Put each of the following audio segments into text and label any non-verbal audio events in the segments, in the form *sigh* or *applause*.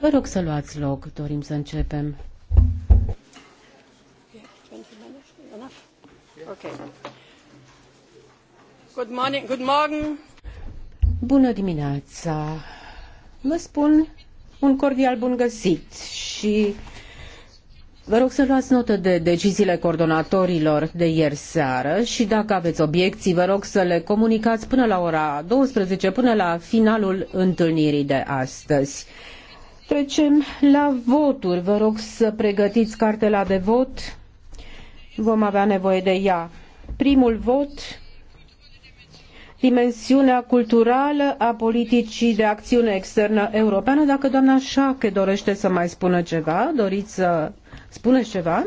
Vă rog să luați loc, dorim să începem. Bună dimineața! Vă spun un cordial bun găsit și Vă rog să luați notă de deciziile coordonatorilor de ieri seară și dacă aveți obiecții, vă rog să le comunicați până la ora 12, până la finalul întâlnirii de astăzi. Trecem la voturi. Vă rog să pregătiți cartela de vot. Vom avea nevoie de ea. Primul vot, dimensiunea culturală a politicii de acțiune externă europeană. Dacă doamna Șache dorește să mai spună ceva, doriți să Spuneți ceva?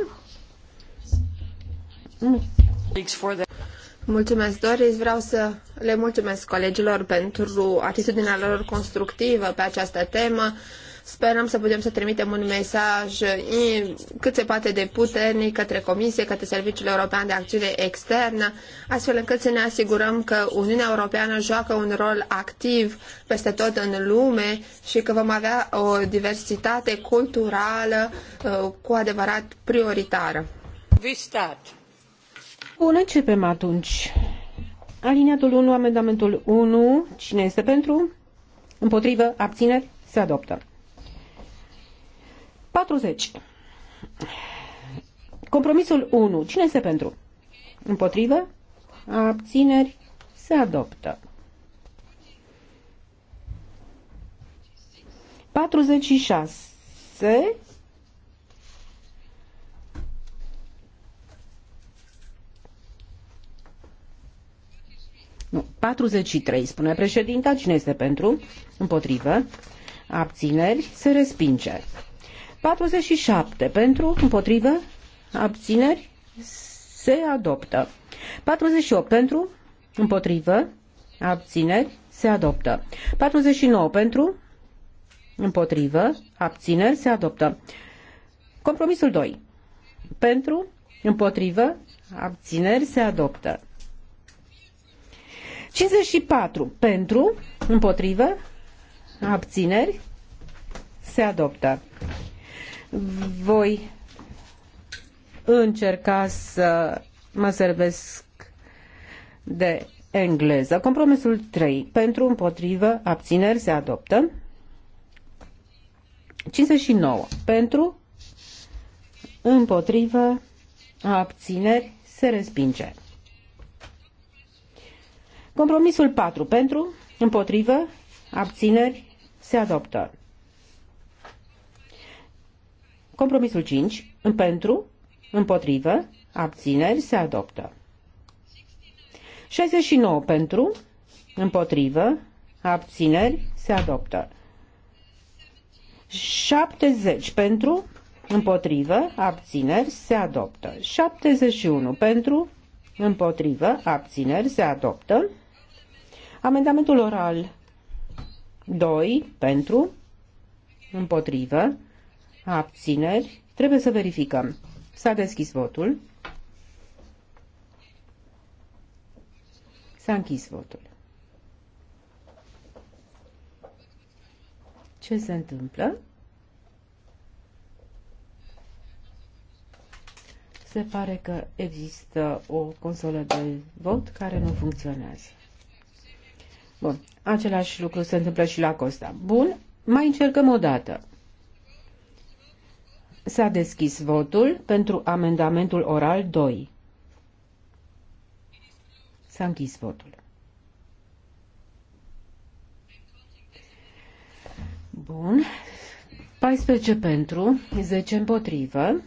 Mulțumesc, Doris. Vreau să le mulțumesc colegilor pentru atitudinea lor constructivă pe această temă. Sperăm să putem să trimitem un mesaj cât se poate de puternic către Comisie, către Serviciul European de Acțiune Externă, astfel încât să ne asigurăm că Uniunea Europeană joacă un rol activ peste tot în lume și că vom avea o diversitate culturală uh, cu adevărat prioritară. Vistat. Bun, începem atunci. Aliniatul 1, amendamentul 1. Cine este pentru? Împotrivă? Abțineri? Se adoptă. 40. Compromisul 1. Cine este pentru? Împotrivă? Abțineri? Se adoptă. 46. Nu, 43, spune președinta. Cine este pentru? Împotrivă. Abțineri? Se respinge. 47 pentru, împotrivă, abțineri, se adoptă. 48 pentru, împotrivă, abțineri, se adoptă. 49 pentru, împotrivă, abțineri, se adoptă. Compromisul 2. Pentru, împotrivă, abțineri, se adoptă. 54 pentru, împotrivă, abțineri, se adoptă. Voi încerca să mă servesc de engleză. Compromisul 3. Pentru împotrivă abțineri se adoptă. 59. Pentru împotrivă abțineri se respinge. Compromisul 4. Pentru împotrivă abțineri se adoptă. Compromisul 5. În Pentru, împotrivă, abțineri, se adoptă. 69 pentru, împotrivă, abțineri, se adoptă. 70 pentru, împotrivă, abțineri, se adoptă. 71 pentru, împotrivă, abțineri, se adoptă. Amendamentul oral 2 pentru, împotrivă, abțineri, trebuie să verificăm. S-a deschis votul. S-a închis votul. Ce se întâmplă? Se pare că există o consolă de vot care nu funcționează. Bun, același lucru se întâmplă și la Costa. Bun, mai încercăm o dată. S-a deschis votul pentru amendamentul oral 2. S-a închis votul. Bun. 14 pentru, 10 împotrivă,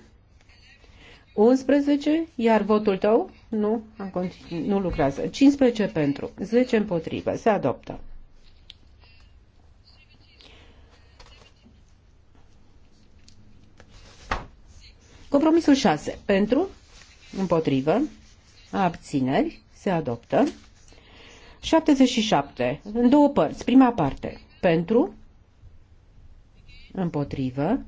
11, iar votul tău nu, am continu, nu lucrează. 15 pentru, 10 împotrivă, se adoptă. Compromisul 6. Pentru, împotrivă, abțineri, se adoptă. 77. În două părți. Prima parte. Pentru, împotrivă,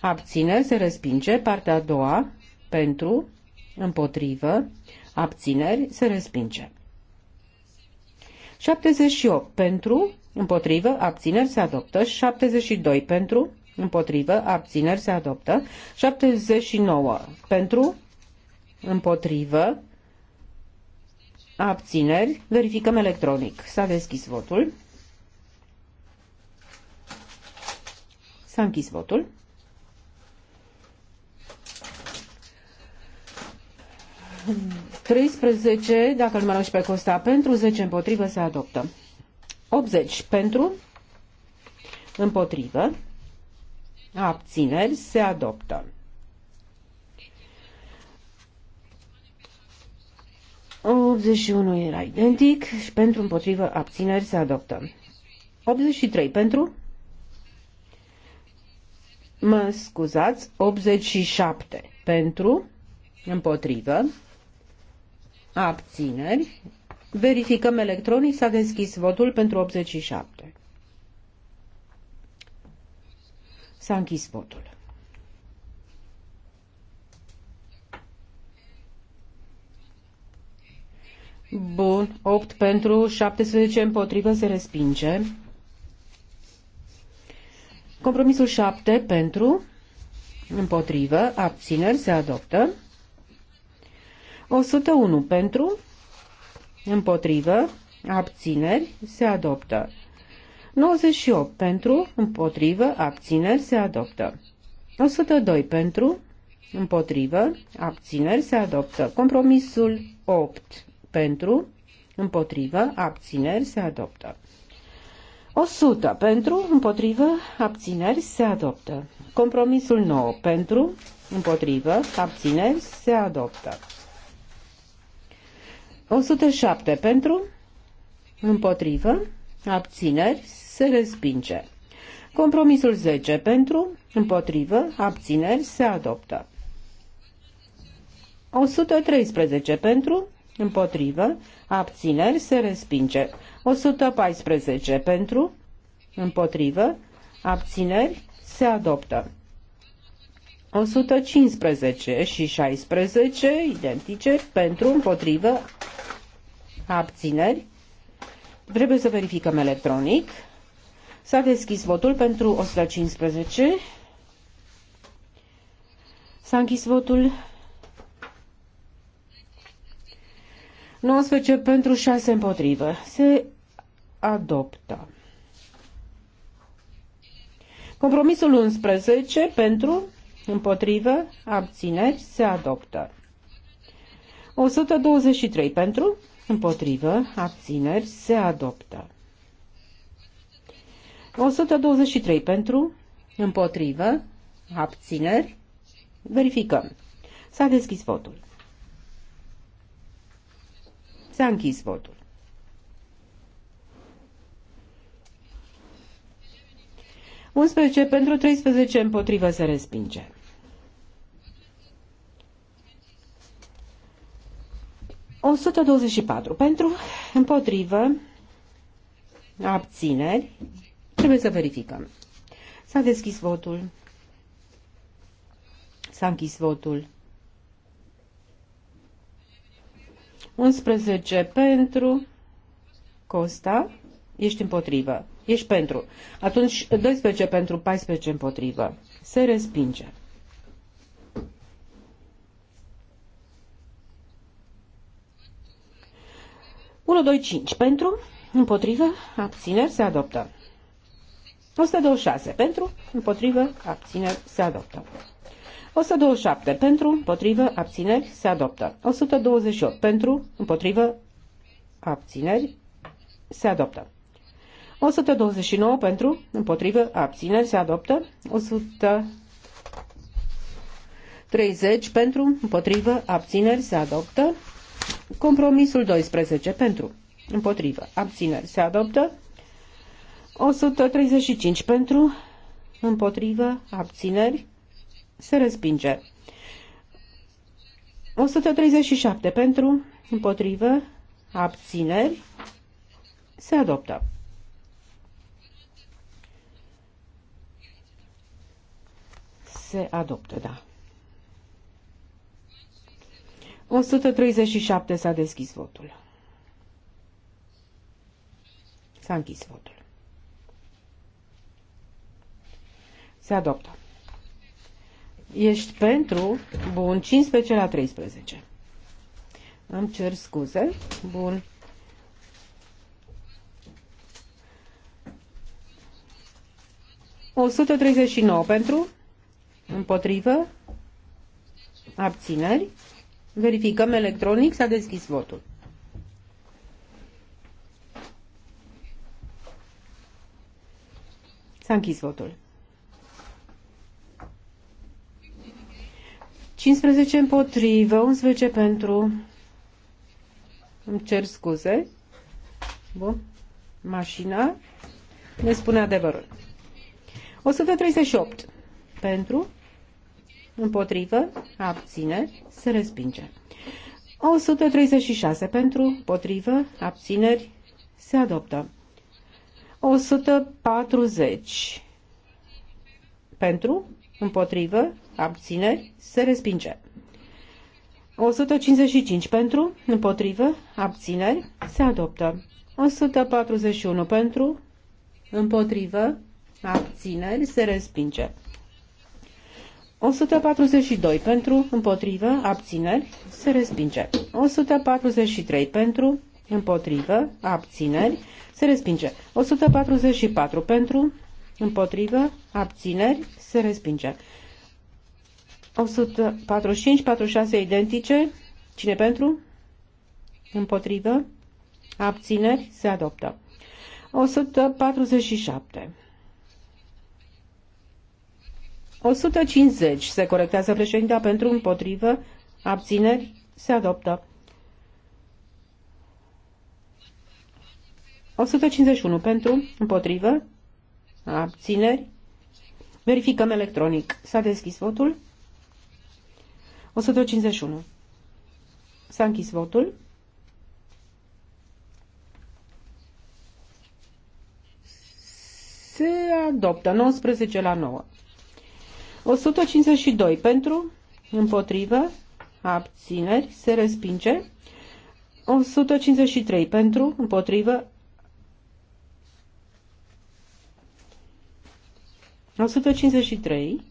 abțineri, se respinge. Partea a doua. Pentru, împotrivă, abțineri, se respinge. 78. Pentru, împotrivă, abțineri, se adoptă. 72. Pentru, Împotrivă. Abțineri se adoptă. 79. Pentru. Împotrivă. Abțineri. Verificăm electronic. S-a deschis votul. S-a închis votul. 13, dacă numărăm și pe Costa, pentru, 10 împotrivă, se adoptă. 80 pentru, împotrivă, abțineri, se adoptă. O 81 era identic și pentru împotrivă abțineri se adoptă. 83 pentru? Mă scuzați, 87 pentru, împotrivă, abțineri. Verificăm electronic, s-a deschis votul pentru 87. S-a închis votul. Bun, 8 pentru, 17 împotrivă se respinge. Compromisul 7 pentru, împotrivă, abțineri se adoptă. 101 pentru, împotrivă, abțineri se adoptă. 98 pentru, împotrivă, abțineri se adoptă. 102 pentru, împotrivă, abțineri se adoptă. Compromisul 8 pentru, împotrivă, abțineri se adoptă. 100 pentru, împotrivă, abțineri se adoptă. Compromisul 9 pentru, împotrivă, abțineri se adoptă. 107 pentru, împotrivă, abțineri se respinge. Compromisul 10 pentru, împotrivă, abțineri, se adoptă. 113 pentru, împotrivă, abțineri, se respinge. 114 pentru, împotrivă, abțineri, se adoptă. 115 și 16, identice, pentru, împotrivă, abțineri. Trebuie să verificăm electronic. S-a deschis votul pentru 115. S-a închis votul. 19 pentru 6 împotrivă. Se adoptă. Compromisul 11 pentru, împotrivă, abțineri, se adoptă. 123 pentru, împotrivă, abțineri, se adoptă. 123 pentru, împotrivă, abțineri, verificăm. S-a deschis votul. S-a închis votul. Un pentru 13 împotrivă se respinge. O 124 pentru împotrivă abțineri Trebuie să verificăm. S-a deschis votul. S-a închis votul. 11 pentru. Costa, ești împotrivă. Ești pentru. Atunci 12 pentru, 14 împotrivă. Se respinge. Unu, doi, cinci. Pentru, împotrivă, abțineri, se adoptă. 126 pentru, împotrivă, abțineri, se adoptă. 127 pentru, împotrivă, abțineri, se adoptă. 128 pentru, împotrivă, abțineri, se adoptă. 129 pentru, împotrivă, abțineri, se adoptă. 130 pentru, împotrivă, abțineri, se adoptă. Compromisul 12 pentru, împotrivă, abțineri, se adoptă. 135 pentru, împotrivă, abțineri, se respinge. 137 pentru, împotrivă, abțineri, se adoptă. Se adoptă, da. 137 s-a deschis votul. S-a închis votul. Se adoptă. Ești pentru? Bun. 15 la 13. Îmi cer scuze. Bun. O 139 pentru, împotrivă, abțineri. Verificăm electronic, s-a deschis votul. S-a închis votul. 15 împotrivă, 11 pentru. Îmi cer scuze. Bun. Mașina ne spune adevărul. 138 pentru, împotrivă, abține, se respinge. 136 pentru, potrivă, abțineri, se adoptă. 140 pentru, împotrivă, abțineri, se respinge. 155 pentru, împotrivă, abțineri, se adoptă. 141 pentru, împotrivă, abțineri, se respinge. 142 pentru, împotrivă, abțineri, se respinge. 143 pentru, împotrivă, abțineri, se respinge. 144 pentru, împotrivă, abțineri, se respinge. 145, 46 identice. Cine pentru? Împotrivă. Abțineri. Se adoptă. 147. 150. Se corectează președinta pentru împotrivă. Abțineri. Se adoptă. 151 pentru, împotrivă, abțineri. Verificăm electronic. S-a deschis votul. 151. S-a închis votul. Se adoptă 19 la 9. 152 pentru, împotrivă, abțineri, se respinge. 153 pentru, împotrivă, 153,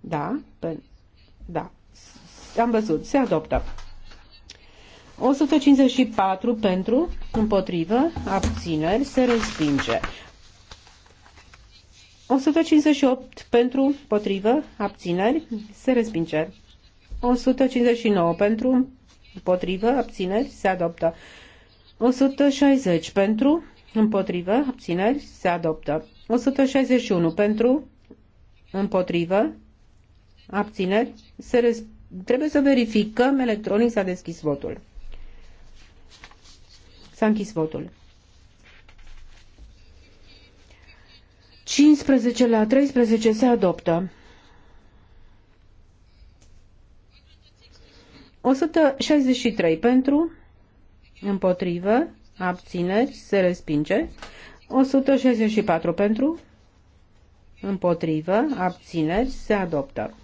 da, pe, da, am văzut, se adoptă. 154 pentru, împotrivă, abțineri, se respinge. 158 pentru, împotrivă, abțineri, se respinge. 159 pentru, împotrivă, abțineri, se adoptă. 160 pentru, împotrivă, abțineri, se adoptă. 161 pentru, împotrivă, abțineri, se respinge Trebuie să verificăm electronic s-a deschis votul. S-a închis votul. 15 la 13 se adoptă. 163 pentru, împotrivă, abțineri, se respinge. 164 pentru, împotrivă, abțineri, se adoptă.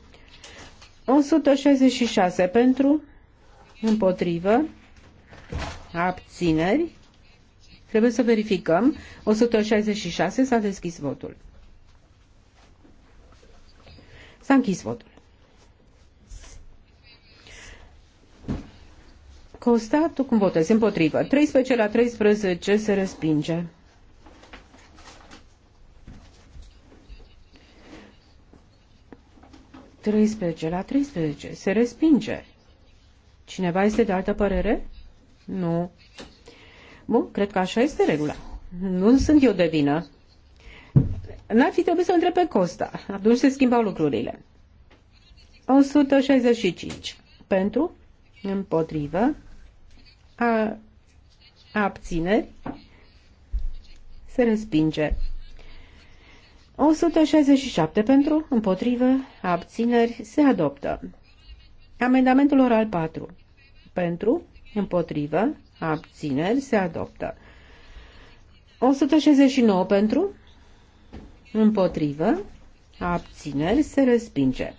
166 pentru, împotrivă, abțineri. Trebuie să verificăm. 166 s-a deschis votul. S-a închis votul. Costatul, cum votezi? Împotrivă. 13 la 13 se respinge. 13 la 13. Se respinge. Cineva este de altă părere? Nu. Bun, cred că așa este regula. Nu sunt eu de vină. N-ar fi trebuit să întreb pe Costa. Atunci se schimbau lucrurile. 165. Pentru, împotrivă, a, abțineri, se respinge. 167 pentru, împotrivă, abțineri, se adoptă. Amendamentul oral 4. Pentru, împotrivă, abțineri, se adoptă. 169 pentru, împotrivă, abțineri, se respinge.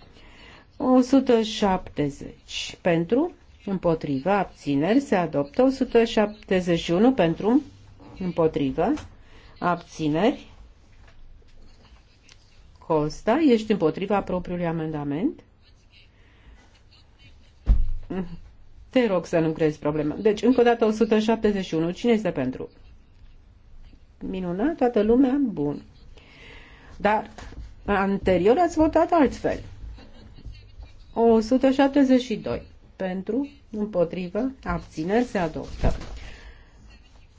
170 pentru, împotrivă, abțineri, se adoptă. 171 pentru, împotrivă, abțineri, Costa, ești împotriva propriului amendament? Te rog să nu crezi problema. Deci, încă o dată, 171. Cine este pentru? Minunat, toată lumea? Bun. Dar anterior ați votat altfel. 172. Pentru, împotrivă, abțineri se adoptă.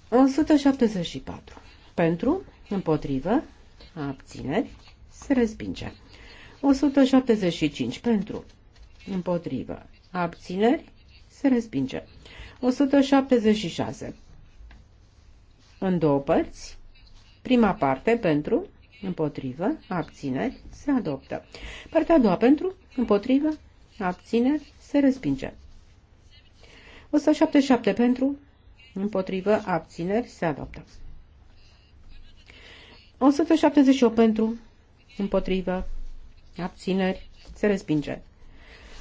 174. Pentru, împotrivă, abțineri se respinge. 175 pentru. Împotrivă. Abțineri. Se respinge. 176. În două părți. Prima parte pentru. Împotrivă. Abțineri. Se adoptă. Partea a doua pentru. Împotrivă. Abțineri. Se respinge. 177 pentru. Împotrivă. Abțineri. Se adoptă. 178 pentru împotrivă, abțineri, se respinge.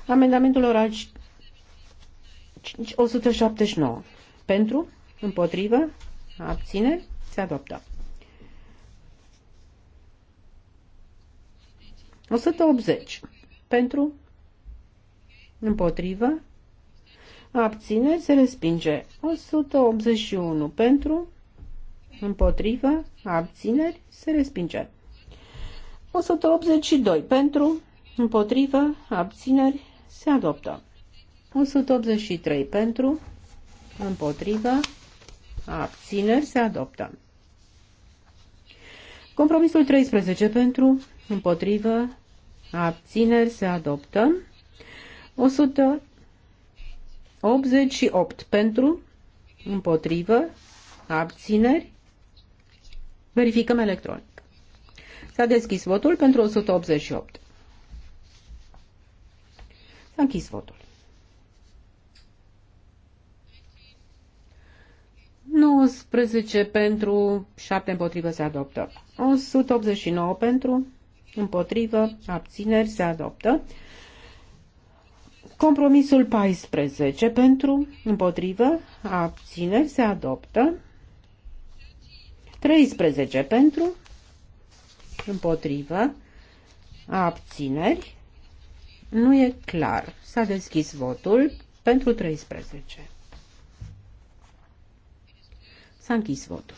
Amendamentul oral 179. Pentru, împotrivă, abțineri, se adoptă. 180. Pentru, împotrivă, abțineri, se respinge. 181. Pentru, împotrivă, abțineri, se respinge. 182 pentru, împotrivă, abțineri, se adoptă. 183 pentru, împotrivă, abțineri, se adoptă. Compromisul 13 pentru, împotrivă, abțineri, se adoptă. 188 pentru, împotrivă, abțineri, verificăm electronic. S-a deschis votul pentru 188. S-a închis votul. 19 pentru, 7 împotrivă se adoptă. 189 pentru, împotrivă, abțineri se adoptă. Compromisul 14 pentru, împotrivă, abțineri se adoptă. 13 pentru, împotrivă, abțineri, nu e clar. S-a deschis votul pentru 13. S-a închis votul.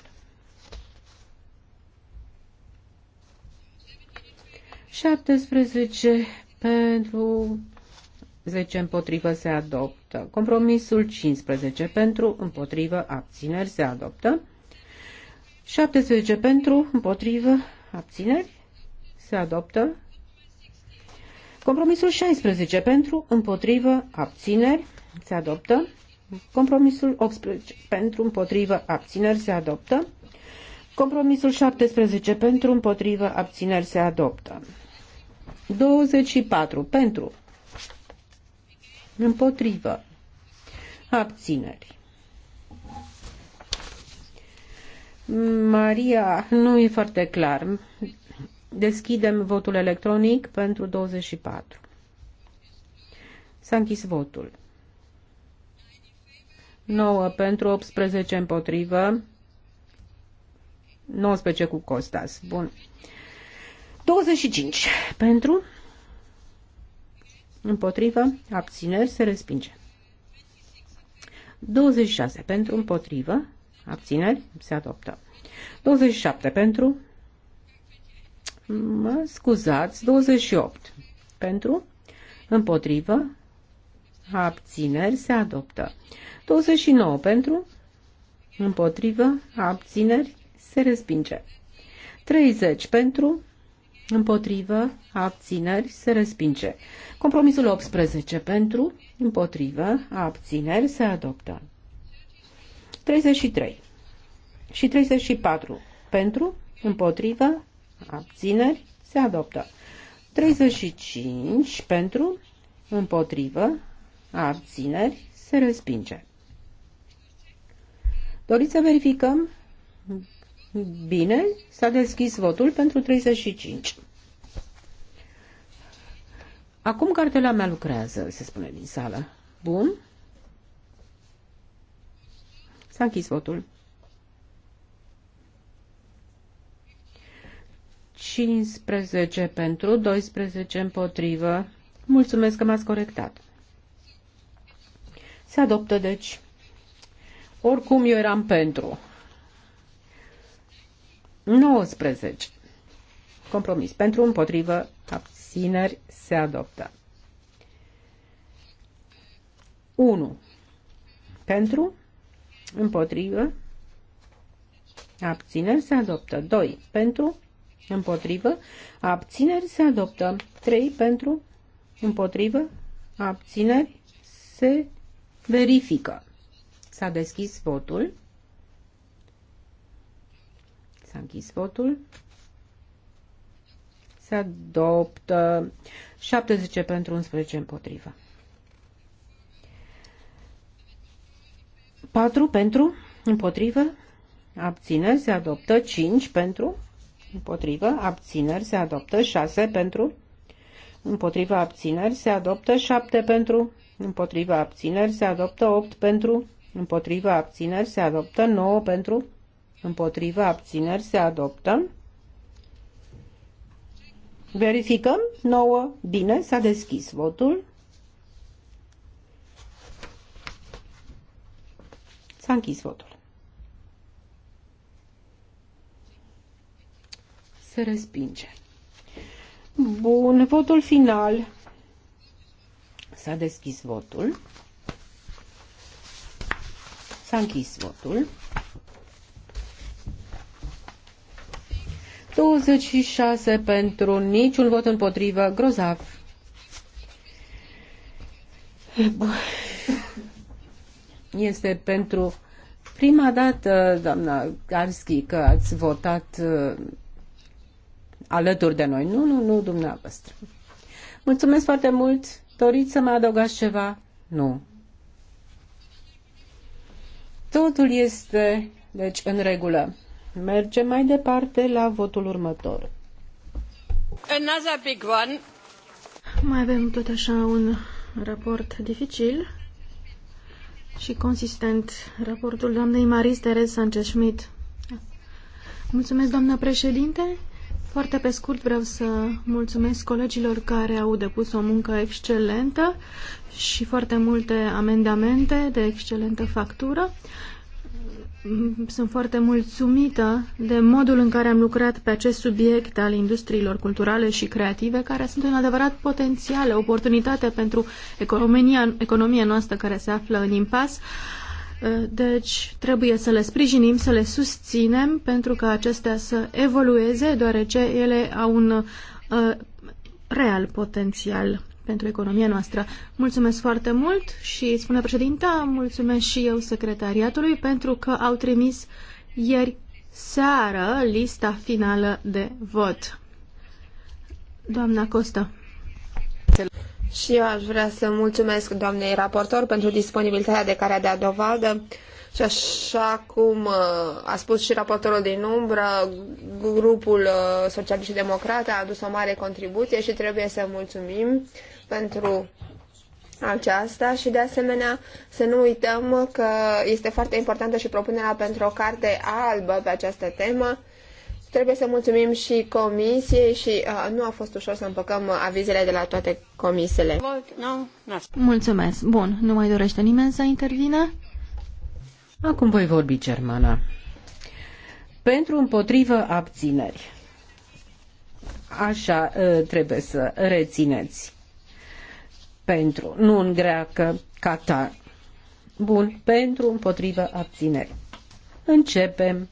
Șaptesprezece pentru 10 împotrivă se adoptă. Compromisul 15 pentru împotrivă abțineri se adoptă. 17 pentru împotrivă abțineri, se adoptă. Compromisul 16 pentru, împotrivă, abțineri, se adoptă. Compromisul 18 pentru, împotrivă, abțineri, se adoptă. Compromisul 17 pentru, împotrivă, abțineri, se adoptă. 24 pentru, împotrivă, abțineri. Maria, nu e foarte clar. Deschidem votul electronic pentru 24. S-a închis votul. 9 pentru 18 împotrivă. 19 cu Costas. Bun. 25 pentru împotrivă, abțineri, se respinge. 26 pentru împotrivă, Abțineri? Se adoptă. 27 pentru. Mă scuzați, 28 pentru. Împotrivă. Abțineri? Se adoptă. 29 pentru. Împotrivă. Abțineri? Se respinge. 30 pentru. Împotrivă, abțineri, se respinge. Compromisul 18 pentru, împotrivă, abțineri, se adoptă. 33 și 34 pentru, împotrivă, abțineri, se adoptă. 35 pentru, împotrivă, abțineri, se respinge. Doriți să verificăm? Bine, s-a deschis votul pentru 35. Acum cartela mea lucrează, se spune din sală. Bun. S-a închis votul. 15 pentru, 12 împotrivă. Mulțumesc că m-ați corectat. Se adoptă, deci. Oricum eu eram pentru. 19. Compromis. Pentru, împotrivă, abțineri, se adoptă. 1. Pentru, Împotrivă. Abțineri se adoptă. 2. Pentru. Împotrivă. Abțineri se adoptă. 3. Pentru. Împotrivă. Abțineri se verifică. S-a deschis votul. S-a închis votul. Se adoptă 70 pentru 11 împotrivă. 4 pentru, împotrivă, abțineri se adoptă. 5 pentru, împotrivă, abțineri se adoptă. 6 pentru, împotrivă, abțineri se adoptă. 7 pentru, împotrivă, abțineri se adoptă. 8 pentru, împotrivă, abțineri se adoptă. 9 pentru, împotrivă, abțineri se adoptă. Verificăm. 9. Bine, s-a deschis votul. S-a închis votul. Se respinge. Bun, votul final. S-a deschis votul. S-a închis votul. 26 pentru niciun vot împotrivă. Grozav. Este pentru prima dată, doamna Garski, că ați votat uh, alături de noi. Nu, nu, nu, dumneavoastră. Mulțumesc foarte mult. Doriți să mă adăugați ceva? Nu. Totul este, deci, în regulă. Mergem mai departe la votul următor. Another big one. Mai avem tot așa un raport dificil și consistent raportul doamnei Maris Terez Sanchez Schmidt. Mulțumesc, doamnă președinte. Foarte pe scurt vreau să mulțumesc colegilor care au depus o muncă excelentă și foarte multe amendamente de excelentă factură. Mm, sunt foarte mulțumită de modul în care am lucrat pe acest subiect al industriilor culturale și creative, care sunt un adevărat potențial, oportunitate pentru economia, economia noastră care se află în impas. Uh, deci trebuie să le sprijinim, să le susținem pentru ca acestea să evolueze, deoarece ele au un uh, real potențial pentru economia noastră. Mulțumesc foarte mult și, spune președinta, mulțumesc și eu secretariatului pentru că au trimis ieri seară lista finală de vot. Doamna Costă. Și eu aș vrea să mulțumesc doamnei raportor pentru disponibilitatea de care a dat dovadă. Și așa cum uh, a spus și raportorul din umbră, grupul uh, socialist și democrat a adus o mare contribuție și trebuie să mulțumim pentru aceasta și de asemenea să nu uităm că este foarte importantă și propunerea pentru o carte albă pe această temă. Trebuie să mulțumim și comisiei și uh, nu a fost ușor să împăcăm avizele de la toate comisiile. Mulțumesc. Bun, nu mai dorește nimeni să intervină? Acum voi vorbi germana. Pentru împotrivă abțineri. Așa uh, trebuie să rețineți pentru, nu în greacă, Qatar. Bun, pentru, împotrivă, abțineri. Începem.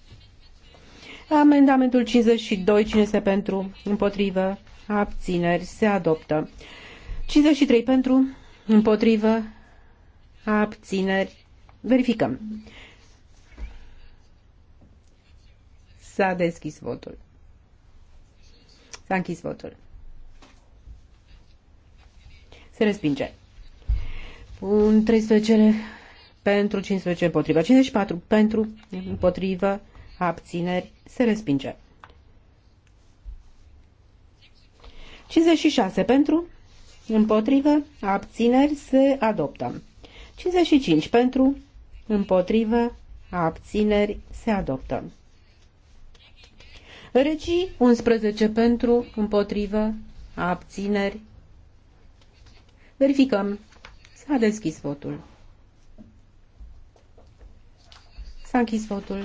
Amendamentul 52, cine este pentru, împotrivă, abțineri, se adoptă. 53 pentru, împotrivă, abțineri, verificăm. S-a deschis votul. S-a închis votul. Se respinge. Un 13 pentru, 15 împotriva, 54 pentru, împotriva, abțineri, se respinge. 56 pentru, împotrivă, abțineri, se adoptă. 55 pentru, împotrivă, abțineri, se adoptă. Regii 11 pentru, împotrivă, abțineri, Verificăm. S-a deschis votul. S-a închis votul.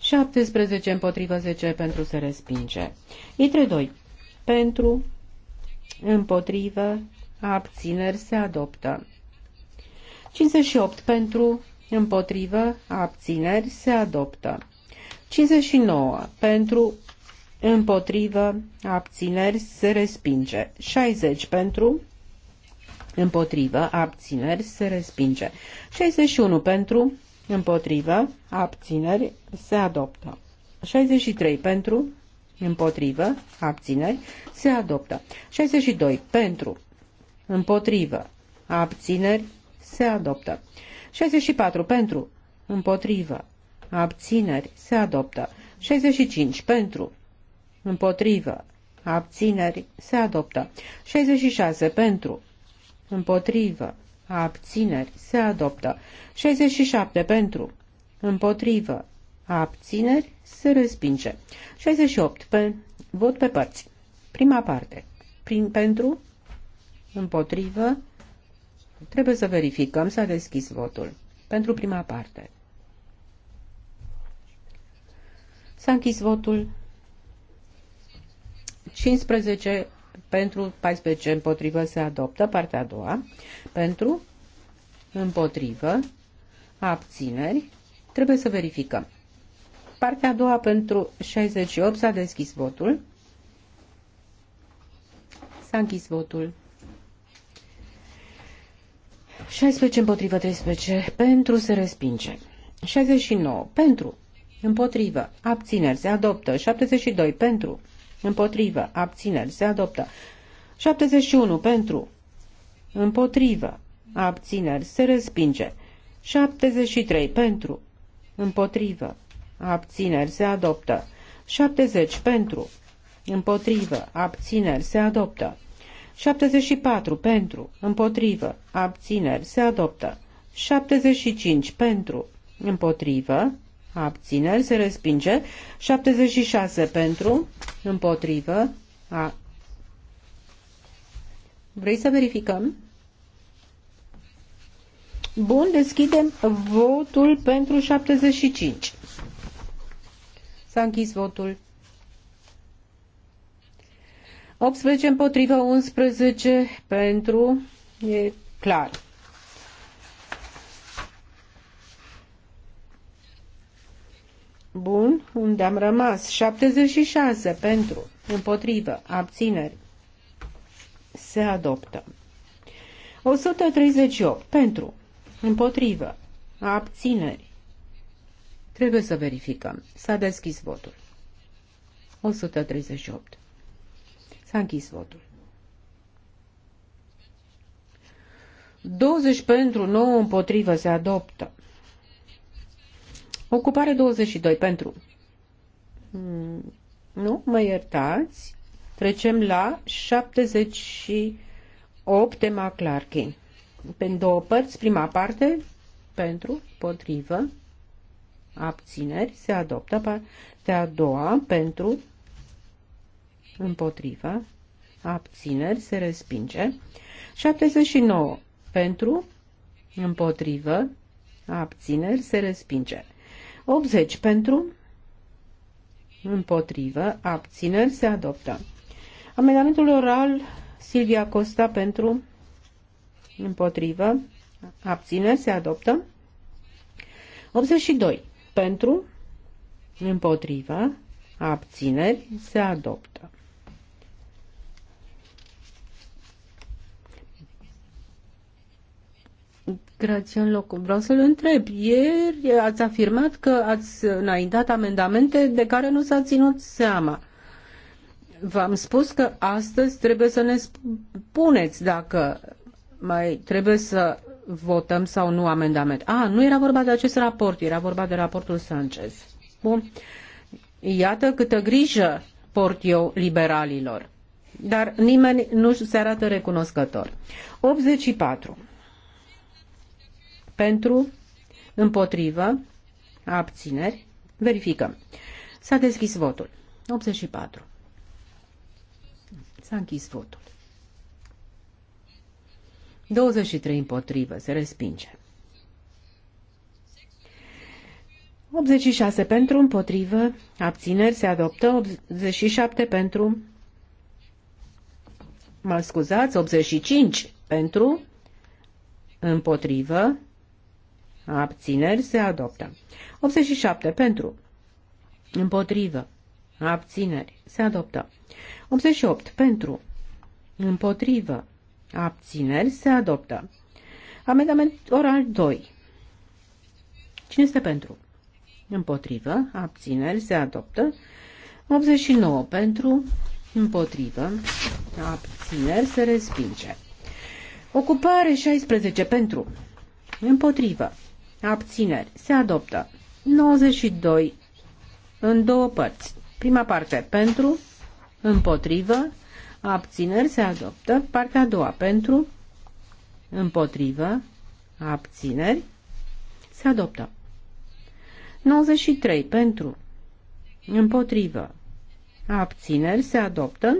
17 împotrivă 10 pentru se respinge. Itre 2. Pentru, împotrivă, abțineri se adoptă. 58. Pentru, împotrivă, abțineri se adoptă. 59. Pentru, împotrivă, abțineri, se respinge. 60 pentru, împotrivă, abțineri, se respinge. 61 pentru, împotrivă, abțineri, se adoptă. 63 pentru, împotrivă, abțineri, se adoptă. 62 pentru, împotrivă, abțineri, se adoptă. 64 pentru, împotrivă, abțineri, se adoptă. 65 pentru, împotrivă, abțineri, se adoptă. 66 pentru, împotrivă, abțineri, se adoptă. 67 pentru, împotrivă, abțineri, se respinge. 68 pe, vot pe părți. Prima parte, prin, pentru, împotrivă, trebuie să verificăm, s-a deschis votul. Pentru prima parte. S-a închis votul. 15 pentru, 14 împotrivă se adoptă. Partea a doua pentru, împotrivă, abțineri. Trebuie să verificăm. Partea a doua pentru 68 s-a deschis votul. S-a închis votul. 16 împotrivă, 13 pentru se respinge. 69 pentru, împotrivă, abțineri se adoptă. 72 pentru, Împotrivă. Abțineri. Se adoptă. 71. Pentru. Împotrivă. Abțineri. Se respinge. 73. Pentru. Împotrivă. Abțineri. Se adoptă. 70. Pentru. Împotrivă. Abțineri. Se adoptă. 74. Pentru. Împotrivă. Abțineri. Se adoptă. 75. Pentru. Împotrivă abțineri, se respinge. 76 pentru, împotrivă, a... Vrei să verificăm? Bun, deschidem votul pentru 75. S-a închis votul. 18 împotrivă, 11 pentru, e clar. Bun, unde am rămas? 76 pentru, împotrivă, abțineri. Se adoptă. 138 pentru, împotrivă, abțineri. Trebuie să verificăm. S-a deschis votul. 138. S-a închis votul. 20 pentru, 9 împotrivă se adoptă. Ocupare 22 pentru. Hmm, nu, mă iertați. Trecem la 78 de McClarkin. Pe două părți, prima parte, pentru, potrivă, abțineri, se adoptă. Partea a doua, pentru, împotrivă, abțineri, se respinge. 79 pentru, împotrivă, abțineri, se respinge. 80 pentru, împotrivă, abțineri, se adoptă. Amendamentul oral Silvia Costa pentru, împotrivă, abțineri, se adoptă. 82 pentru, împotrivă, abțineri, se adoptă. Grațian Locu, vreau să-l întreb. Ieri ați afirmat că ați înaintat amendamente de care nu s-a ținut seama. V-am spus că astăzi trebuie să ne spuneți dacă mai trebuie să votăm sau nu amendament. A, nu era vorba de acest raport, era vorba de raportul Sanchez. Bun. Iată câtă grijă port eu liberalilor. Dar nimeni nu se arată recunoscător. 84. Pentru, împotrivă, abțineri, verificăm. S-a deschis votul. 84. S-a închis votul. 23 împotrivă, se respinge. 86 pentru, împotrivă, abțineri, se adoptă, 87 pentru, mă scuzați, 85 pentru, împotrivă, Abțineri se adoptă. 87 pentru. Împotrivă. Abțineri se adoptă. 88 pentru. Împotrivă. Abțineri se adoptă. Amendament oral 2. Cine este pentru? Împotrivă. Abțineri se adoptă. 89 pentru. Împotrivă. Abțineri se respinge. Ocupare 16 pentru. Împotrivă. Abțineri. Se adoptă. 92 în două părți. Prima parte pentru, împotrivă, abțineri se adoptă. Partea a doua pentru, împotrivă, abțineri se adoptă. 93 pentru, împotrivă, abțineri se adoptă.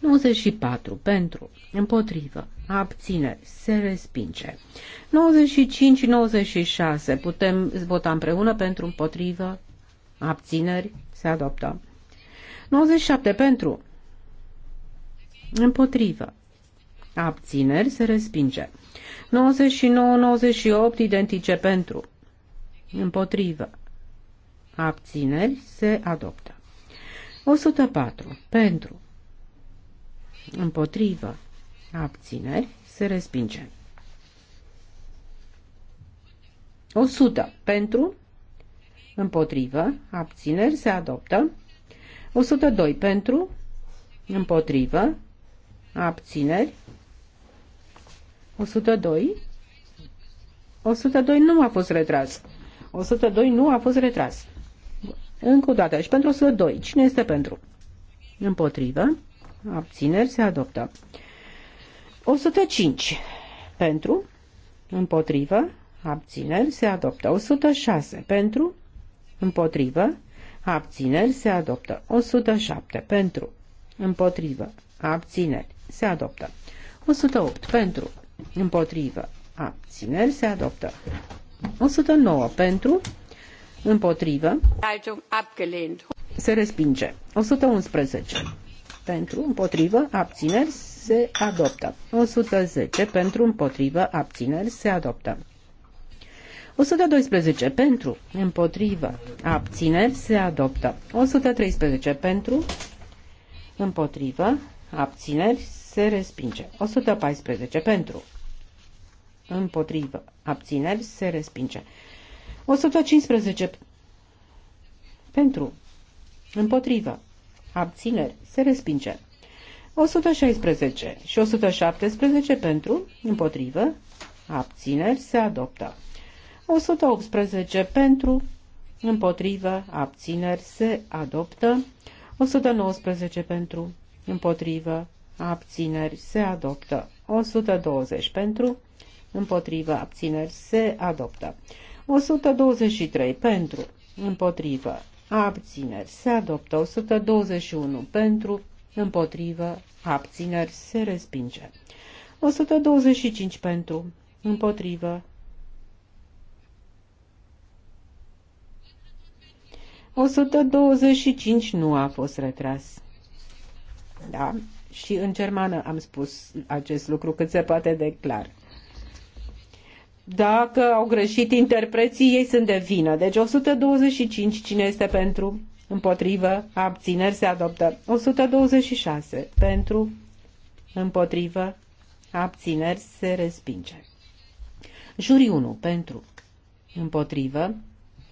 94 pentru, împotrivă, abțineri, se respinge. 95 și 96 putem vota împreună pentru, împotrivă, abțineri, se adoptă. 97 pentru, împotrivă, abțineri, se respinge. 99-98 identice pentru, împotrivă, abțineri, se adoptă. 104 pentru, împotrivă, abțineri, se respinge. 100 pentru, împotrivă, abțineri, se adoptă. 102 pentru, împotrivă, abțineri. 102 102 nu a fost retras. 102 nu a fost retras. Încă o dată. Și deci pentru 102. Cine este pentru? Împotrivă abțineri se adoptă. 105 pentru, împotrivă, abțineri se adoptă. 106 pentru, împotrivă, abțineri se adoptă. 107 pentru, împotrivă, abțineri se adoptă. 108 pentru, împotrivă, abțineri se adoptă. 109 pentru, împotrivă, se respinge. 111 pentru, împotrivă, abțineri, se adoptă. 110 pentru, împotrivă, abțineri, se adoptă. 112 pentru, împotrivă, abțineri, se adoptă. 113 pentru, împotrivă, abțineri, se respinge. 114 pentru, împotrivă, abțineri, se respinge. 115 pentru, împotrivă, abțineri, se respinge. 116 și 117 pentru, împotrivă, abțineri, se adoptă. 118 pentru, împotrivă, abțineri, se adoptă. 119 pentru, împotrivă, abțineri, se adoptă. 120 pentru, împotrivă, abțineri, se adoptă. 123 pentru, împotrivă, abțineri se adoptă 121 pentru, împotrivă, abțineri se respinge. 125 pentru, împotrivă. 125 nu a fost retras. Da, și în germană am spus acest lucru cât se poate de clar. Dacă au greșit interpreții, ei sunt de vină. Deci 125, cine este pentru? Împotrivă, abțineri se adoptă. 126, pentru, împotrivă, abțineri se respinge. Juri 1, pentru, împotrivă,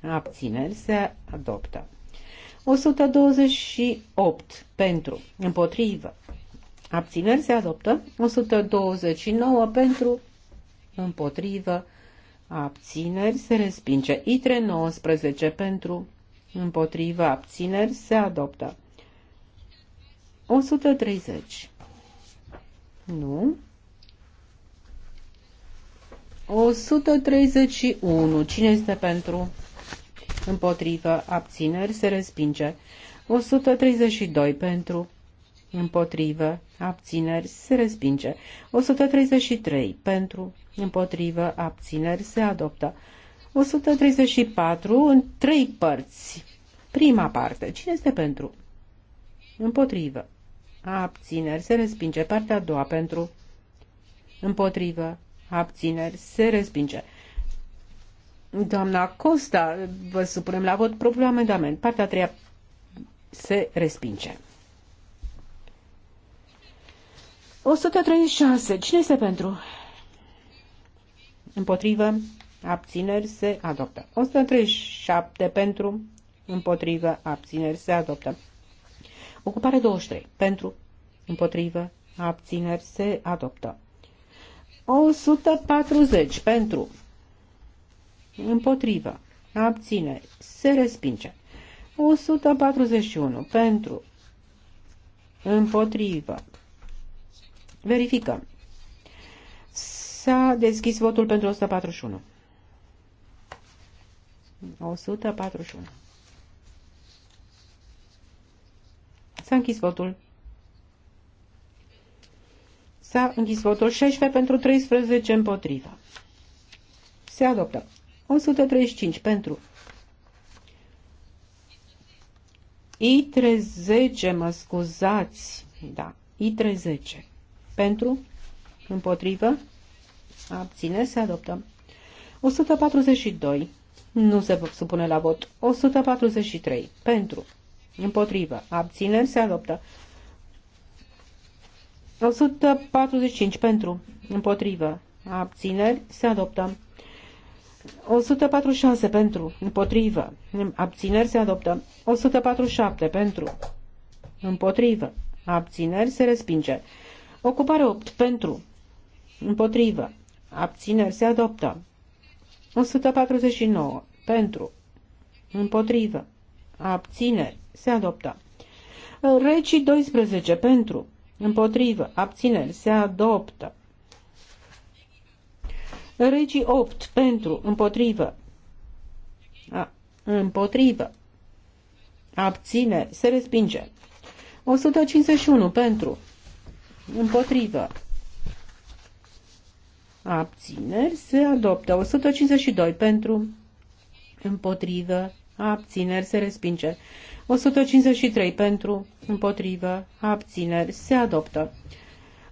abțineri se adoptă. 128, pentru, împotrivă, abțineri se adoptă. 129, pentru, împotrivă, abțineri se respinge. ITRE 19 pentru, împotrivă, abțineri se adoptă. 130. Nu. 131. Cine este pentru? Împotrivă. Abțineri. Se respinge. 132. Pentru. Împotrivă. Abțineri. Se respinge. 133. Pentru împotrivă, abțineri, se adoptă. 134 în trei părți. Prima parte. Cine este pentru? Împotrivă. Abțineri. Se respinge. Partea a doua pentru. Împotrivă. Abțineri. Se respinge. Doamna Costa, vă supunem la vot propriul amendament. Partea a treia se respinge. 136. Cine este pentru? împotrivă, abțineri se adoptă. 137 pentru, împotrivă, abțineri se adoptă. Ocupare 23 pentru, împotrivă, abțineri se adoptă. 140 pentru, împotrivă, abțineri se respinge. 141 pentru, împotrivă. Verificăm. S-a deschis votul pentru 141. 141. S-a închis votul. S-a închis votul 16 pentru 13 împotriva. Se adoptă. 135 pentru. I30, mă scuzați, da, I30 pentru, împotrivă, abține, se adoptă. 142. Nu se supune la vot. 143. Pentru. Împotrivă. Abțineri se adoptă. 145. Pentru. Împotrivă. Abțineri se adoptă. 146 pentru, împotrivă, abțineri se adoptă. 147 pentru, împotrivă, abțineri se respinge. Ocupare 8 pentru, împotrivă, Abțineri se adoptă. 149. Pentru. Împotrivă. Abțineri se adoptă. Recii 12. Pentru. Împotrivă. Abțineri se adoptă. Regii 8. Pentru. Împotrivă. A, împotrivă. Abține. Se respinge. 151. Pentru. Împotrivă abțineri, se adoptă. 152 pentru, împotrivă, abțineri, se respinge. 153 pentru, împotrivă, abțineri, se adoptă.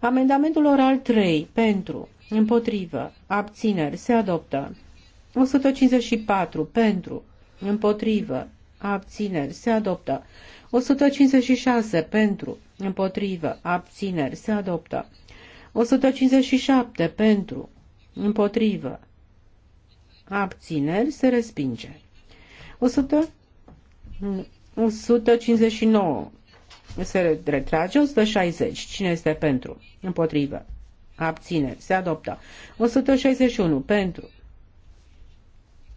Amendamentul oral 3 pentru, împotrivă, abțineri, se adoptă. 154 pentru, împotrivă, abțineri, se adoptă. 156 pentru, împotrivă, abțineri, se adoptă. 157 pentru, împotrivă, abțineri, se respinge. 100, 159 se retrage, 160, cine este pentru, împotrivă, abțineri, se adoptă. 161 pentru,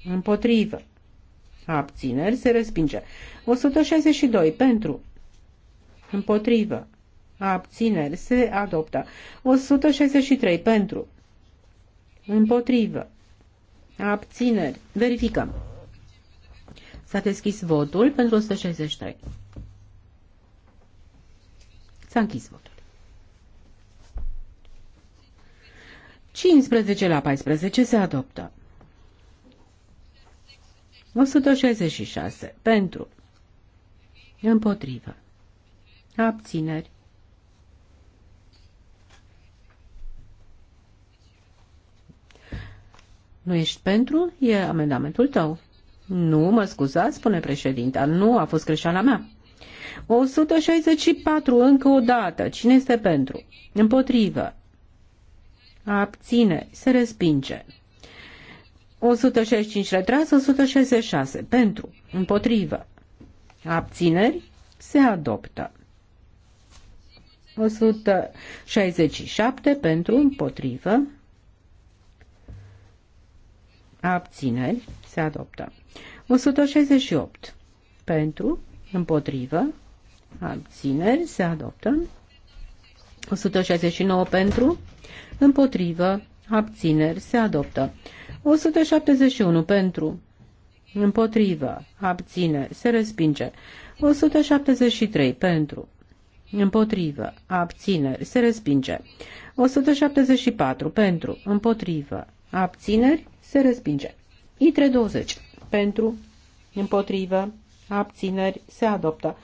împotrivă, abțineri, se respinge. 162 pentru, împotrivă, abțineri, se adoptă. 163 pentru, împotrivă, abțineri, verificăm. S-a deschis votul pentru 163. S-a închis votul. 15 la 14 se adoptă. 166. Pentru. Împotrivă. Abțineri. Nu ești pentru? E amendamentul tău. Nu, mă scuzați, spune președinta, nu a fost greșeala mea. 164 încă o dată. Cine este pentru? Împotrivă. Abține. Se respinge. 165 retras, 166 pentru. Împotrivă. Abțineri. Se adoptă. 167 pentru. Împotrivă abțineri, se adoptă. 168 pentru, împotrivă, abțineri, se adoptă. 169 pentru, împotrivă, abțineri, se adoptă. 171 pentru, împotrivă, abțineri, se respinge. 173 pentru, împotrivă, abțineri, se respinge. 174 pentru, împotrivă, abțineri, se respinge. ITRE 20 pentru, împotrivă, abțineri, se adoptă.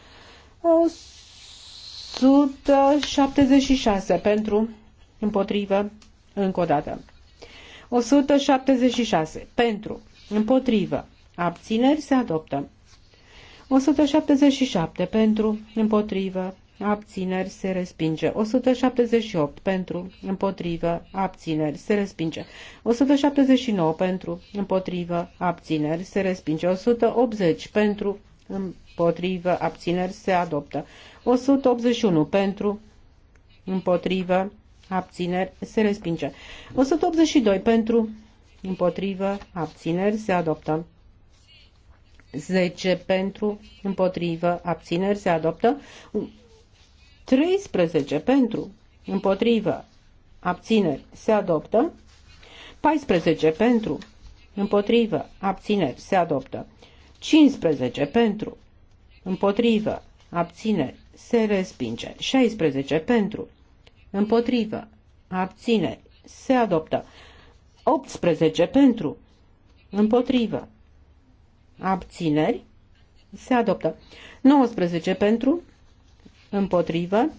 176 pentru, împotrivă, încă o dată. 176 pentru, împotrivă, abțineri, se adoptă. 177 pentru, împotrivă, abțineri se respinge. 178 pentru, împotrivă, abțineri se respinge. 179 pentru, împotrivă, abțineri se respinge. 180 pentru, împotrivă, abțineri se adoptă. 181 pentru, împotrivă, abțineri se respinge. 182 pentru, împotrivă, abțineri se adoptă. 10 pentru, împotrivă, abțineri se adoptă. 13 pentru, împotrivă, abțineri, se adoptă. 14 pentru, împotrivă, abțineri, se adoptă. 15 pentru, împotrivă, abțineri, se respinge. 16 pentru, împotrivă, abțineri, se adoptă. 18 pentru, împotrivă, abțineri, se adoptă. 19 pentru, Împotrivă.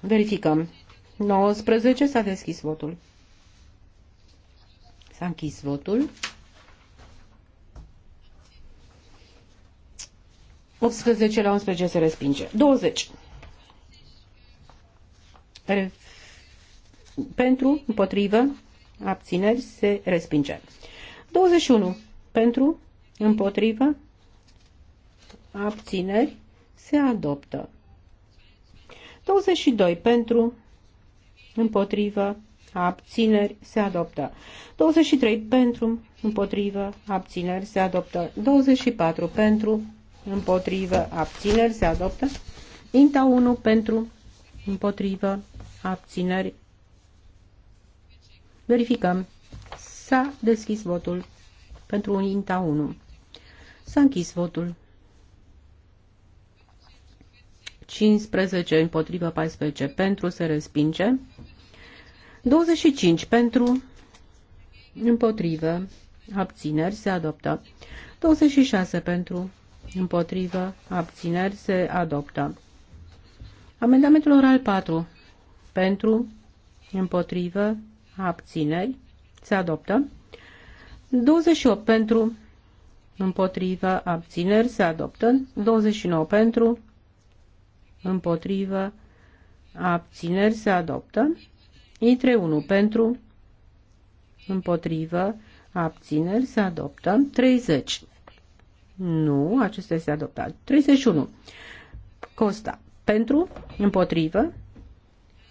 Verificăm. 19 s-a deschis votul. S-a închis votul. 18 la 11 se respinge. 20. Pentru, împotrivă, abțineri se respinge. 21. Pentru, împotrivă, abțineri, se adoptă. 22 pentru, împotrivă, abțineri, se adoptă. 23 pentru, împotrivă, abțineri, se adoptă. 24 pentru, împotrivă, abțineri, se adoptă. Inta 1 pentru, împotrivă, abțineri. Verificăm. S-a deschis votul pentru Inta 1. S-a închis votul. 15 împotrivă 14 pentru se respinge. 25 pentru împotrivă abțineri se adoptă. 26 pentru împotrivă abțineri se adoptă. Amendamentul oral 4 pentru împotrivă abțineri se adoptă. 28 pentru împotrivă abțineri se adoptă. 29 pentru împotrivă, abțineri se adoptă. Intre 1 pentru, împotrivă, abțineri se adoptă. 30. Nu, acesta este adoptat. 31. Costa. Pentru, împotrivă,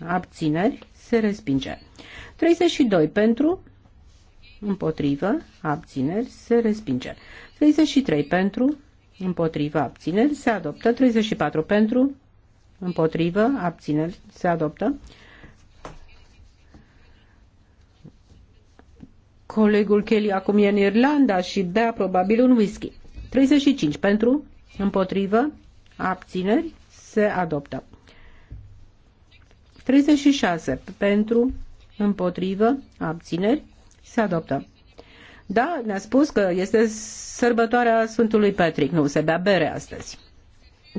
abțineri se respinge. 32. Pentru, împotrivă, abțineri, se respinge. 33 pentru, împotrivă, abțineri, se adoptă. 34 pentru, Împotrivă, abțineri, se adoptă. Colegul Kelly acum e în Irlanda și bea probabil un whisky. 35 pentru, împotrivă, abțineri, se adoptă. 36 pentru, împotrivă, abțineri, se adoptă. Da, ne-a spus că este sărbătoarea Sfântului Patrick, nu se bea bere astăzi.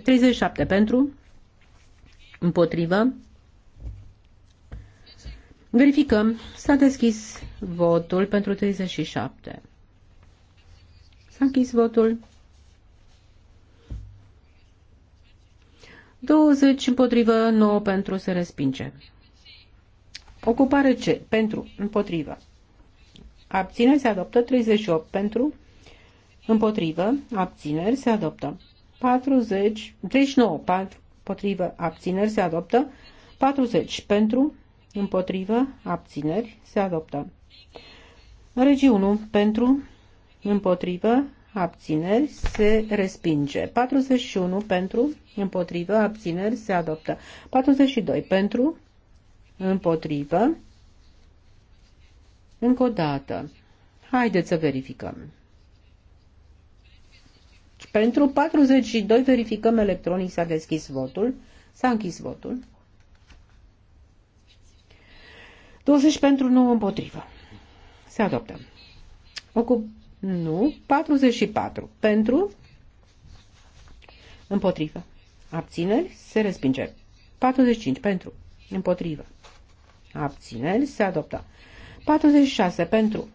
37 pentru, Împotrivă. Verificăm. S-a deschis votul pentru 37. S-a închis votul. 20 împotrivă, 9 pentru se respinge. Ocupare ce Pentru. Împotrivă. Abțineri se adoptă. 38 pentru. Împotrivă. Abțineri se adoptă. 40. 39. 4, împotrivă, abțineri, se adoptă. 40 pentru, împotrivă, abțineri, se adoptă. Regi 1 pentru, împotrivă, abțineri, se respinge. 41 pentru, împotrivă, abțineri, se adoptă. 42 pentru, împotrivă, încă o dată. Haideți să verificăm. Pentru 42 verificăm electronic s-a deschis votul. S-a închis votul. 20 pentru 9 împotrivă. Se adoptă. Ocup... Nu. 44 pentru împotrivă. Abțineri se respinge. 45 pentru împotrivă. Abțineri se adoptă. 46 pentru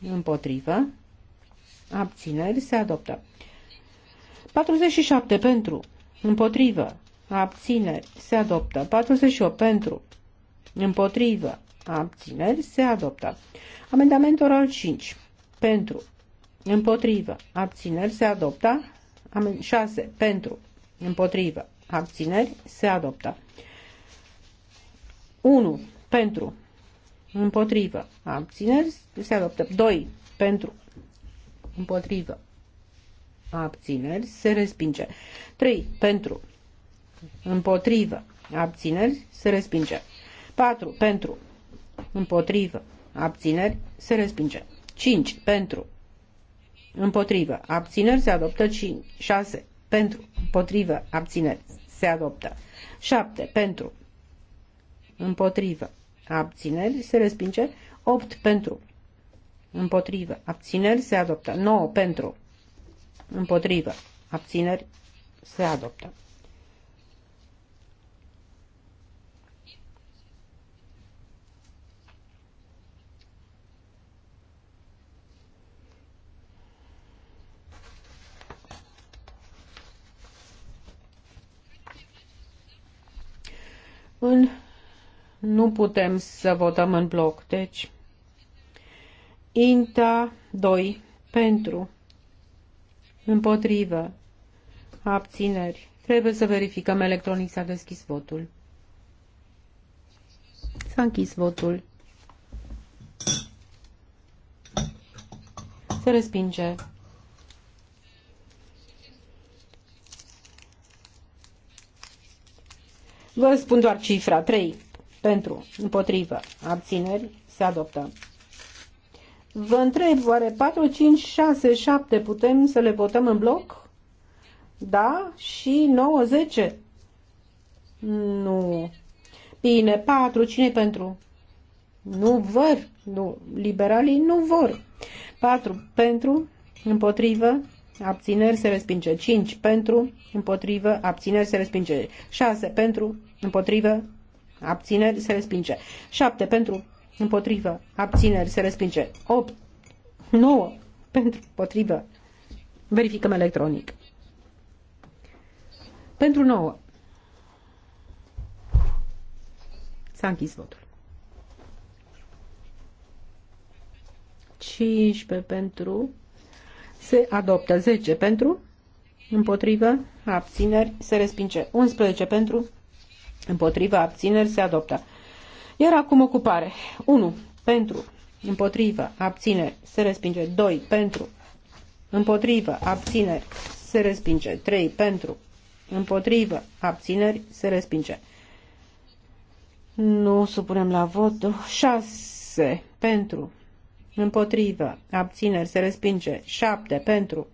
împotrivă. Abțineri se adoptă. 47 pentru, împotrivă, abțineri, se adoptă. 48 pentru, împotrivă, abțineri, se adoptă. Amendament oral 5 pentru, împotrivă, abțineri, se adoptă. 6 pentru, împotrivă, abțineri, se adoptă. 1 pentru, împotrivă, abțineri, se adoptă. 2 pentru, împotrivă, abțineri, se respinge. 3. Pentru, împotrivă, abțineri, se respinge. 4. Pentru, împotrivă, abțineri, se respinge. 5. Pentru, împotrivă, abțineri, se adoptă. 6. Pentru, împotrivă, abțineri, se adoptă. 7. Pentru, împotrivă, abțineri, se respinge. 8. Pentru, împotrivă, abțineri, se adoptă. 9. Pentru, Împotrivă. Abțineri. Se adoptă. În... Nu putem să votăm în bloc, deci... Inta 2 pentru Împotrivă. Abțineri. Trebuie să verificăm electronic. S-a deschis votul. S-a închis votul. Se respinge. Vă spun doar cifra. 3 pentru, împotrivă, abțineri, se adoptă. Vă întreb, oare 4, 5, 6, 7 putem să le votăm în bloc? Da? Și 9, 10? Nu. Bine, 4, cine pentru? Nu vor. Nu. Liberalii nu vor. 4 pentru, împotrivă, abțineri se respinge. 5 pentru, împotrivă, abțineri se respinge. 6 pentru, împotrivă, abțineri se respinge. 7 pentru, împotrivă, abțineri, se respinge. 8, 9, pentru, împotrivă. Verificăm electronic. Pentru 9. S-a închis votul. 15 pentru, se adoptă 10 pentru, împotrivă, abțineri, se respinge 11 pentru, împotrivă, abțineri, se adoptă iar acum ocupare. 1. Pentru. Împotrivă. Abține. Se respinge. 2. Pentru. Împotrivă. Abține. Se respinge. 3. Pentru. Împotrivă. Abțineri. Se respinge. Nu supunem la vot. 6. Pentru. Împotrivă. Abțineri. Se respinge. 7. Pentru.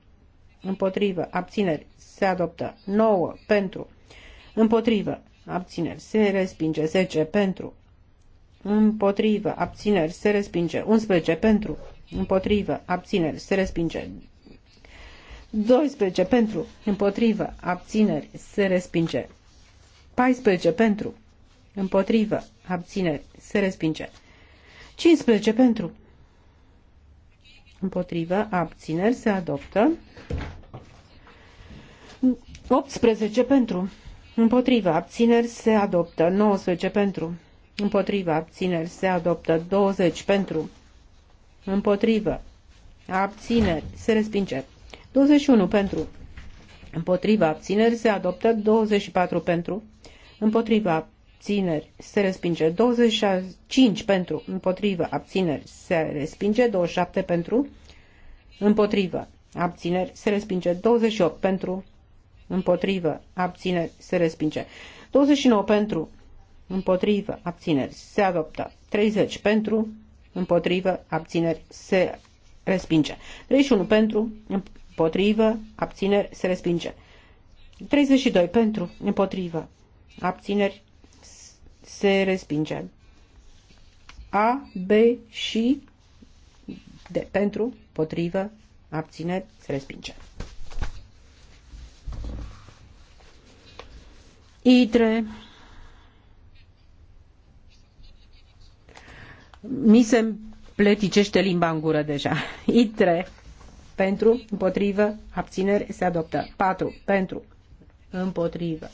Împotrivă. Abțineri. Se adoptă. 9. Pentru. Împotrivă. Abțineri. Se respinge. 10. Pentru împotrivă, abțineri, se respinge. 11 pentru, împotrivă, abțineri, se respinge. 12 pentru, împotrivă, abțineri, se respinge. 14 pentru, împotrivă, abțineri, se respinge. 15 pentru, împotrivă, abțineri, se adoptă. 18 pentru, împotrivă, abțineri, se adoptă. 19 pentru, împotriva abțineri se adoptă 20 pentru împotrivă abțineri se respinge 21 pentru împotriva abțineri se adoptă 24 pentru împotriva abțineri se respinge 25 pentru împotriva abțineri se respinge 27 pentru împotrivă abțineri se respinge 28 pentru împotrivă abțineri se respinge 29 pentru împotrivă, abțineri, se adoptă. 30 pentru, împotrivă, abțineri, se respinge. 31 pentru, împotrivă, abțineri, se respinge. 32 pentru, împotrivă, abțineri, se respinge. A, B și D pentru, potrivă, abțineri, se respinge. i Mi se pleticește limba în gură deja. *laughs* ITRE pentru, împotrivă, abțineri se adoptă. 4 pentru, împotrivă,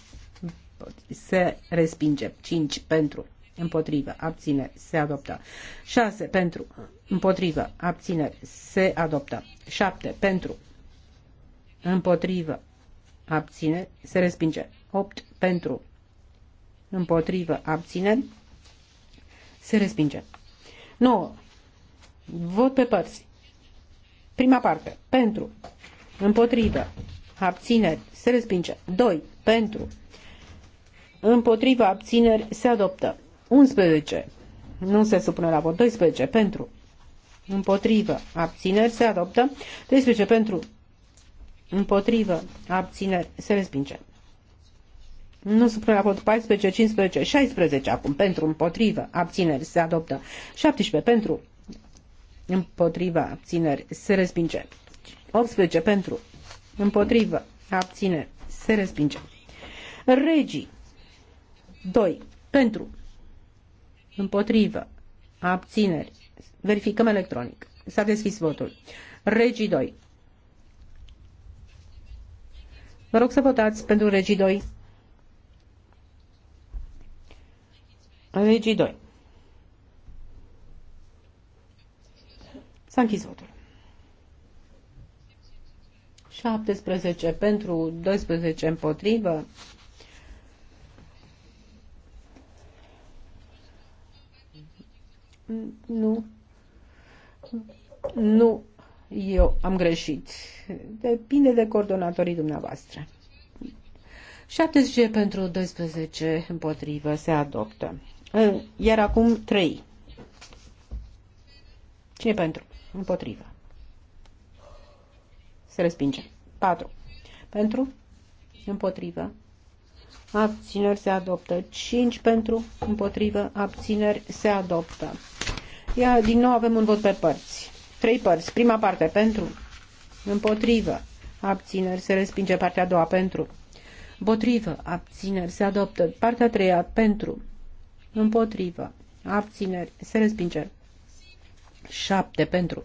se respinge. 5 pentru, împotrivă, abțineri se adoptă. 6 pentru, împotrivă, abțineri se adoptă. 7 pentru, împotrivă, abțineri se respinge. 8 pentru, împotrivă, abțineri se respinge. Nu. Vot pe părți. Prima parte. Pentru. Împotrivă. Abțineri. Se respinge. 2. Pentru. Împotrivă. Abțineri. Se adoptă. 11. Nu se supune la vot. 12. Pentru. Împotrivă. Abțineri. Se adoptă. 13. Pentru. Împotrivă. Abțineri. Se respinge. Nu sunt la vot 14, 15, 16 acum. Pentru, împotrivă, abțineri, se adoptă. 17 pentru, împotriva, abțineri, se respinge. 18 pentru, împotrivă, abțineri, se respinge. Regii, 2 pentru, împotrivă, abțineri, verificăm electronic. S-a deschis votul. Regii 2. Vă rog să votați pentru Regii 2. Regii 2. S-a închis votul. 17 pentru, 12 împotrivă. Nu. Nu. Eu am greșit. Depinde de coordonatorii dumneavoastră. 70 pentru 12 împotrivă se adoptă. Iar acum 3. Cine pentru? Împotrivă. Se respinge. 4. Pentru? Împotrivă. Abțineri se adoptă. 5 pentru, împotrivă, abțineri se adoptă. Ia, din nou avem un vot pe părți. Trei părți. Prima parte pentru, împotrivă, abțineri se respinge. Partea a doua pentru, împotrivă, abțineri se adoptă. Partea a treia pentru, Împotrivă. Abțineri. Se respinge. 7 pentru.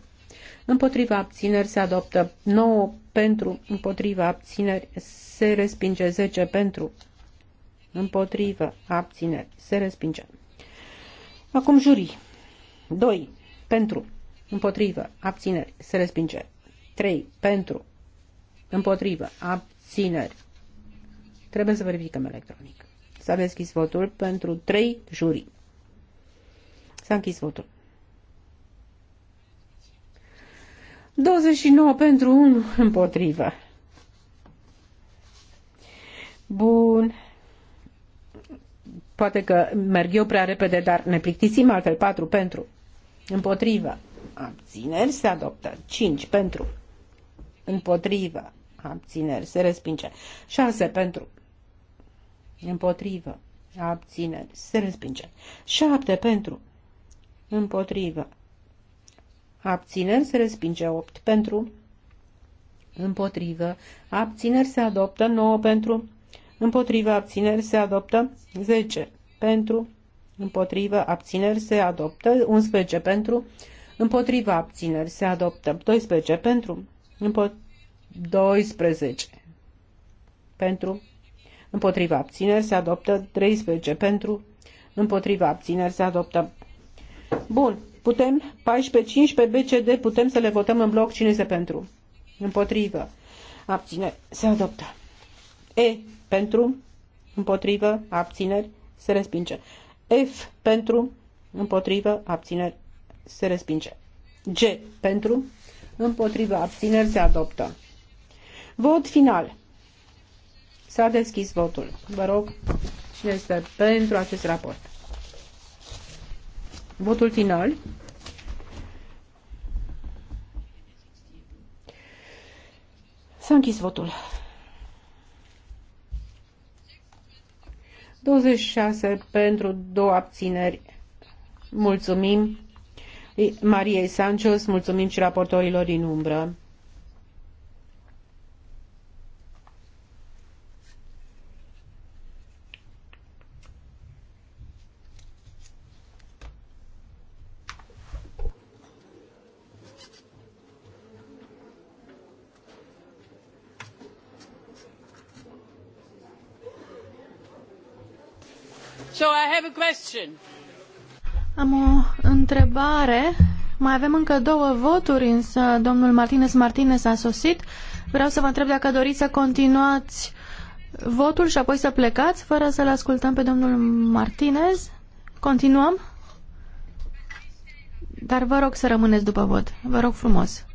Împotriva abțineri se adoptă 9 pentru. Împotriva abțineri se respinge 10 pentru. Împotrivă abțineri se respinge. Acum jurii. 2 pentru. Împotrivă abțineri se respinge. 3 pentru. Împotrivă abțineri. Trebuie să verificăm electronic. S-a deschis votul pentru trei jurii. S-a închis votul. 29 pentru 1 împotrivă. Bun. Poate că merg eu prea repede, dar ne plictisim altfel 4 pentru. Împotrivă. Abțineri se adoptă. 5 pentru. Împotrivă. Abțineri se respinge. 6 pentru. Împotrivă. Abțineri. Se respinge. 7 pentru. Împotrivă. Abțineri. Se respinge. 8 pentru. Împotrivă. Abțineri. Se adoptă. 9 pentru. Împotrivă. Abțineri. Se adoptă. 10 pentru. Împotrivă. Abțineri. Se adoptă. 11 pentru. Împotrivă. Abțineri. Se adoptă. 12 pentru. Împotrivă. 12 pentru împotriva abțineri se adoptă, 13 pentru, împotriva abțineri se adoptă. Bun, putem 14, 15, BCD, putem să le votăm în bloc, cine este pentru? Împotrivă, abțineri se adoptă. E pentru, împotrivă, abțineri se respinge. F pentru, împotrivă, abțineri se respinge. G pentru, împotrivă, abțineri se adoptă. Vot final. S-a deschis votul. Vă rog, cine este pentru acest raport? Votul final. S-a închis votul. 26 pentru, două abțineri. Mulțumim Mariei Sanchez, mulțumim și raportorilor din umbră. Am o întrebare. Mai avem încă două voturi, însă domnul Martinez Martinez a sosit. Vreau să vă întreb dacă doriți să continuați votul și apoi să plecați, fără să-l ascultăm pe domnul Martinez. Continuăm? Dar vă rog să rămâneți după vot. Vă rog frumos.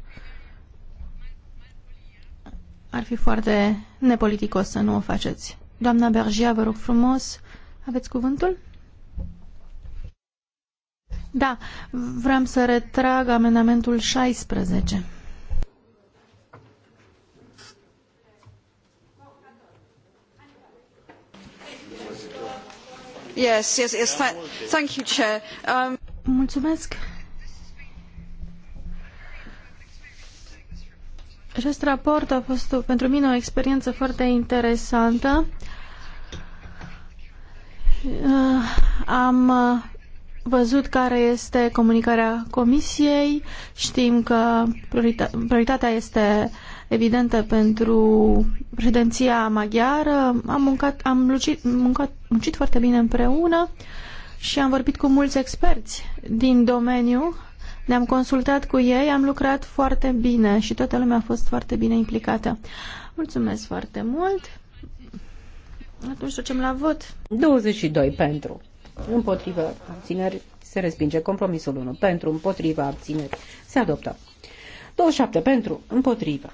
Ar fi foarte nepoliticos să nu o faceți. Doamna Bergia, vă rog frumos, aveți cuvântul? Da, vreau să retrag amendamentul 16. Yes, yes, yes. Thank you, Chair. Um... Mulțumesc. Acest raport a fost pentru mine o experiență foarte interesantă. Uh, am uh, văzut care este comunicarea Comisiei. Știm că prioritatea este evidentă pentru președinția maghiară. Am muncat, am lucit, muncat, muncit foarte bine împreună și am vorbit cu mulți experți din domeniu. Ne-am consultat cu ei, am lucrat foarte bine și toată lumea a fost foarte bine implicată. Mulțumesc foarte mult! Atunci trecem la vot. 22 pentru împotrivă, abțineri, se respinge. Compromisul 1 pentru, împotriva abțineri, se adoptă. 27 pentru, împotriva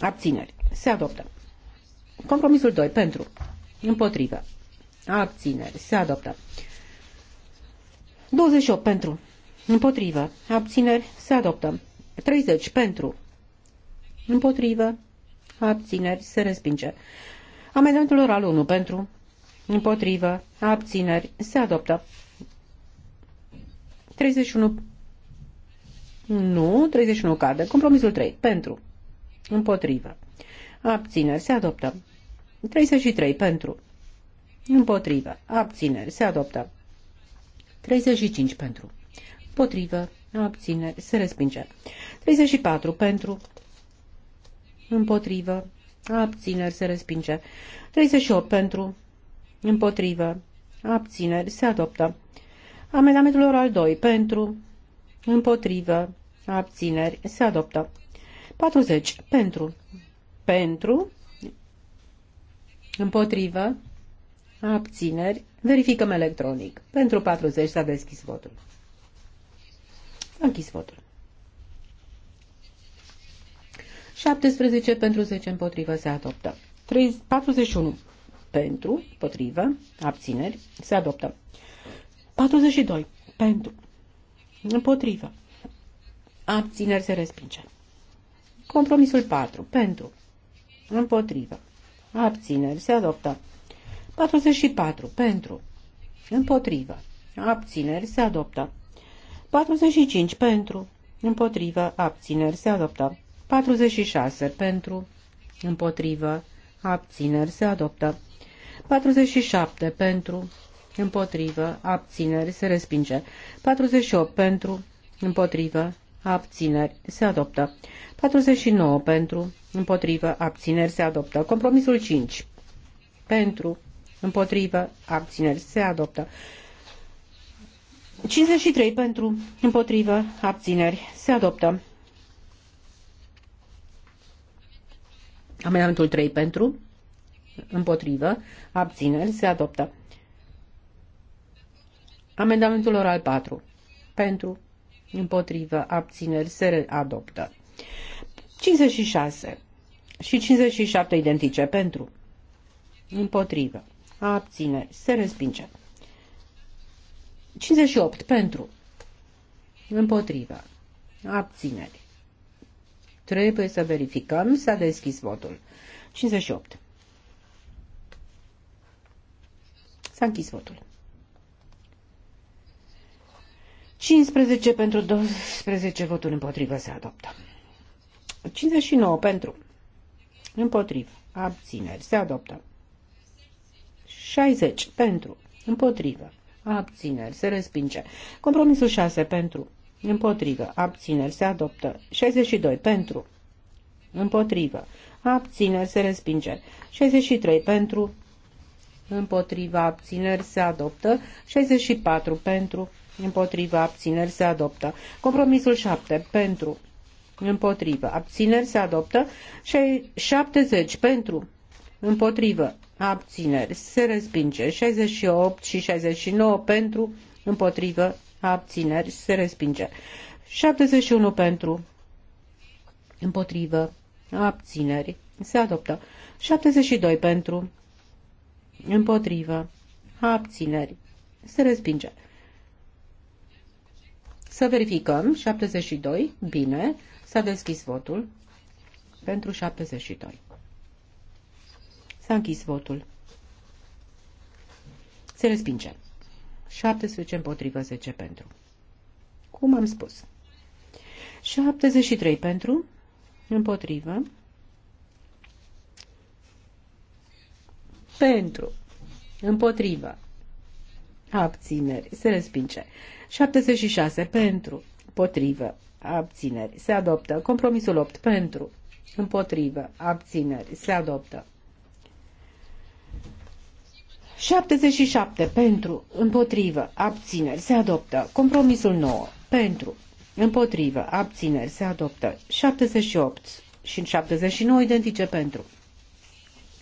abțineri, se adoptă. Compromisul 2 pentru, împotriva abțineri, se adoptă. 28 pentru, împotriva abțineri, se adoptă. 30 pentru, împotriva abțineri, se respinge. Amendamentul oral 1 pentru, împotrivă, abțineri, se adoptă. 31 nu, 31 cade. Compromisul 3. Pentru. Împotrivă. Abțineri. Se adoptă. 33. Pentru. Împotrivă. Abțineri. Se adoptă. 35. Pentru. Împotrivă. Abțineri. Se respinge. 34. Pentru. Împotrivă. Abțineri. Se respinge. 38. Pentru. Împotrivă. Abțineri. Se adoptă. Amendamentul oral 2. Pentru. Împotrivă. Abțineri. Se adoptă. 40. Pentru. Pentru. Împotrivă. Abțineri. Verificăm electronic. Pentru 40 s-a deschis votul. S-a închis votul. 17 pentru 10 împotrivă se adoptă. 3, 41 pentru, potrivă, abțineri, se adoptă. 42. Pentru, împotrivă, abțineri, se respinge. Compromisul 4. Pentru, împotrivă, abțineri, se adoptă. 44. Pentru, împotrivă, abțineri, se adoptă. 45. Pentru, împotrivă, abțineri, se adoptă. 46. Pentru, împotrivă, abțineri se adoptă. 47 pentru, împotrivă, abțineri se respinge. 48 pentru, împotrivă, abțineri se adoptă. 49 pentru, împotrivă, abțineri se adoptă. Compromisul 5 pentru, împotrivă, abțineri se adoptă. 53 pentru, împotrivă, abțineri se adoptă. Amendamentul 3 pentru, împotrivă, abțineri, se adoptă. Amendamentul oral 4 pentru, împotrivă, abțineri, se adoptă. 56 și 57 identice pentru, împotrivă, abțineri, se respinge. 58 pentru, împotrivă, abțineri, Trebuie să verificăm. S-a deschis votul. 58. S-a închis votul. 15 pentru 12 voturi împotrivă se adoptă. 59 pentru. Împotrivă. Abțineri. Se adoptă. 60 pentru. Împotrivă. Abțineri. Se respinge. Compromisul 6 pentru. Împotrivă. Abțineri. Se adoptă. 62. Pentru. Împotrivă. Abțineri. Se respinge. 63. Pentru. Împotriva abțineri se adoptă. 64 pentru. Împotriva abțineri se adoptă. Compromisul 7 pentru. Împotrivă. Abțineri se adoptă. 70 pentru. Împotrivă. Abțineri se respinge. 68 și 69 pentru. Împotrivă abțineri, se respinge. 71 pentru, împotrivă, abțineri, se adoptă. 72 pentru, împotrivă, abțineri, se respinge. Să verificăm. 72. Bine. S-a deschis votul. Pentru 72. S-a închis votul. Se respinge. 17 împotrivă 10 pentru. Cum am spus. 73 pentru, împotrivă, pentru, împotrivă, abțineri, se respinge. 76 pentru, împotrivă, abțineri, se adoptă. Compromisul 8 pentru, împotrivă, abțineri, se adoptă. 77 pentru, împotrivă, abțineri, se adoptă. Compromisul 9 pentru, împotrivă, abțineri, se adoptă. 78 și 79 identice pentru,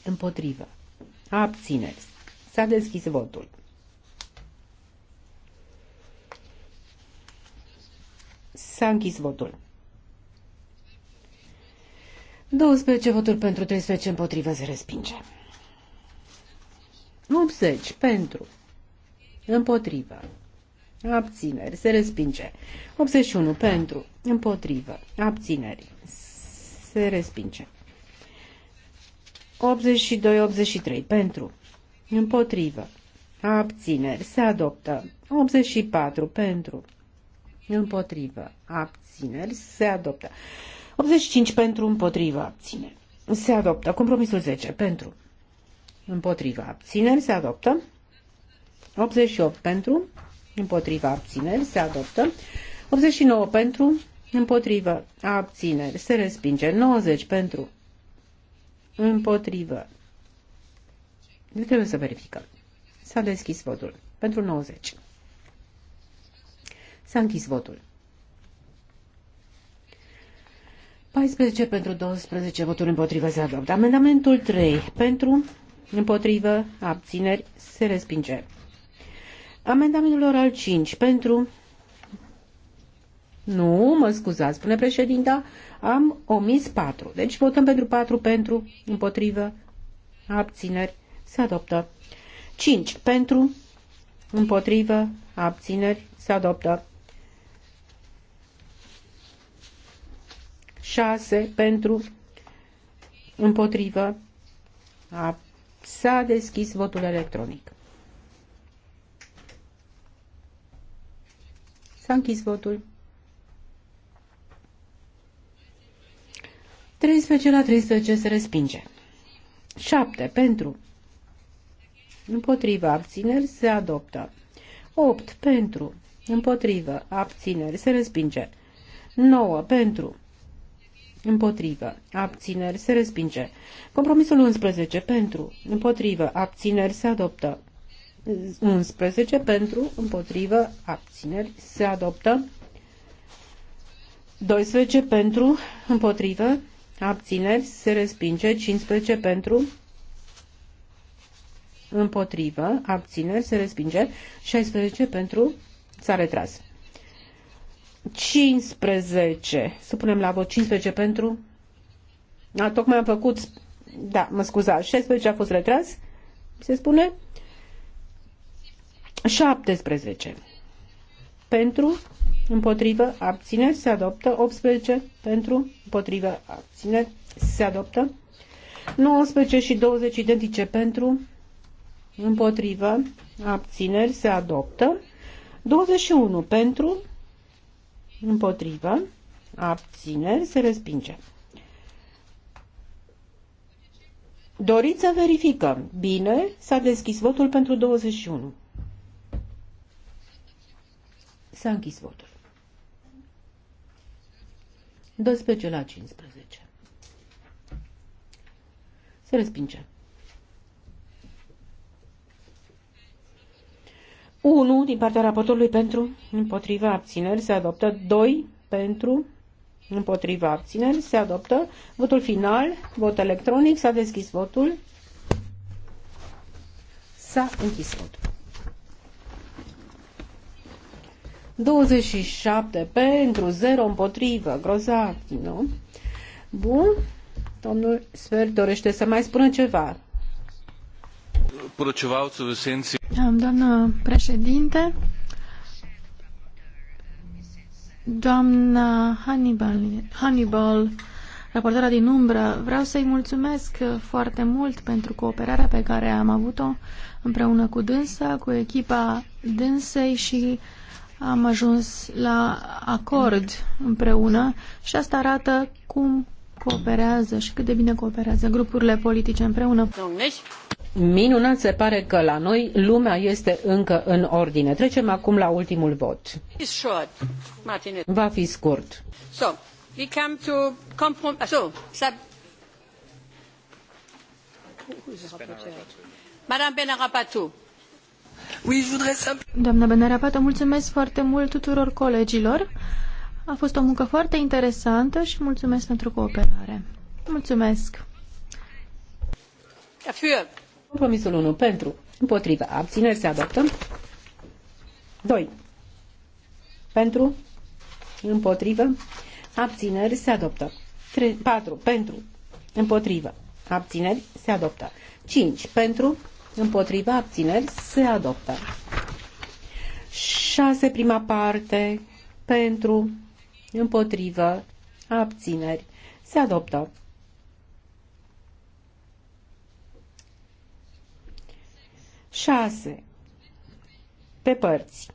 împotrivă, abțineri. S-a deschis votul. S-a închis votul. 12 voturi pentru 13 împotrivă se respinge. 80 pentru. Împotrivă. Abțineri. Se respinge. 81 pentru. Împotrivă. Abțineri. Se respinge. 82-83 pentru. Împotrivă. Abțineri. Se adoptă. 84 pentru. Împotrivă. Abțineri. Se adoptă. 85 pentru. Împotrivă. Abțineri. Se adoptă. Compromisul 10 pentru împotriva abțineri se adoptă. 88 pentru, împotriva abțineri se adoptă. 89 pentru, împotriva abțineri se respinge. 90 pentru, împotriva. De trebuie să verificăm. S-a deschis votul pentru 90. S-a închis votul. 14 pentru 12 voturi împotriva se adoptă. Amendamentul 3 pentru împotrivă, abțineri, se respinge. Amendamentul oral 5 pentru... Nu, mă scuzați, spune președinta, am omis 4. Deci votăm pentru 4, pentru, împotrivă, abțineri, se adoptă. 5. Pentru, împotrivă, abțineri, se adoptă. 6. Pentru, împotrivă, abțineri S-a deschis votul electronic. S-a închis votul. 13 la 13 se respinge. 7 pentru. Împotriva abțineri se adoptă. 8 pentru. Împotrivă abțineri se respinge. 9 pentru. Împotrivă. Abțineri. Se respinge. Compromisul 11. Pentru. Împotrivă. Abțineri. Se adoptă. 11. Pentru. Împotrivă. Abțineri. Se adoptă. 12. Pentru. Împotrivă. Abțineri. Se respinge. 15. Pentru. Împotrivă. Abțineri. Se respinge. 16. Pentru. S-a retras. 15. Să punem la vot 15 pentru. A, tocmai am făcut. Da, mă scuza. 16 a fost retras. Se spune. 17. Pentru, împotrivă, abține, se adoptă. 18. Pentru, împotrivă, abține, se adoptă. 19 și 20 identice pentru, împotrivă, abțineri, se adoptă. 21 pentru, împotrivă, abțineri, se respinge. Doriți să verificăm. Bine, s-a deschis votul pentru 21. S-a închis votul. 12 la 15. Se respinge. 1 din partea raportorului pentru împotriva abțineri se adoptă, 2 pentru împotriva abțineri se adoptă. Votul final, vot electronic, s-a deschis votul. S-a închis votul. 27 pentru, 0 împotrivă, grozav, nu? Bun, domnul Sfer dorește să mai spună ceva. Purăcevaoțul, în Doamnă președinte, doamna Hannibal, Hannibal raportarea din umbră, vreau să-i mulțumesc foarte mult pentru cooperarea pe care am avut-o împreună cu dânsa, cu echipa dânsei și am ajuns la acord împreună și asta arată cum cooperează și cât de bine cooperează grupurile politice împreună minunat se pare că la noi lumea este încă în ordine. Trecem acum la ultimul vot. Va fi scurt. So, we come to comprom- uh, so, sub- Madame Doamna Benarapatou, mulțumesc foarte mult tuturor colegilor. A fost o muncă foarte interesantă și mulțumesc pentru cooperare. Mulțumesc. Dafür. Compromisul 1 pentru, împotrivă, abțineri se adoptă. 2. Pentru, împotrivă, abțineri se adoptă. 3, 4. Pentru, împotrivă, abțineri se adoptă. 5. Pentru, împotrivă, abțineri se adoptă. 6. Prima parte, pentru, împotrivă, abțineri se adoptă. 6. Pe părți.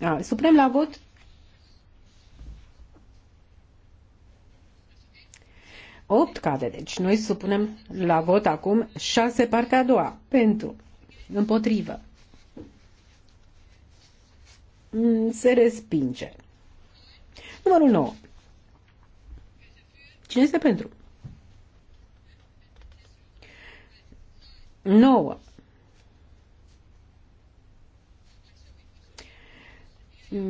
A, suprem la vot Opt cade, deci noi supunem la vot acum șase partea a doua. Pentru. Împotrivă. Mm, se respinge. Numărul 9. Cine este pentru? 9. Mm,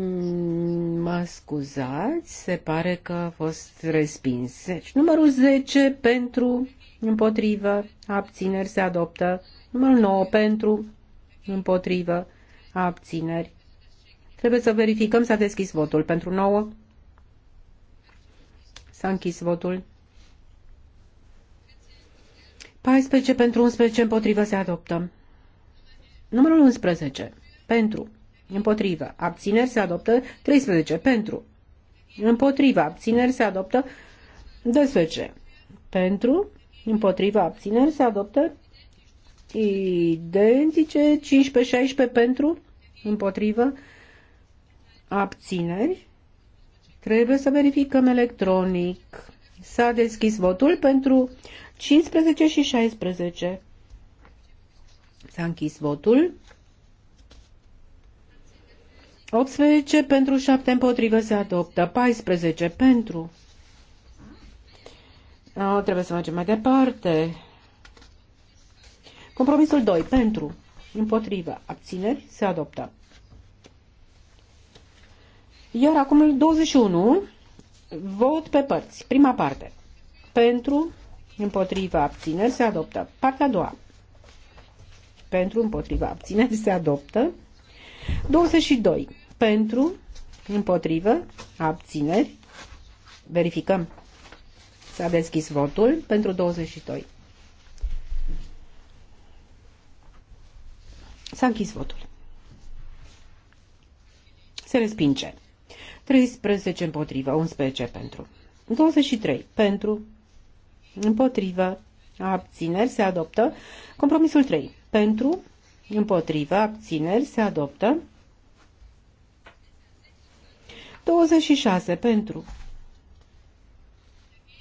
mă scuzați, se pare că a fost respins. Deci, numărul 10 pentru, împotrivă, abțineri se adoptă. Numărul 9 pentru, împotrivă, abțineri. Trebuie să verificăm, s-a deschis votul pentru 9. S-a închis votul. 14 pentru 11 împotrivă se adoptă. Numărul 11. Pentru. Împotrivă. Abțineri se adoptă 13. Pentru. Împotrivă. Abțineri se adoptă 12. Pentru. Împotrivă. Abțineri se adoptă identice 15-16 pentru. Împotrivă. Abțineri. Trebuie să verificăm electronic. S-a deschis votul pentru 15 și 16. S-a închis votul. 18 pentru 7 împotrivă se adoptă. 14 pentru. No, trebuie să mergem mai departe. Compromisul 2 pentru. Împotrivă. Abțineri se adoptă. Iar acum 21. Vot pe părți. Prima parte. Pentru împotriva abțineri se adoptă. Partea a doua. Pentru împotriva abțineri se adoptă. 22. Pentru împotrivă abțineri. Verificăm. S-a deschis votul pentru 22. S-a închis votul. Se respinge. 13 împotrivă, 11 pentru. 23 pentru, împotrivă, abțineri, se adoptă. Compromisul 3, pentru, împotrivă, abțineri, se adoptă. 26, pentru,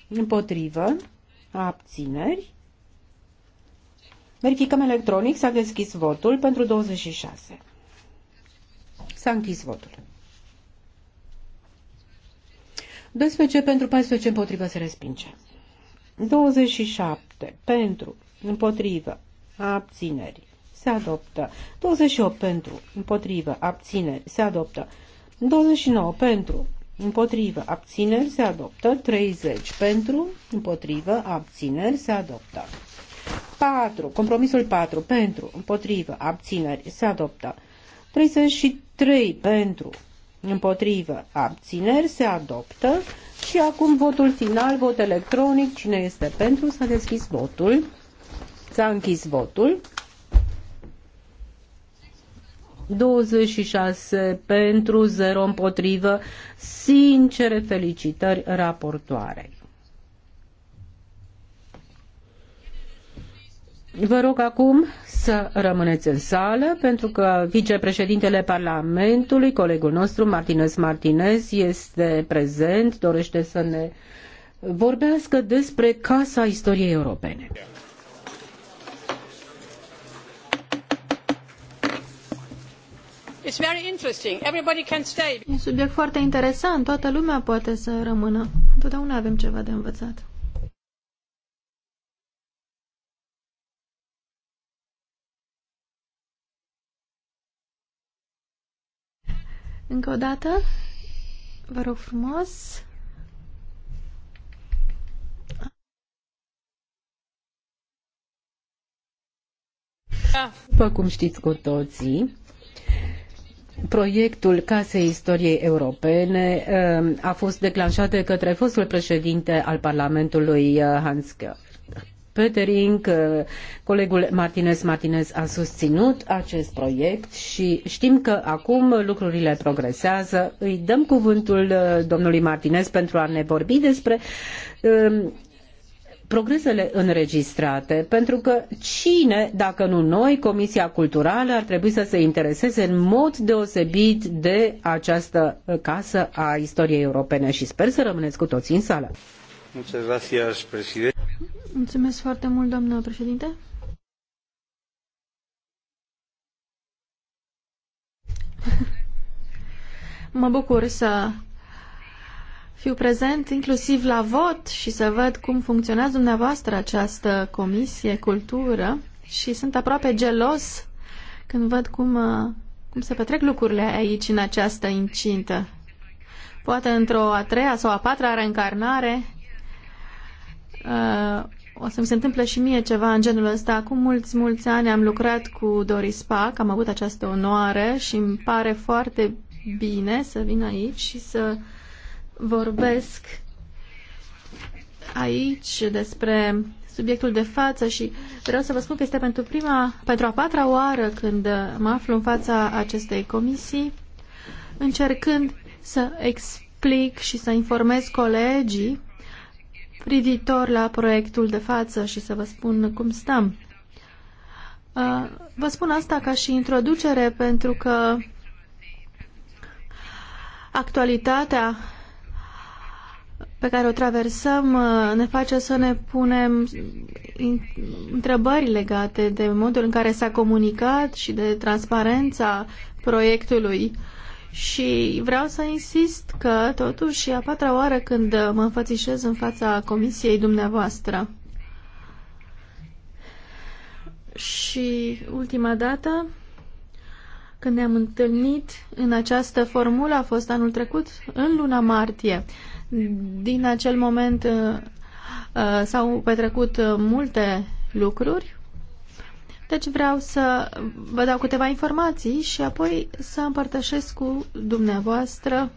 împotrivă, abțineri. Verificăm electronic, s-a deschis votul pentru 26. S-a închis votul. 12 pentru 14 împotrivă se respinge. 27 pentru, împotrivă, abțineri, se adoptă. 28 pentru, împotrivă, abțineri, se adoptă. 29 pentru, împotrivă, abțineri, se adoptă. 30 pentru, împotrivă, abțineri, se adoptă. 4, compromisul 4 pentru, împotrivă, abțineri, se adoptă. 33 pentru, împotrivă, abțineri, se adoptă. Și acum votul final, vot electronic. Cine este pentru? S-a deschis votul. S-a închis votul. 26 pentru, 0 împotrivă. Sincere felicitări raportoarei. Vă rog acum să rămâneți în sală, pentru că vicepreședintele Parlamentului, colegul nostru, Martinez Martinez, este prezent, dorește să ne vorbească despre Casa Istoriei Europene. It's very interesting. Everybody can stay. E un subiect foarte interesant. Toată lumea poate să rămână. Întotdeauna avem ceva de învățat. Încă o dată, vă rog frumos. După cum știți cu toții, proiectul Casei Istoriei Europene um, a fost declanșat de către fostul președinte al Parlamentului uh, Hans Gell Petering, colegul Martinez Martinez a susținut acest proiect și știm că acum lucrurile progresează. Îi dăm cuvântul uh, domnului Martinez pentru a ne vorbi despre um, progresele înregistrate, pentru că cine, dacă nu noi, Comisia Culturală, ar trebui să se intereseze în mod deosebit de această casă a istoriei europene și sper să rămâneți cu toții în sală. Mulțumesc foarte mult, doamnă președinte. mă bucur să fiu prezent inclusiv la vot și să văd cum funcționează dumneavoastră această comisie cultură și sunt aproape gelos când văd cum, uh, cum se petrec lucrurile aici în această incintă. Poate într-o a treia sau a patra reîncarnare uh, o să mi se întâmple și mie ceva în genul ăsta. Acum mulți, mulți ani am lucrat cu Doris Pac, am avut această onoare și îmi pare foarte bine să vin aici și să vorbesc aici despre subiectul de față și vreau să vă spun că este pentru prima, pentru a patra oară când mă aflu în fața acestei comisii, încercând să explic și să informez colegii privitor la proiectul de față și să vă spun cum stăm. Uh, vă spun asta ca și introducere pentru că actualitatea pe care o traversăm uh, ne face să ne punem întrebări legate de modul în care s-a comunicat și de transparența proiectului uh, și vreau să insist că, totuși, a patra oară când mă înfățișez în fața comisiei dumneavoastră. Și ultima dată, când ne-am întâlnit în această formulă, a fost anul trecut, în luna martie. Din acel moment uh, uh, s-au petrecut uh, multe lucruri deci vreau să vă dau câteva informații și apoi să împărtășesc cu dumneavoastră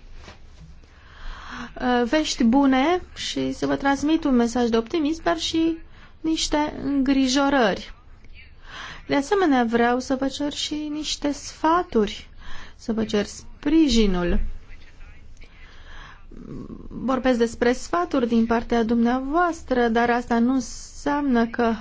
uh, vești bune și să vă transmit un mesaj de optimism, dar și niște îngrijorări. De asemenea, vreau să vă cer și niște sfaturi, să vă cer sprijinul. Vorbesc despre sfaturi din partea dumneavoastră, dar asta nu înseamnă că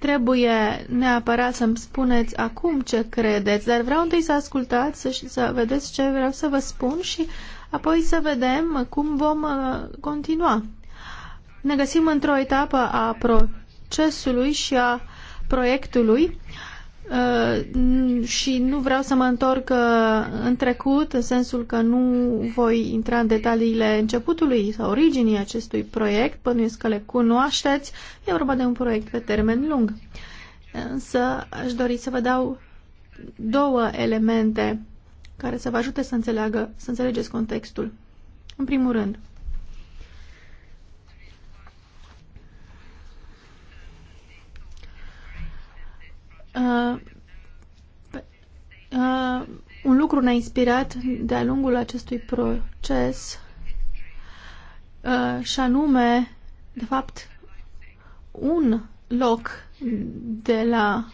trebuie neapărat să-mi spuneți acum ce credeți, dar vreau întâi să ascultați să, să vedeți ce vreau să vă spun și apoi să vedem cum vom uh, continua. Ne găsim într-o etapă a procesului și a proiectului Uh, și nu vreau să mă întorc uh, în trecut, în sensul că nu voi intra în detaliile începutului sau originii acestui proiect, bănuiesc că le cunoașteți, e vorba de un proiect pe termen lung. Însă aș dori să vă dau două elemente care să vă ajute să, înțeleagă, să înțelegeți contextul. În primul rând, Uh, uh, un lucru ne-a inspirat de-a lungul acestui proces uh, și anume, de fapt, un loc de la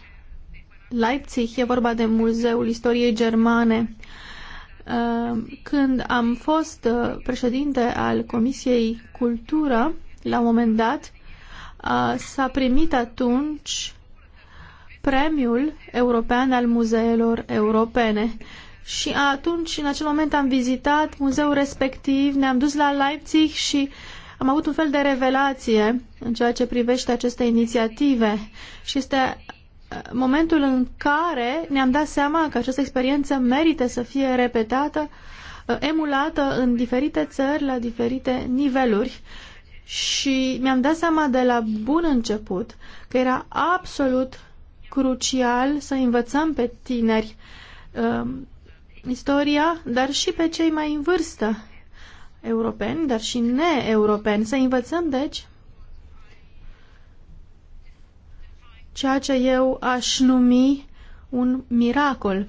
Leipzig, e vorba de Muzeul Istoriei Germane. Uh, când am fost uh, președinte al Comisiei Cultură, la un moment dat, s-a primit atunci premiul european al muzeelor europene. Și atunci, în acel moment, am vizitat muzeul respectiv, ne-am dus la Leipzig și am avut un fel de revelație în ceea ce privește aceste inițiative. Și este uh, momentul în care ne-am dat seama că această experiență merită să fie repetată, uh, emulată în diferite țări, la diferite niveluri. Și mi-am dat seama de la bun început că era absolut crucial să învățăm pe tineri uh, istoria, dar și pe cei mai în vârstă europeni, dar și ne-europeni. Să învățăm, deci, ceea ce eu aș numi un miracol.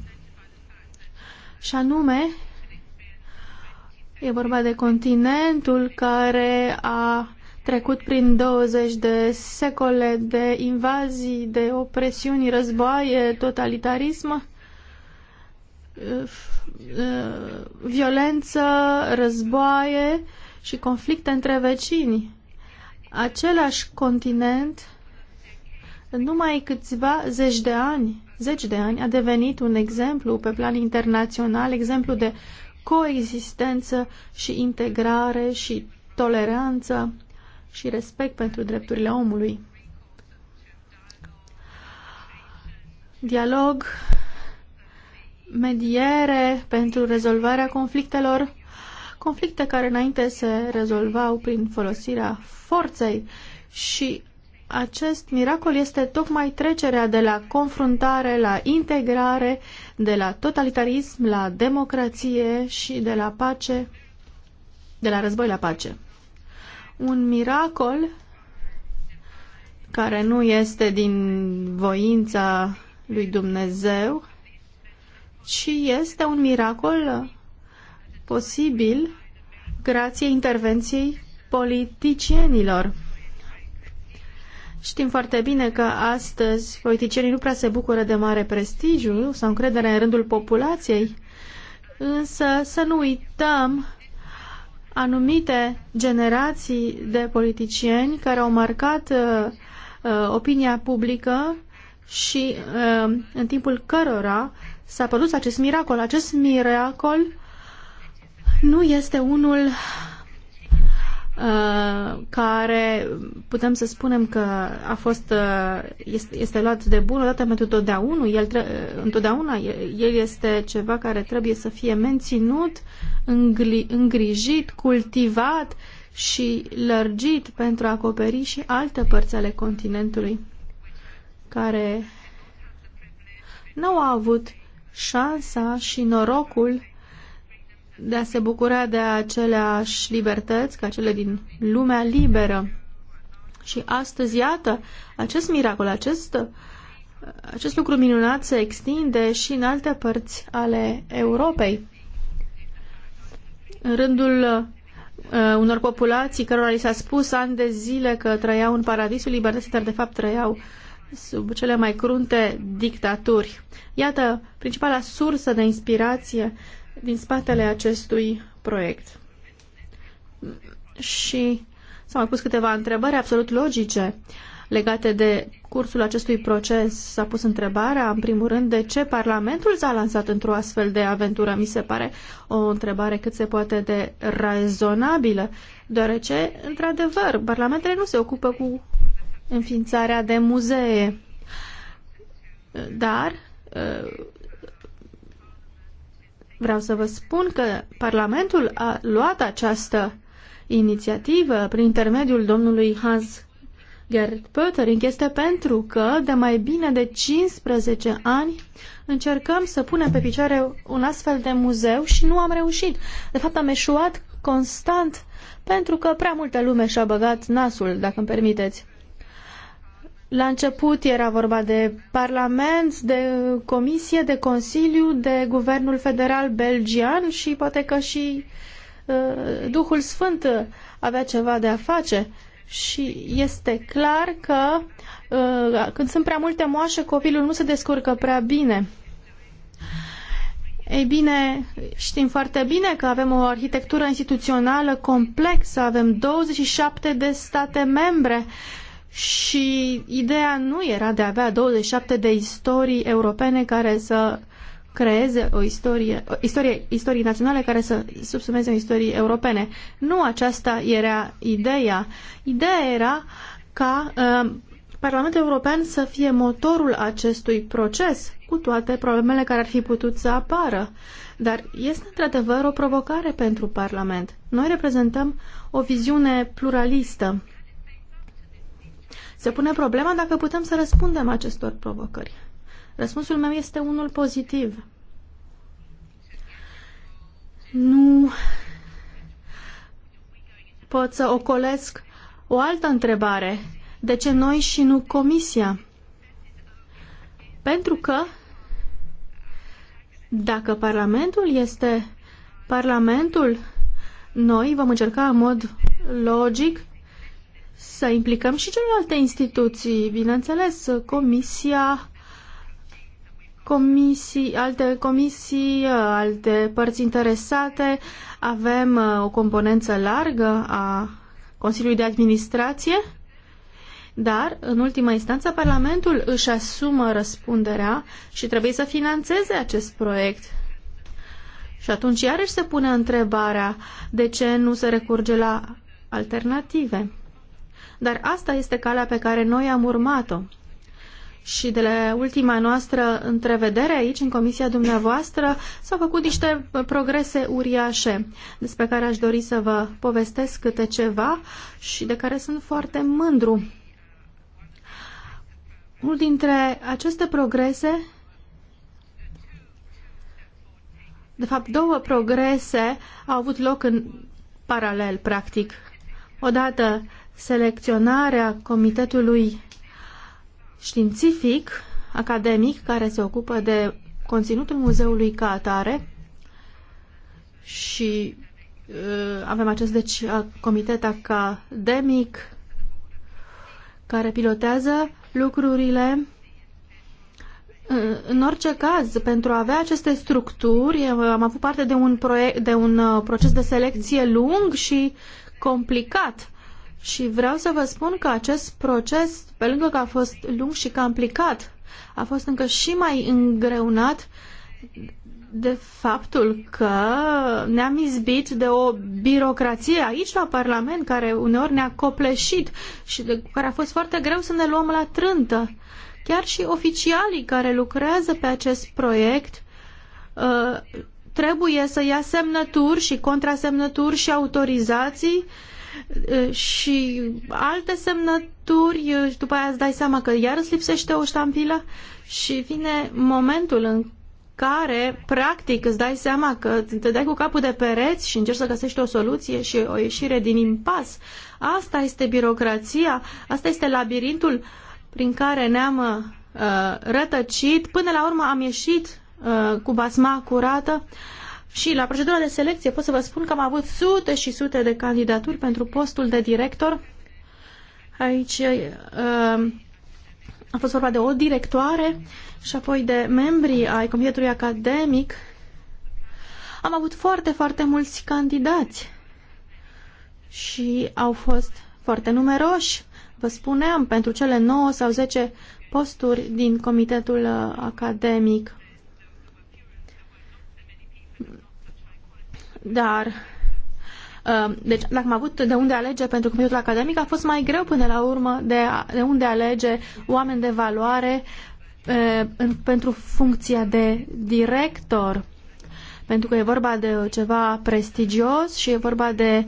Și anume, e vorba de continentul care a trecut prin 20 de secole de invazii, de opresiuni, războaie, totalitarism, violență, războaie și conflicte între vecini. Același continent, în numai câțiva zeci de ani, zeci de ani, a devenit un exemplu pe plan internațional, exemplu de coexistență și integrare și toleranță și respect pentru drepturile omului. Dialog, mediere pentru rezolvarea conflictelor, conflicte care înainte se rezolvau prin folosirea forței și acest miracol este tocmai trecerea de la confruntare la integrare, de la totalitarism la democrație și de la pace, de la război la pace un miracol care nu este din voința lui Dumnezeu, ci este un miracol posibil grație intervenției politicienilor. Știm foarte bine că astăzi politicienii nu prea se bucură de mare prestigiu sau încredere în rândul populației, însă să nu uităm anumite generații de politicieni care au marcat uh, uh, opinia publică și uh, în timpul cărora s-a produs acest miracol. Acest miracol nu este unul Uh, care putem să spunem că a fost, uh, este, este luat de bună dată pentru totdeauna, el, uh, întotdeauna el este ceva care trebuie să fie menținut, îngrijit, cultivat și lărgit pentru a acoperi și alte părți ale continentului care nu au avut șansa și norocul de a se bucura de aceleași libertăți ca cele din lumea liberă. Și astăzi, iată, acest miracol, acest, acest lucru minunat se extinde și în alte părți ale Europei. În rândul uh, unor populații cărora li s-a spus ani de zile că trăiau în paradisul libertății, dar de fapt trăiau sub cele mai crunte dictaturi. Iată, principala sursă de inspirație din spatele acestui proiect. Și s-au mai pus câteva întrebări absolut logice legate de cursul acestui proces. S-a pus întrebarea, în primul rând, de ce Parlamentul s-a lansat într-o astfel de aventură. Mi se pare o întrebare cât se poate de rezonabilă, deoarece, într-adevăr, Parlamentele nu se ocupă cu înființarea de muzee. Dar Vreau să vă spun că Parlamentul a luat această inițiativă prin intermediul domnului Hans Gerd Pöttering este pentru că de mai bine de 15 ani încercăm să punem pe picioare un astfel de muzeu și nu am reușit. De fapt am eșuat constant pentru că prea multă lume și-a băgat nasul, dacă îmi permiteți. La început era vorba de Parlament, de Comisie, de Consiliu, de Guvernul Federal Belgian și poate că și uh, Duhul Sfânt avea ceva de a face. Și este clar că uh, când sunt prea multe moașe, copilul nu se descurcă prea bine. Ei bine, știm foarte bine că avem o arhitectură instituțională complexă, avem 27 de state membre uh, și ideea nu era de a avea 27 de istorii europene care să creeze o istorie, o istorie, istorii naționale care să subsumeze o istorie europene. Nu aceasta era ideea. Ideea era ca uh, Parlamentul European să fie motorul acestui proces, cu toate problemele care ar fi putut să apară. Dar este într-adevăr o provocare pentru Parlament. Noi reprezentăm o viziune pluralistă se pune problema dacă putem să răspundem acestor provocări. Răspunsul meu este unul pozitiv. Nu pot să ocolesc o altă întrebare. De ce noi și nu Comisia? Pentru că dacă Parlamentul este Parlamentul, noi vom încerca în mod logic să implicăm și celelalte instituții, bineînțeles, Comisia, comisii, alte comisii, alte părți interesate. Avem uh, o componență largă a Consiliului de Administrație, dar, în ultima instanță, Parlamentul își asumă răspunderea și trebuie să financeze acest proiect. Și atunci iarăși se pune întrebarea de ce nu se recurge la alternative. Dar asta este calea pe care noi am urmat-o. Și de la ultima noastră întrevedere aici, în comisia dumneavoastră, s-au făcut niște progrese uriașe, despre care aș dori să vă povestesc câte ceva și de care sunt foarte mândru. Unul dintre aceste progrese, de fapt două progrese, au avut loc în paralel, practic. Odată, selecționarea comitetului științific, academic, care se ocupă de conținutul muzeului ca atare și uh, avem acest deci, comitet academic care pilotează lucrurile. Uh, în orice caz, pentru a avea aceste structuri, uh, am avut parte de un, proiect, de un uh, proces de selecție lung și complicat și vreau să vă spun că acest proces, pe lângă că a fost lung și complicat, a fost încă și mai îngreunat de faptul că ne-am izbit de o birocrație aici la Parlament care uneori ne-a copleșit și de care a fost foarte greu să ne luăm la trântă. Chiar și oficialii care lucrează pe acest proiect uh, trebuie să ia semnături și contrasemnături și autorizații uh, și alte semnături și după aia îți dai seama că iar îți lipsește o ștampilă și vine momentul în care, practic, îți dai seama că te dai cu capul de pereți și încerci să găsești o soluție și o ieșire din impas. Asta este birocrația, asta este labirintul prin care ne-am uh, rătăcit. Până la urmă am ieșit uh, cu basma curată. Uh, și la procedura de selecție pot să vă spun că am avut sute și sute de candidaturi pentru postul de director. Aici uh, a fost vorba de o directoare și apoi de membrii ai comitetului academic. Am avut foarte, foarte mulți candidați și au fost foarte numeroși, vă spuneam, pentru cele 9 sau 10 posturi din comitetul academic. Dar um, deci dacă am avut de unde alege pentru comitetul academic, a fost mai greu până la urmă de, a, de unde alege oameni de valoare e, uh, pentru funcția de director. Pentru că e vorba de ceva prestigios și e vorba de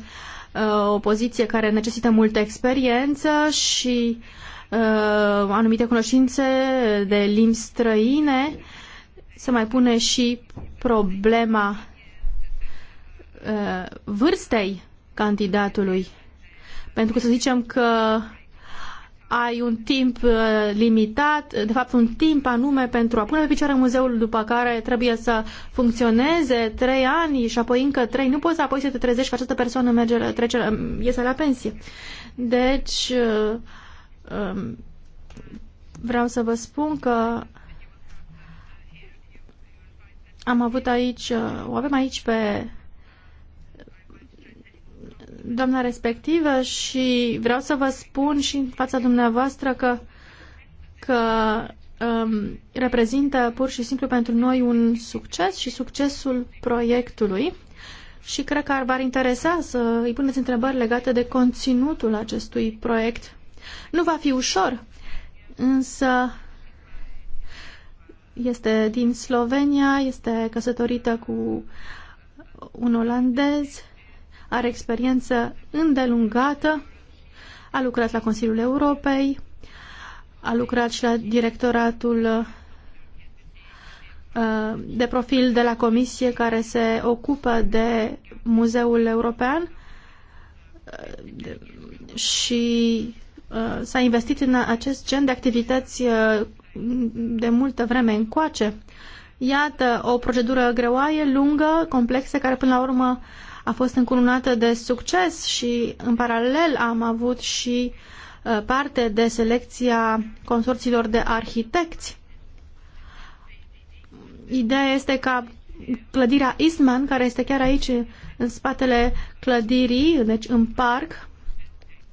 uh, o poziție care necesită multă experiență și uh, anumite cunoștințe de limbi străine. Se mai pune și problema uh, vârstei candidatului. Pentru că să zicem că ai un timp uh, limitat, de fapt un timp anume pentru a pune pe picioare muzeul, după care trebuie să funcționeze trei ani și apoi încă trei. Nu poți apoi să te trezești că această persoană merge, trece, iese la pensie. Deci, uh, um, vreau să vă spun că am avut aici, uh, o avem aici pe doamna respectivă și vreau să vă spun și în fața dumneavoastră că, că um, reprezintă pur și simplu pentru noi un succes și succesul proiectului și cred că ar v-ar interesa să îi puneți întrebări legate de conținutul acestui proiect. Nu va fi ușor, însă este din Slovenia, este căsătorită cu un olandez are experiență îndelungată, a lucrat la Consiliul Europei, a lucrat și la directoratul uh, de profil de la comisie care se ocupă de Muzeul European uh, și uh, s-a investit în acest gen de activități de multă vreme încoace. Iată o procedură greoaie, lungă, complexă, care până la urmă a fost încununată de succes și în paralel am avut și uh, parte de selecția consorțiilor de arhitecți. Ideea este ca clădirea Eastman, care este chiar aici în spatele clădirii, deci în parc,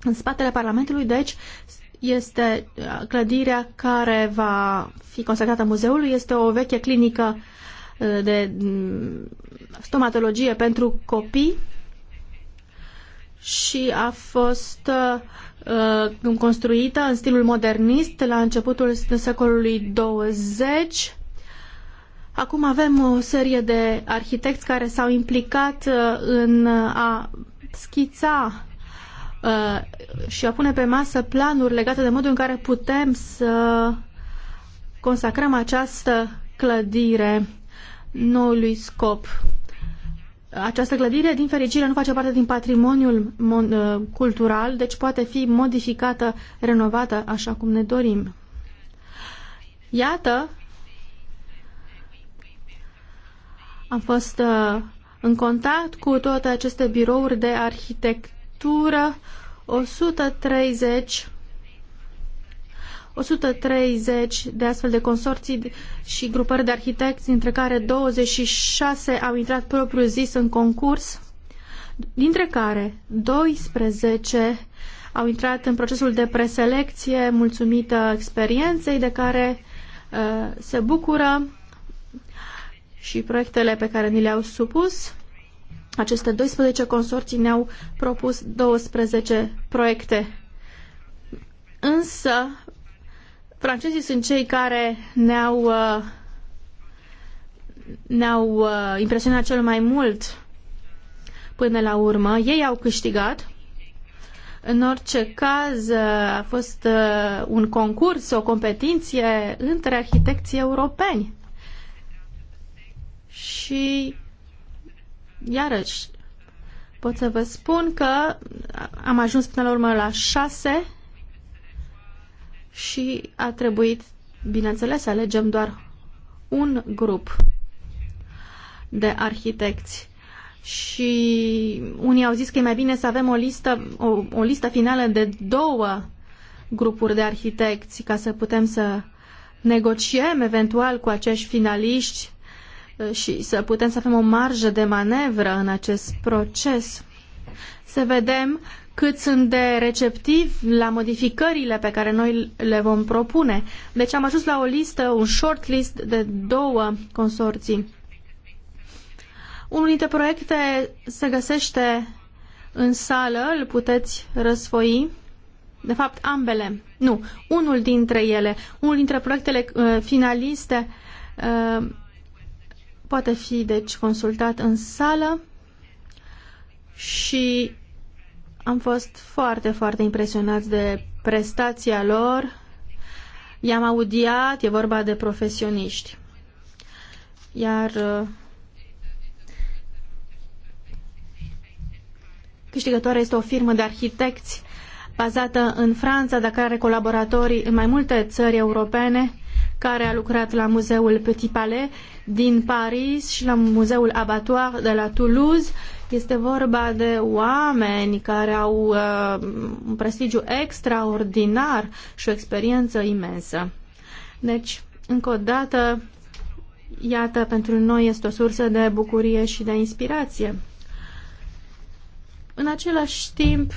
în spatele Parlamentului, deci este uh, clădirea care va fi consacrată muzeului, este o veche clinică de mm, stomatologie pentru copii și a fost uh, construită în stilul modernist la începutul secolului 20. Acum avem o serie de arhitecți care s-au implicat uh, în a schița uh, și a pune pe masă planuri legate de modul în care putem să consacrăm această clădire noului scop. Această clădire, din fericire, nu face parte din patrimoniul uh, cultural, deci poate fi modificată, renovată așa cum ne dorim. Iată, am fost uh, în contact cu toate aceste birouri de arhitectură, 130 130 de astfel de consorții și grupări de arhitecți, dintre care 26 au intrat propriu zis în concurs, dintre care 12 au intrat în procesul de preselecție mulțumită experienței de care uh, se bucură și proiectele pe care ni le-au supus. Aceste 12 consorții ne-au propus 12 proiecte. Însă, Francezii sunt cei care ne-au uh, ne-au uh, impresionat cel mai mult până la urmă. Ei au câștigat. În orice caz, uh, a fost un concurs, o competiție între arhitecții europeni. Și, iarăși, pot să vă spun că am ajuns până la urmă la șase și a trebuit, bineînțeles, să alegem doar un grup de arhitecți și unii au zis că e mai bine să avem o listă, o, o listă finală de două grupuri de arhitecți ca să putem să negociem eventual cu acești finaliști uh, și să putem să avem o marjă de manevră în acest proces. Să vedem cât sunt de receptivi la modificările pe care noi le vom propune. Deci am ajuns la o listă, un short list de două consorții. Unul dintre proiecte se găsește în sală, îl puteți răsfoi. De fapt, ambele. Nu, unul dintre ele, unul dintre proiectele uh, finaliste uh, poate fi, deci, consultat în sală și am fost foarte, foarte impresionați de prestația lor. I-am audiat, e vorba de profesioniști. Iar uh, câștigătoarea este o firmă de arhitecți bazată în Franța, dar care are colaboratorii în mai multe țări europene, care a lucrat la muzeul Petit Palais din Paris și la muzeul Abattoir de la Toulouse este vorba de oameni care au uh, un prestigiu extraordinar și o experiență imensă. Deci, încă o dată, iată, pentru noi este o sursă de bucurie și de inspirație. În același timp,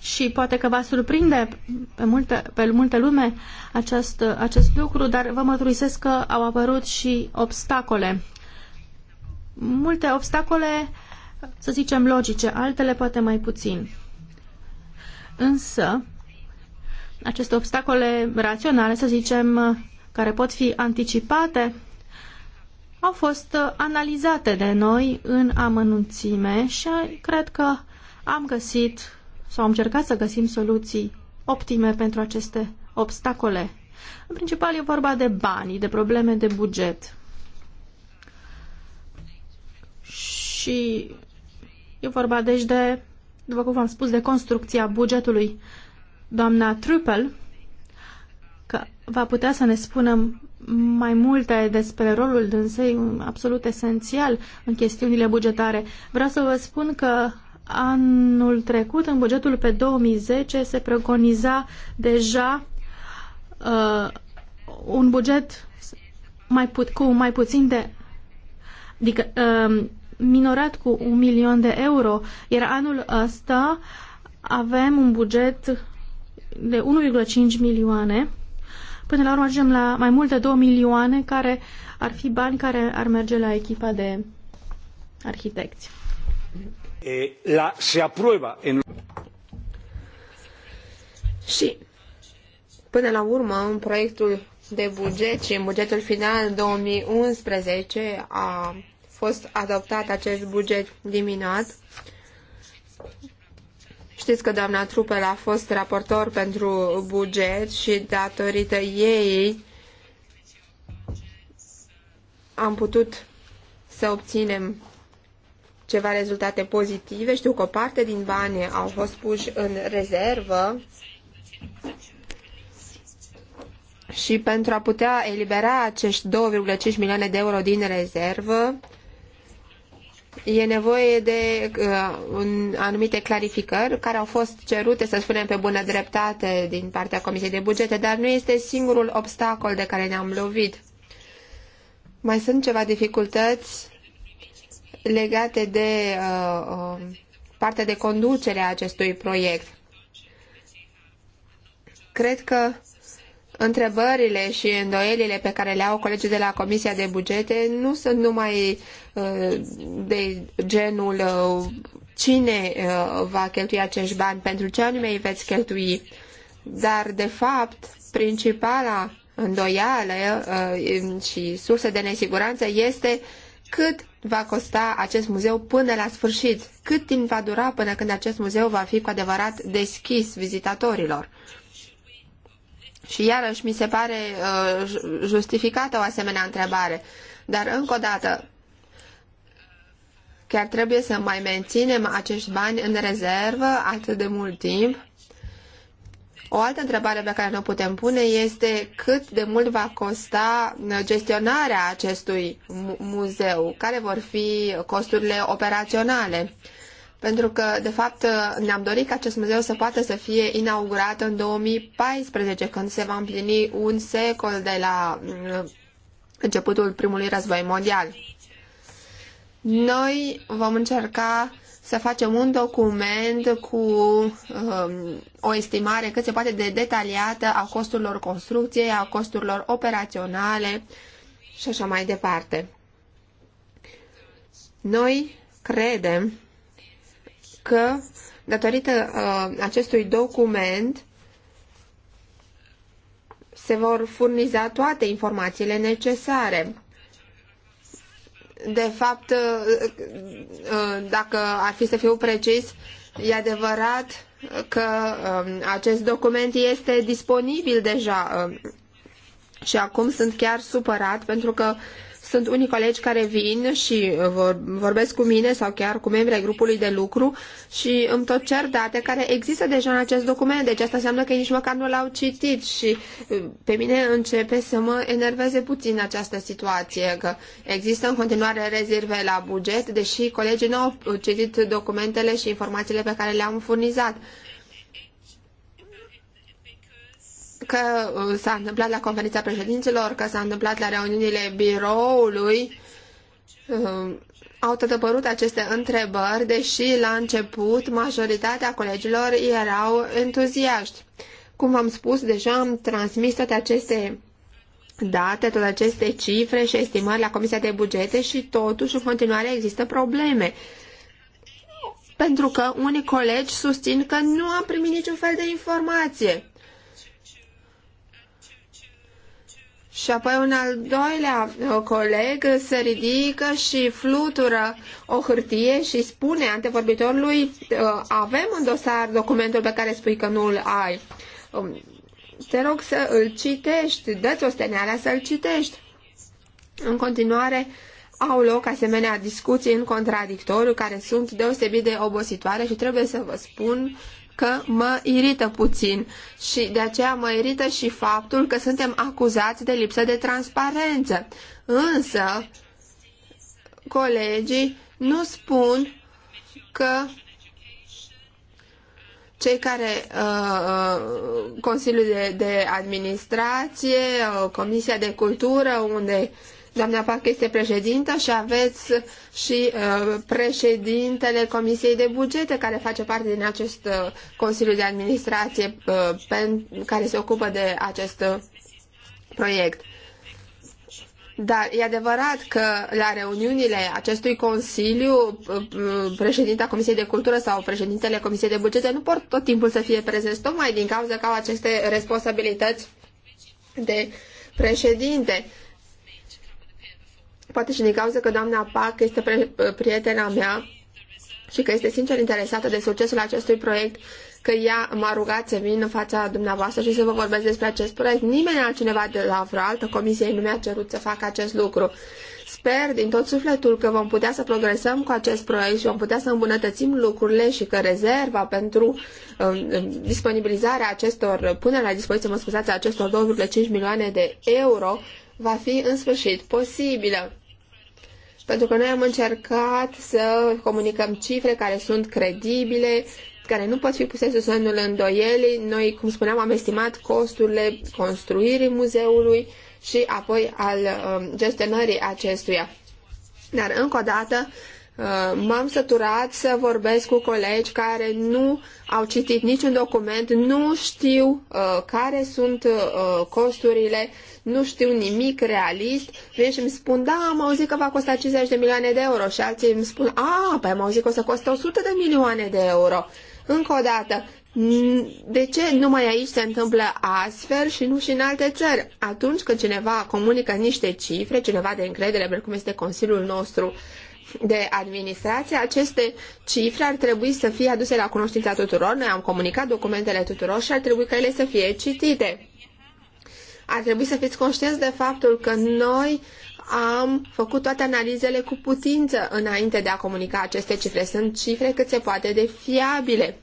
și poate că va surprinde pe, multe, pe multe lume acest, acest lucru, dar vă mărturisesc că au apărut și obstacole multe obstacole, să zicem, logice, altele poate mai puțin. Însă, aceste obstacole raționale, să zicem, care pot fi anticipate, au fost analizate de noi în amănunțime și cred că am găsit sau am încercat să găsim soluții optime pentru aceste obstacole. În principal e vorba de bani, de probleme de buget. Și e vorba deci de, după cum v-am spus, de construcția bugetului. Doamna Truppel, că va putea să ne spună mai multe despre rolul dânsei, absolut esențial în chestiunile bugetare. Vreau să vă spun că anul trecut, în bugetul pe 2010, se preconiza deja uh, un buget mai put, cu mai puțin de adică, uh, minorat cu un milion de euro, iar anul ăsta avem un buget de 1,5 milioane. Până la urmă ajungem la mai mult de 2 milioane care ar fi bani care ar merge la echipa de arhitecți. La, se aprobă în... Și până la urmă în proiectul de buget și în bugetul final 2011 a fost adoptat acest buget diminuat. Știți că doamna Trupel a fost raportor pentru buget și datorită ei am putut să obținem ceva rezultate pozitive. Știu că o parte din bani au fost puși în rezervă și pentru a putea elibera acești 2,5 milioane de euro din rezervă, e nevoie de uh, un, anumite clarificări care au fost cerute, să spunem, pe bună dreptate din partea Comisiei de Bugete, dar nu este singurul obstacol de care ne-am lovit. Mai sunt ceva dificultăți legate de uh, um, partea de conducere a acestui proiect. Cred că întrebările și îndoielile pe care le au colegii de la Comisia de Bugete nu sunt numai uh, de genul uh, cine uh, va cheltui acești bani, pentru ce anume îi veți cheltui, dar de fapt principala îndoială și sursă de nesiguranță este cât va costa acest muzeu până la sfârșit, cât timp va dura până când acest muzeu va fi cu adevărat deschis vizitatorilor. Și iarăși mi se pare uh, justificată o asemenea întrebare. Dar încă o dată, chiar trebuie să mai menținem acești bani în rezervă atât de mult timp? O altă întrebare pe care ne putem pune este cât de mult va costa uh, gestionarea acestui muzeu? Care vor fi costurile operaționale? pentru că, de fapt, ne-am dorit ca acest muzeu să poată să fie inaugurat în 2014, când se va împlini un secol de la mm, începutul primului război mondial. Noi vom încerca să facem un document cu um, o estimare cât se poate de detaliată a costurilor construcției, a costurilor operaționale și așa mai departe. Noi credem că, datorită uh, acestui document, se vor furniza toate informațiile necesare. De fapt, uh, uh dacă ar fi să fiu precis, e adevărat că uh, acest document este disponibil deja uh, și acum sunt chiar supărat pentru că uh, sunt unii colegi care vin și uh, vorbesc cu mine sau chiar cu membrii ai grupului de lucru și îmi tot cer date care există deja în acest document, deci asta înseamnă că nici măcar nu l-au citit și uh, pe mine începe să mă enerveze puțin această situație, că există în continuare rezerve la buget, deși colegii nu au citit documentele și informațiile pe care le-am furnizat. că uh, s-a întâmplat la conferința președinților, că s-a întâmplat la reuniunile biroului, uh, au tot apărut aceste întrebări, deși la început majoritatea colegilor erau entuziaști. Cum v-am spus, deja am transmis toate aceste date, toate aceste cifre și estimări la Comisia de Bugete și totuși în continuare există probleme. Pentru că unii colegi susțin că nu am primit niciun fel de informație. Și apoi un al doilea uh, coleg se ridică și flutură o hârtie și spune antevorbitorului uh, avem în dosar documentul pe care spui că nu-l ai. Um, te rog să îl citești, dă-ți o steneală să îl citești. În continuare, au loc asemenea discuții în contradictoriu care sunt deosebit de obositoare și trebuie să vă spun că mă irită puțin și de aceea mă irită și faptul că suntem acuzați de lipsă de transparență. Însă, colegii nu spun că cei care uh, uh Consiliul de, de Administrație, uh, Comisia de Cultură, unde uh, Doamna Pac este președintă și aveți și uh, președintele Comisiei de Bugete care face parte din acest uh, Consiliu de Administrație uh, pe, care se ocupă de acest uh, proiect. Dar e adevărat că la reuniunile acestui Consiliu, uh, uh, președinta Comisiei de Cultură sau președintele Comisiei de Bugete nu pot tot timpul să fie prezenți, tocmai din cauza că au aceste responsabilități de președinte. Poate și din cauza că doamna PAC este prietena mea și că este sincer interesată de succesul acestui proiect, că ea m-a rugat să vin în fața dumneavoastră și să vă vorbesc despre acest proiect. Nimeni altcineva de la vreo altă comisie nu mi-a cerut să fac acest lucru. Sper din tot sufletul că vom putea să progresăm cu acest proiect și vom putea să îmbunătățim lucrurile și că rezerva pentru um, um, disponibilizarea acestor, punerea la dispoziție, mă scuzați, acestor 2,5 milioane de euro va fi în sfârșit posibilă pentru că noi am încercat să comunicăm cifre care sunt credibile, care nu pot fi puse sub semnul îndoielii. Noi, cum spuneam, am estimat costurile construirii muzeului și apoi al um, gestionării acestuia. Dar, încă o dată, Uh, m-am săturat să vorbesc cu colegi care nu au citit niciun document, nu știu uh, care sunt uh, costurile, nu știu nimic realist. Vin și deci îmi spun, da, am auzit că va costa 50 de milioane de euro și alții îmi spun, a, păi am auzit că o să costă 100 de milioane de euro. Încă o dată, de ce numai aici se întâmplă astfel și nu și în alte țări? Atunci când cineva comunică niște cifre, cineva de încredere, precum este Consiliul nostru, de administrație, aceste cifre ar trebui să fie aduse la cunoștința tuturor. Noi am comunicat documentele tuturor și ar trebui ca ele să fie citite. Ar trebui să fiți conștienți de faptul că noi am făcut toate analizele cu putință înainte de a comunica aceste cifre. Sunt cifre cât se poate de fiabile.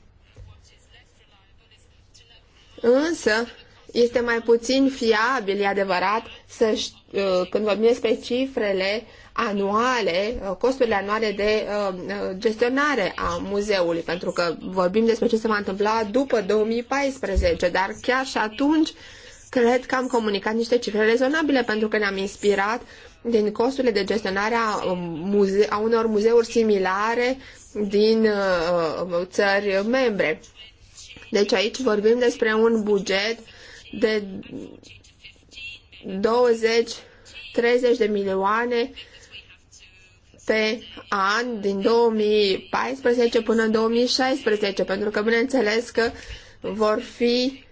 Însă, este mai puțin fiabil, e adevărat, să, uh, când vorbim despre cifrele anuale, uh, costurile anuale de uh, uh, gestionare a muzeului, pentru că vorbim despre ce se va întâmpla după 2014, dar chiar și atunci cred că am comunicat niște cifre rezonabile pentru că ne-am inspirat din costurile de gestionare a, um, muze- a unor muzeuri similare din uh, țări membre. Deci aici vorbim despre un buget de 20-30 de milioane peste ani, din 2014 până în 2016, pentru că, bineînțeles, că vor fi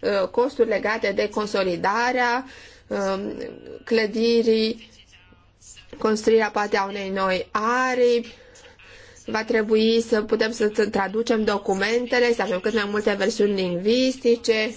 uh, costuri legate de consolidarea um, clădirii, construirea poate a unei noi aripi, va trebui să putem să traducem documentele, să avem cât mai multe versiuni lingvistice.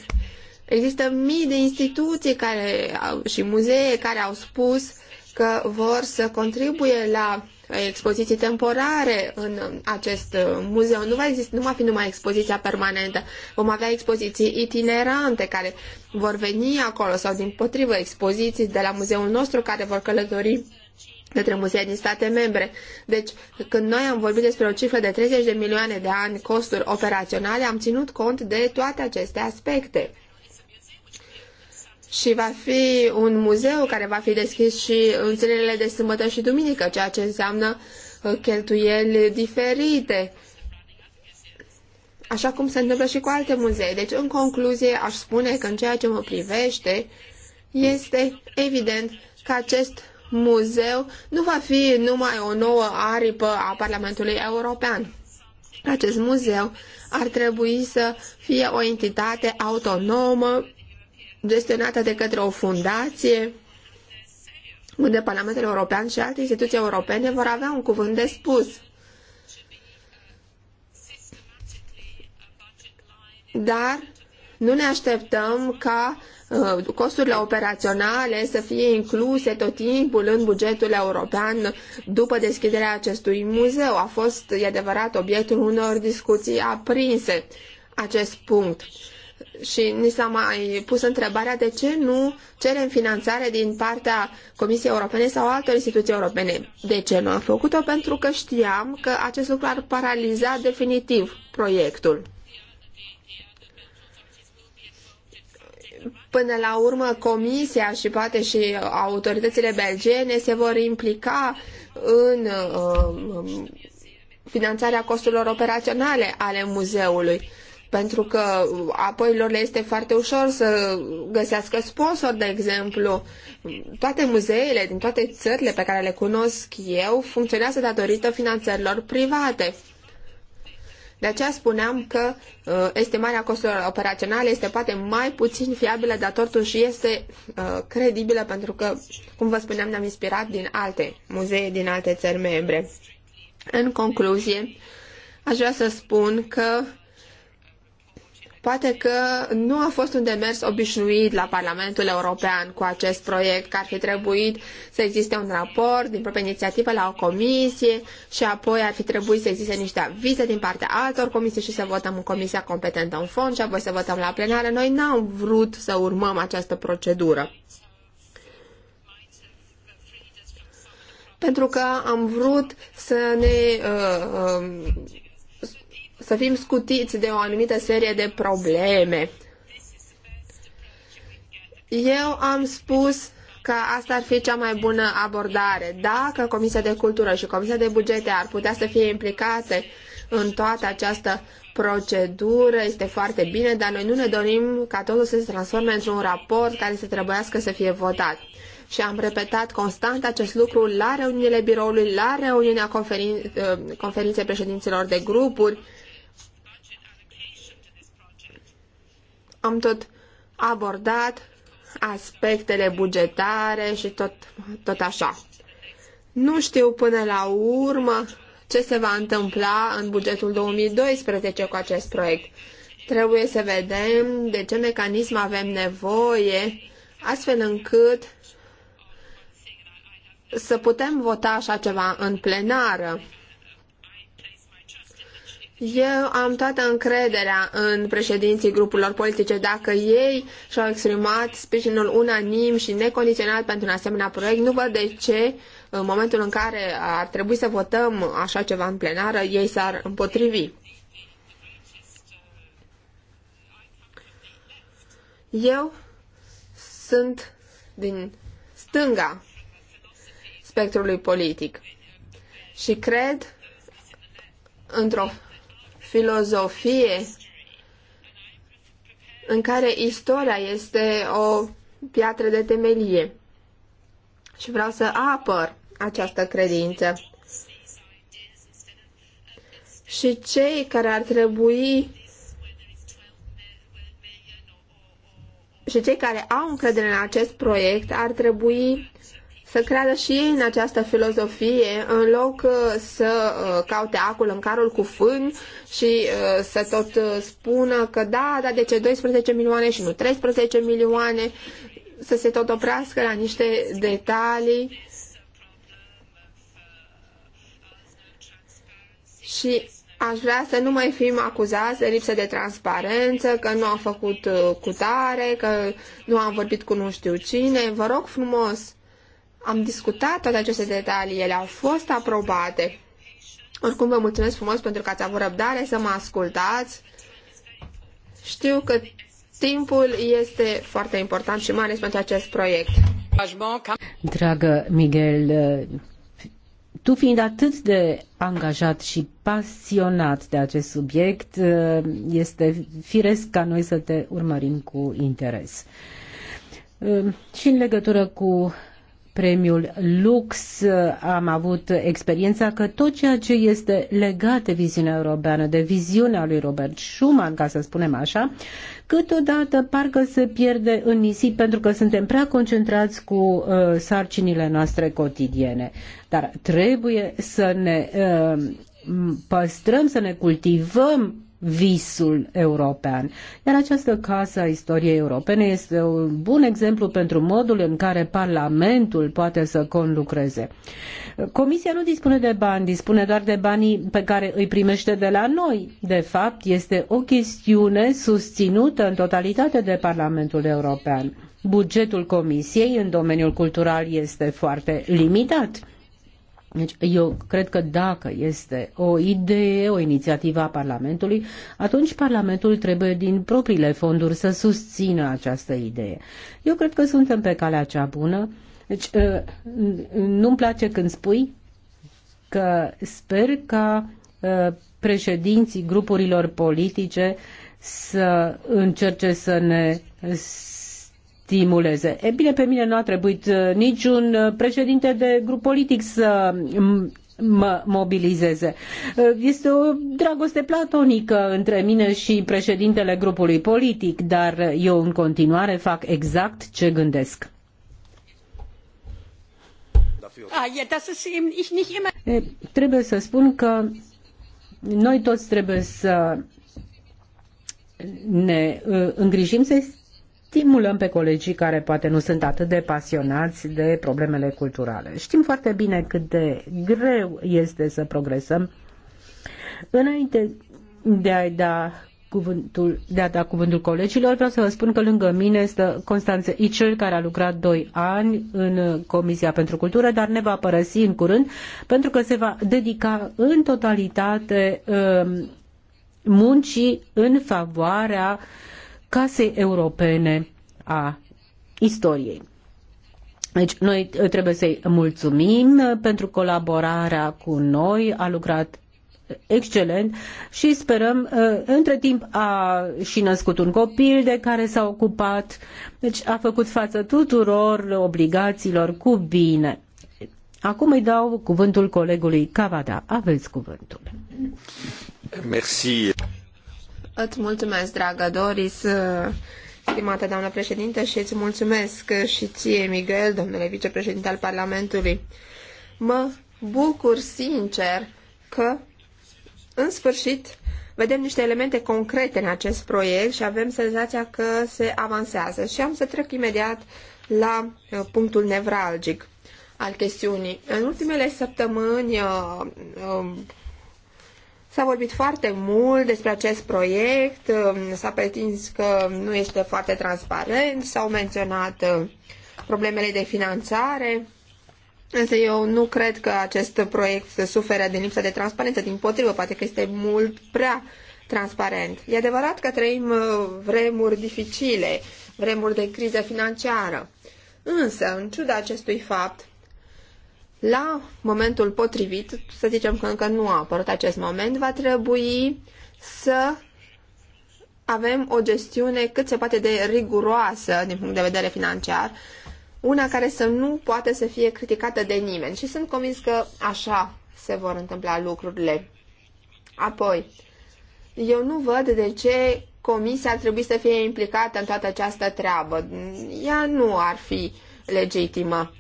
Există mii de instituții care, și muzee care au spus că vor să contribuie la expoziții temporare în acest muzeu. Nu va, exista, nu va fi numai expoziția permanentă. Vom avea expoziții itinerante care vor veni acolo sau din potrivă expoziții de la muzeul nostru care vor călători către muzee din state membre. Deci, când noi am vorbit despre o cifră de 30 de milioane de ani costuri operaționale, am ținut cont de toate aceste aspecte și va fi un muzeu care va fi deschis și în zilele de sâmbătă și duminică, ceea ce înseamnă uh, cheltuieli diferite, așa cum se întâmplă și cu alte muzee. Deci, în concluzie, aș spune că în ceea ce mă privește, este evident că acest muzeu nu va fi numai o nouă aripă a Parlamentului European. Acest muzeu ar trebui să fie o entitate autonomă gestionată de către o fundație, unde Parlamentul European și alte instituții europene vor avea un cuvânt de spus. Dar nu ne așteptăm ca uh, costurile operaționale să fie incluse tot timpul în bugetul european după deschiderea acestui muzeu. A fost, e adevărat, obiectul unor discuții aprinse acest punct și ni s-a mai pus întrebarea de ce nu cerem finanțare din partea Comisiei Europene sau altor instituții europene. De ce nu am făcut-o? Pentru că știam că acest lucru ar paraliza definitiv proiectul. Până la urmă, Comisia și poate și autoritățile belgiene se vor implica în uh, finanțarea costurilor operaționale ale muzeului pentru că uh, apoi lor le este foarte ușor să găsească sponsor, de exemplu. Toate muzeele din toate țările pe care le cunosc eu funcționează datorită finanțărilor private. De aceea spuneam că uh, estimarea costurilor operaționale este poate mai puțin fiabilă, dar totuși este uh, credibilă pentru că, cum vă spuneam, ne-am inspirat din alte muzee din alte țări membre. În concluzie, aș vrea să spun că uh, Poate că nu a fost un demers obișnuit la Parlamentul European cu acest proiect, că ar fi trebuit să existe un raport din propria inițiativă la o comisie și apoi ar fi trebuit să existe niște avize din partea altor comisii și să votăm în comisia competentă în fond și apoi să votăm la plenară. Noi n-am vrut să urmăm această procedură. Pentru că am vrut să ne uh, uh, să fim scutiți de o anumită serie de probleme. Eu am spus că asta ar fi cea mai bună abordare. Dacă Comisia de Cultură și Comisia de Bugete ar putea să fie implicate în toată această procedură, este foarte bine, dar noi nu ne dorim ca totul să se transforme într-un raport care să trebuiască să fie votat. Și am repetat constant acest lucru la reuniunile biroului, la reuniunea conferin- eh, conferinței președinților de grupuri, am tot abordat aspectele bugetare și tot, tot așa. Nu știu până la urmă ce se va întâmpla în bugetul 2012 cu acest proiect. Trebuie să vedem de ce mecanism avem nevoie, astfel încât să putem vota așa ceva în plenară. Eu am toată încrederea în președinții grupurilor politice. Dacă ei și-au exprimat sprijinul unanim și necondiționat pentru un asemenea proiect, nu văd de ce, în momentul în care ar trebui să votăm așa ceva în plenară, ei s-ar împotrivi. Eu sunt din stânga spectrului politic și cred într-o filozofie în care istoria este o piatră de temelie. Și vreau să apăr această credință. Și cei care ar trebui și cei care au încredere în acest proiect ar trebui să creadă și ei în această filozofie, în loc uh, să uh, caute acul în carul cu fân și uh, să tot spună că da, dar de ce 12 milioane și nu 13 milioane, să se tot oprească la niște detalii. Și aș vrea să nu mai fim acuzați de lipsă de transparență, că nu am făcut cutare, că nu am vorbit cu nu știu cine. Vă rog frumos, am discutat toate aceste detalii, ele au fost aprobate. Oricum, vă mulțumesc frumos pentru că ați avut răbdare să mă ascultați. Știu că timpul este foarte important și mai ales pentru acest proiect. Dragă Miguel, tu fiind atât de angajat și pasionat de acest subiect, este firesc ca noi să te urmărim cu interes. Și în legătură cu premiul Lux am avut experiența că tot ceea ce este legat de viziunea europeană, de viziunea lui Robert Schuman, ca să spunem așa, câteodată parcă se pierde în nisip pentru că suntem prea concentrați cu uh, sarcinile noastre cotidiene. Dar trebuie să ne uh, păstrăm, să ne cultivăm visul european. Iar această casă a istoriei europene este un bun exemplu pentru modul în care Parlamentul poate să conlucreze. Comisia nu dispune de bani, dispune doar de banii pe care îi primește de la noi. De fapt, este o chestiune susținută în totalitate de Parlamentul European. Bugetul Comisiei în domeniul cultural este foarte limitat deci eu cred că dacă este o idee, o inițiativă a Parlamentului, atunci Parlamentul trebuie din propriile fonduri să susțină această idee. Eu cred că suntem pe calea cea bună. Deci ă, nu-mi place când spui că sper ca ă, președinții grupurilor politice să încerce să ne stimuleze. E bine, pe mine nu a trebuit uh, niciun uh, președinte de grup politic să mă mobilizeze. Uh, este o dragoste platonică între mine și președintele grupului politic, dar eu în continuare fac exact ce gândesc. Ah, trebuie să spun că noi toți trebuie să ne îngrijim să stimulăm pe colegii care poate nu sunt atât de pasionați de problemele culturale. Știm foarte bine cât de greu este să progresăm înainte de a da cuvântul, de a da cuvântul colegilor, vreau să vă spun că lângă mine este Constanță Icel, care a lucrat doi ani în Comisia pentru Cultură, dar ne va părăsi în curând, pentru că se va dedica în totalitate um, muncii în favoarea uh, Casei Europene a Istoriei. Deci noi trebuie să-i mulțumim pentru colaborarea cu noi, a lucrat excelent și sperăm uh, între timp a și născut un copil de care s-a ocupat, deci a făcut față tuturor obligațiilor cu bine. Acum îi dau cuvântul colegului Cavada. Aveți cuvântul. Mersi. Îți mulțumesc, dragă Doris, stimată doamnă președinte, și îți mulțumesc și ție, Miguel, domnule vicepreședinte al Parlamentului. Mă bucur sincer că, în sfârșit, vedem niște elemente concrete în acest proiect și avem senzația că se avansează. Și am să trec imediat la uh, punctul nevralgic al chestiunii. În ultimele săptămâni, uh, uh, S-a vorbit foarte mult despre acest proiect, um, s-a pretins că nu este foarte transparent, s-au menționat uh, problemele de finanțare, însă eu nu cred că acest proiect suferă din lipsa de transparență, din potrivă, poate că este mult prea transparent. E adevărat că trăim uh, vremuri dificile, vremuri de criză financiară, însă, în ciuda acestui fapt, la momentul potrivit, să zicem că încă nu a apărut acest moment, va trebui să avem o gestiune cât se poate de riguroasă din punct de vedere financiar, una care să nu poate să fie criticată de nimeni și sunt convins că așa se vor întâmpla lucrurile. Apoi, eu nu văd de ce comisia ar trebui să fie implicată în toată această treabă. Ea nu ar fi legitimă.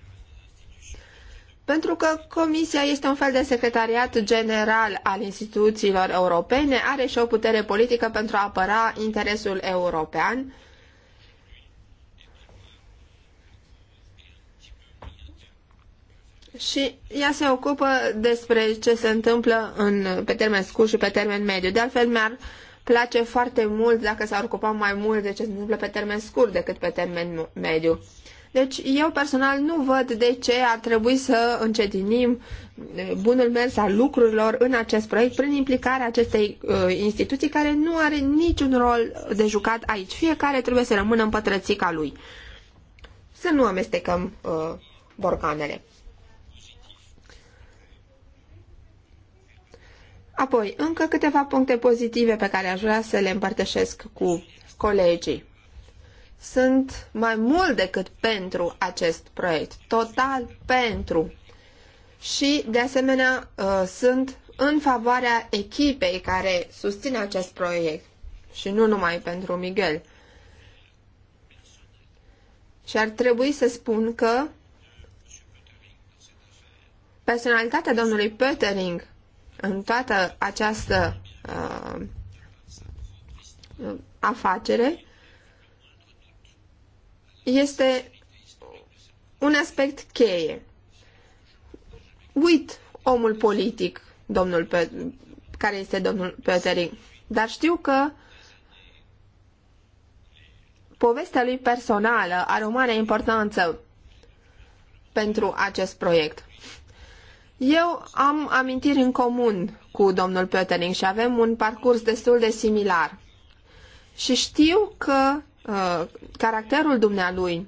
Pentru că Comisia este un fel de secretariat general al instituțiilor europene, are și o putere politică pentru a apăra interesul european. Și ea se ocupă despre ce se întâmplă în, pe termen scurt și pe termen mediu. De altfel, mi-ar place foarte mult dacă s-ar ocupa mai mult de ce se întâmplă pe termen scurt decât pe termen mediu. Deci eu personal nu văd de ce ar trebui să încetinim eh, bunul mers al lucrurilor în acest proiect prin implicarea acestei uh, instituții care nu are niciun rol de jucat aici. Fiecare trebuie să rămână în pătrățica lui. Să nu amestecăm uh, borcanele. Apoi, încă câteva puncte pozitive pe care aș vrea să le împărtășesc cu colegii sunt mai mult decât pentru acest proiect, total pentru. Și, de asemenea, uh, sunt în favoarea echipei care susține acest proiect și nu numai pentru Miguel. Și ar trebui să spun că personalitatea domnului Pöttering în toată această uh, afacere este un aspect cheie. Uit omul politic, domnul Pe- care este domnul Petering, dar știu că povestea lui personală are o mare importanță pentru acest proiect. Eu am amintiri în comun cu domnul Petering și avem un parcurs destul de similar. Și știu că Uh, caracterul dumnealui,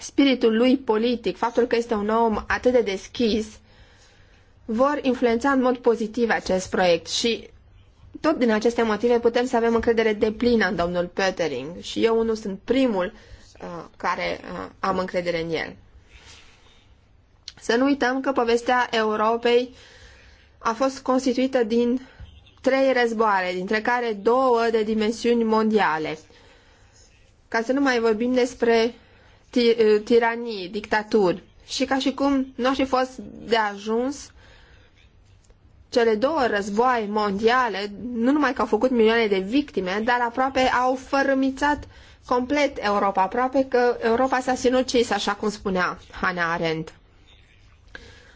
spiritul lui politic, faptul că este un om atât de deschis, vor influența în mod pozitiv acest proiect și tot din aceste motive putem să avem încredere deplină în domnul Pöttering și eu nu sunt primul uh, care uh, am încredere în el. Să nu uităm că povestea Europei a fost constituită din trei războaie, dintre care două de dimensiuni mondiale ca să nu mai vorbim despre eh, tiranii, dictaturi. Și ca și cum nu aș fi fost de ajuns cele două războaie mondiale, nu numai că au făcut milioane de victime, dar aproape au fărâmițat complet Europa, aproape că Europa s-a sinucis, așa cum spunea Hannah Arendt.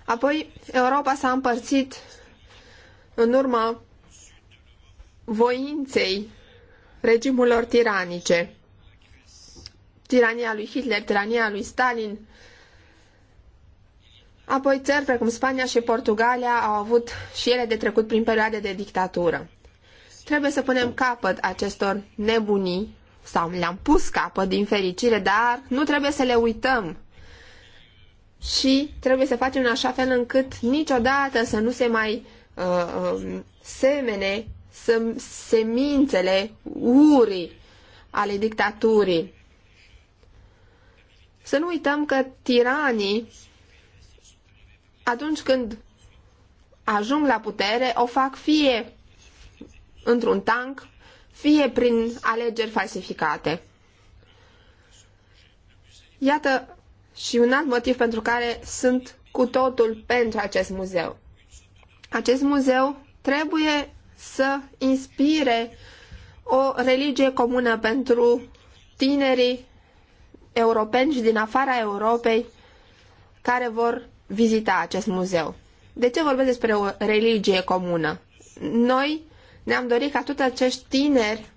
Apoi, Europa s-a împărțit în urma voinței regimurilor tiranice tirania lui Hitler, tirania lui Stalin. Apoi țări precum Spania și Portugalia au avut și ele de trecut prin perioade de dictatură. Trebuie să punem capăt acestor nebunii, sau le-am pus capăt din fericire, dar nu trebuie să le uităm. Și trebuie să facem în așa fel încât niciodată să nu se mai uh, uh, semene să, semințele urii ale dictaturii. Să nu uităm că tiranii, atunci când ajung la putere, o fac fie într-un tank, fie prin alegeri falsificate. Iată și un alt motiv pentru care sunt cu totul pentru acest muzeu. Acest muzeu trebuie să inspire o religie comună pentru tinerii europeni și din afara Europei care vor vizita acest muzeu. De ce vorbesc despre o religie comună? Noi ne-am dorit ca toți acești tineri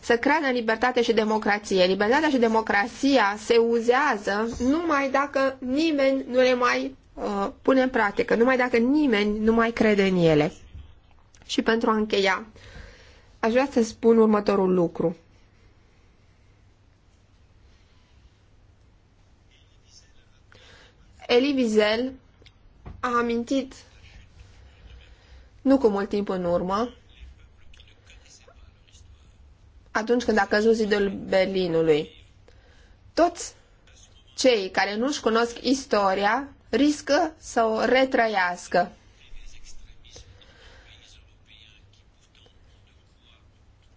să creadă în libertate și democrație. Libertatea și democrația se uzează numai dacă nimeni nu le mai uh, pune în practică, numai dacă nimeni nu mai crede în ele. Și pentru a încheia, aș vrea să spun următorul lucru. Eli Wiesel a amintit nu cu mult timp în urmă, atunci când a căzut zidul Berlinului. Toți cei care nu-și cunosc istoria riscă să o retrăiască.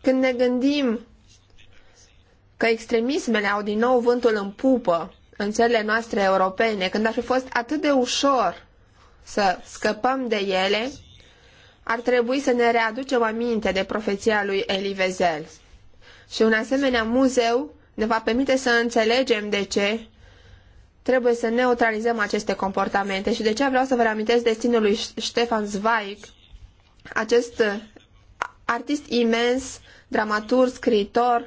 Când ne gândim că extremismele au din nou vântul în pupă în țările noastre europene, când ar fi fost atât de ușor să scăpăm de ele, ar trebui să ne readucem aminte de profeția lui Elivezel. Și un asemenea muzeu ne va permite să înțelegem de ce trebuie să neutralizăm aceste comportamente și de ce vreau să vă reamintesc destinul lui Stefan Zweig, acest artist imens, dramaturg, scriitor,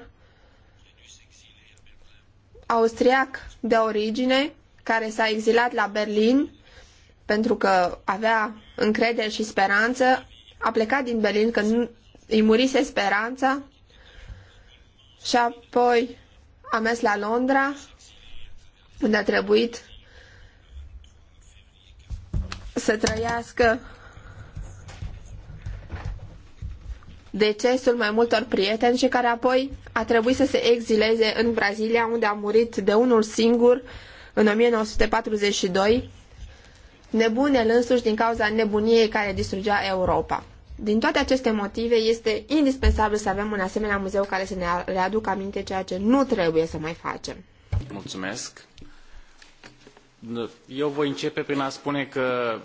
austriac de origine care s-a exilat la Berlin pentru că avea încredere și speranță, a plecat din Berlin când îi murise speranța și apoi a mers la Londra unde a trebuit să trăiască decesul mai multor prieteni și care apoi a trebuit să se exileze în Brazilia, unde a murit de unul singur în 1942, nebun el însuși din cauza nebuniei care distrugea Europa. Din toate aceste motive, este indispensabil să avem un asemenea muzeu care să ne readucă aminte ceea ce nu trebuie să mai facem. Mulțumesc. Eu voi începe prin a spune că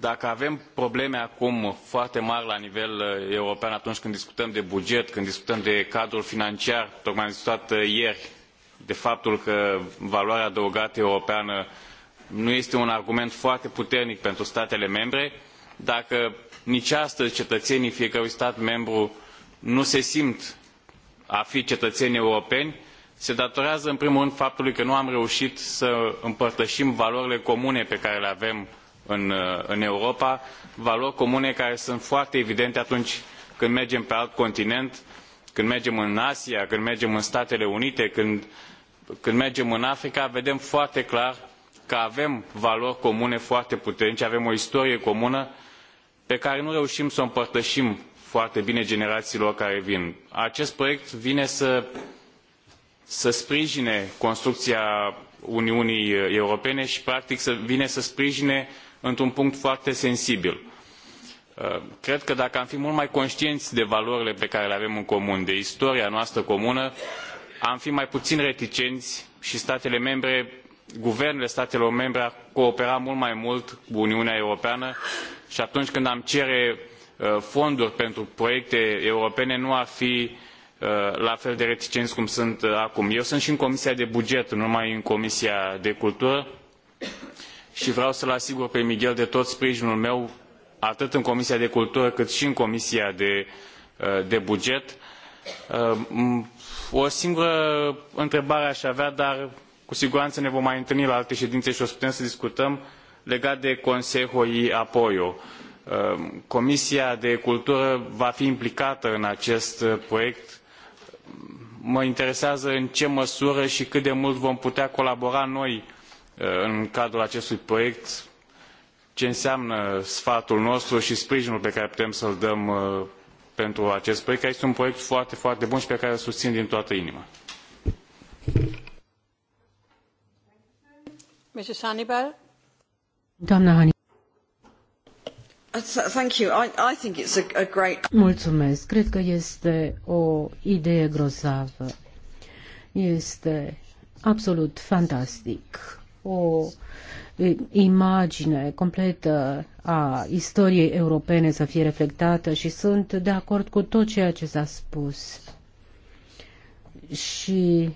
dacă avem probleme acum foarte mari la nivel uh, european atunci când discutăm de buget, când discutăm de cadrul financiar, tocmai am discutat uh, ieri de faptul că valoarea adăugată europeană nu este un argument foarte puternic pentru statele membre, dacă nici astăzi cetățenii fiecărui stat membru nu se simt a fi cetățeni europeni, se datorează în primul rând faptului că nu am reușit să împărtășim valorile comune pe care le avem în, uh, în Europa, valori comune care sunt foarte evidente atunci când mergem pe alt continent, când mergem în Asia, când mergem în Statele Unite, când, când mergem în Africa, vedem foarte clar că avem valori comune foarte puternice, avem o istorie comună pe care nu reușim să o împărtășim foarte bine generațiilor care vin. Acest proiect vine să, să sprijine construcția Uniunii Europene și practic să vine să sprijine uh, într-un punct foarte sensibil. Uh, cred că dacă am fi mult mai conștienți de valorile pe care le avem în comun, de istoria noastră comună, am fi mai puțin reticenți și statele membre, guvernele statelor membre ar coopera mult mai mult cu Uniunea Europeană și atunci când am cere uh, fonduri pentru proiecte europene nu ar fi uh, la fel de reticenți cum sunt acum. Eu sunt și în Comisia de Buget, nu numai în Comisia de Cultură și vreau să-l asigur pe Miguel de tot sprijinul meu, atât în Comisia de Cultură cât și în Comisia de, uh, de Buget. Uh, o singură întrebare aș avea, dar cu siguranță ne vom mai întâlni la alte ședințe și o să putem să discutăm legat de Consejo y Apoyo. Uh, Comisia de Cultură va fi implicată în acest proiect. Mă interesează în ce măsură și cât de mult vom putea colabora noi Uh, în cadrul acestui proiect ce înseamnă sfatul nostru i sprijinul pe care putem să l dăm uh, pentru acest proiect care este un proiect foarte foarte bun i pe care îl susin din toată inima. Mulțumesc. Cred că este o idee grozavă. Este absolut fantastic o imagine completă a istoriei europene să fie reflectată și sunt de acord cu tot ceea ce s-a spus. Și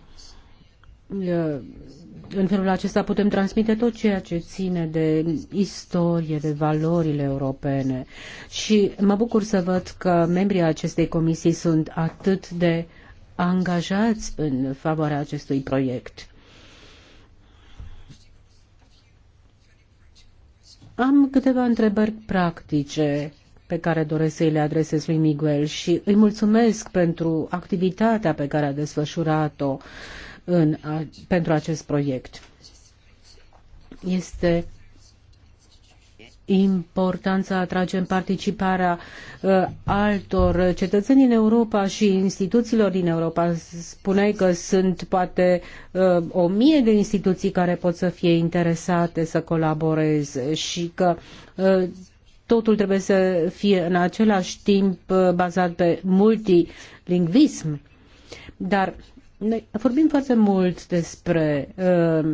în felul acesta putem transmite tot ceea ce ține de istorie, de valorile europene. Și mă bucur să văd că membrii acestei comisii sunt atât de angajați în favoarea acestui proiect. Am câteva întrebări practice pe care doresc să le adresez lui Miguel și îi mulțumesc pentru activitatea pe care a desfășurat-o pentru acest proiect. Este important să atragem participarea uh, altor cetățeni în Europa și instituțiilor din Europa. Spuneai că sunt poate uh, o mie de instituții care pot să fie interesate să colaboreze și că uh, totul trebuie să fie în același timp bazat pe multilingvism. Dar noi vorbim foarte mult despre uh,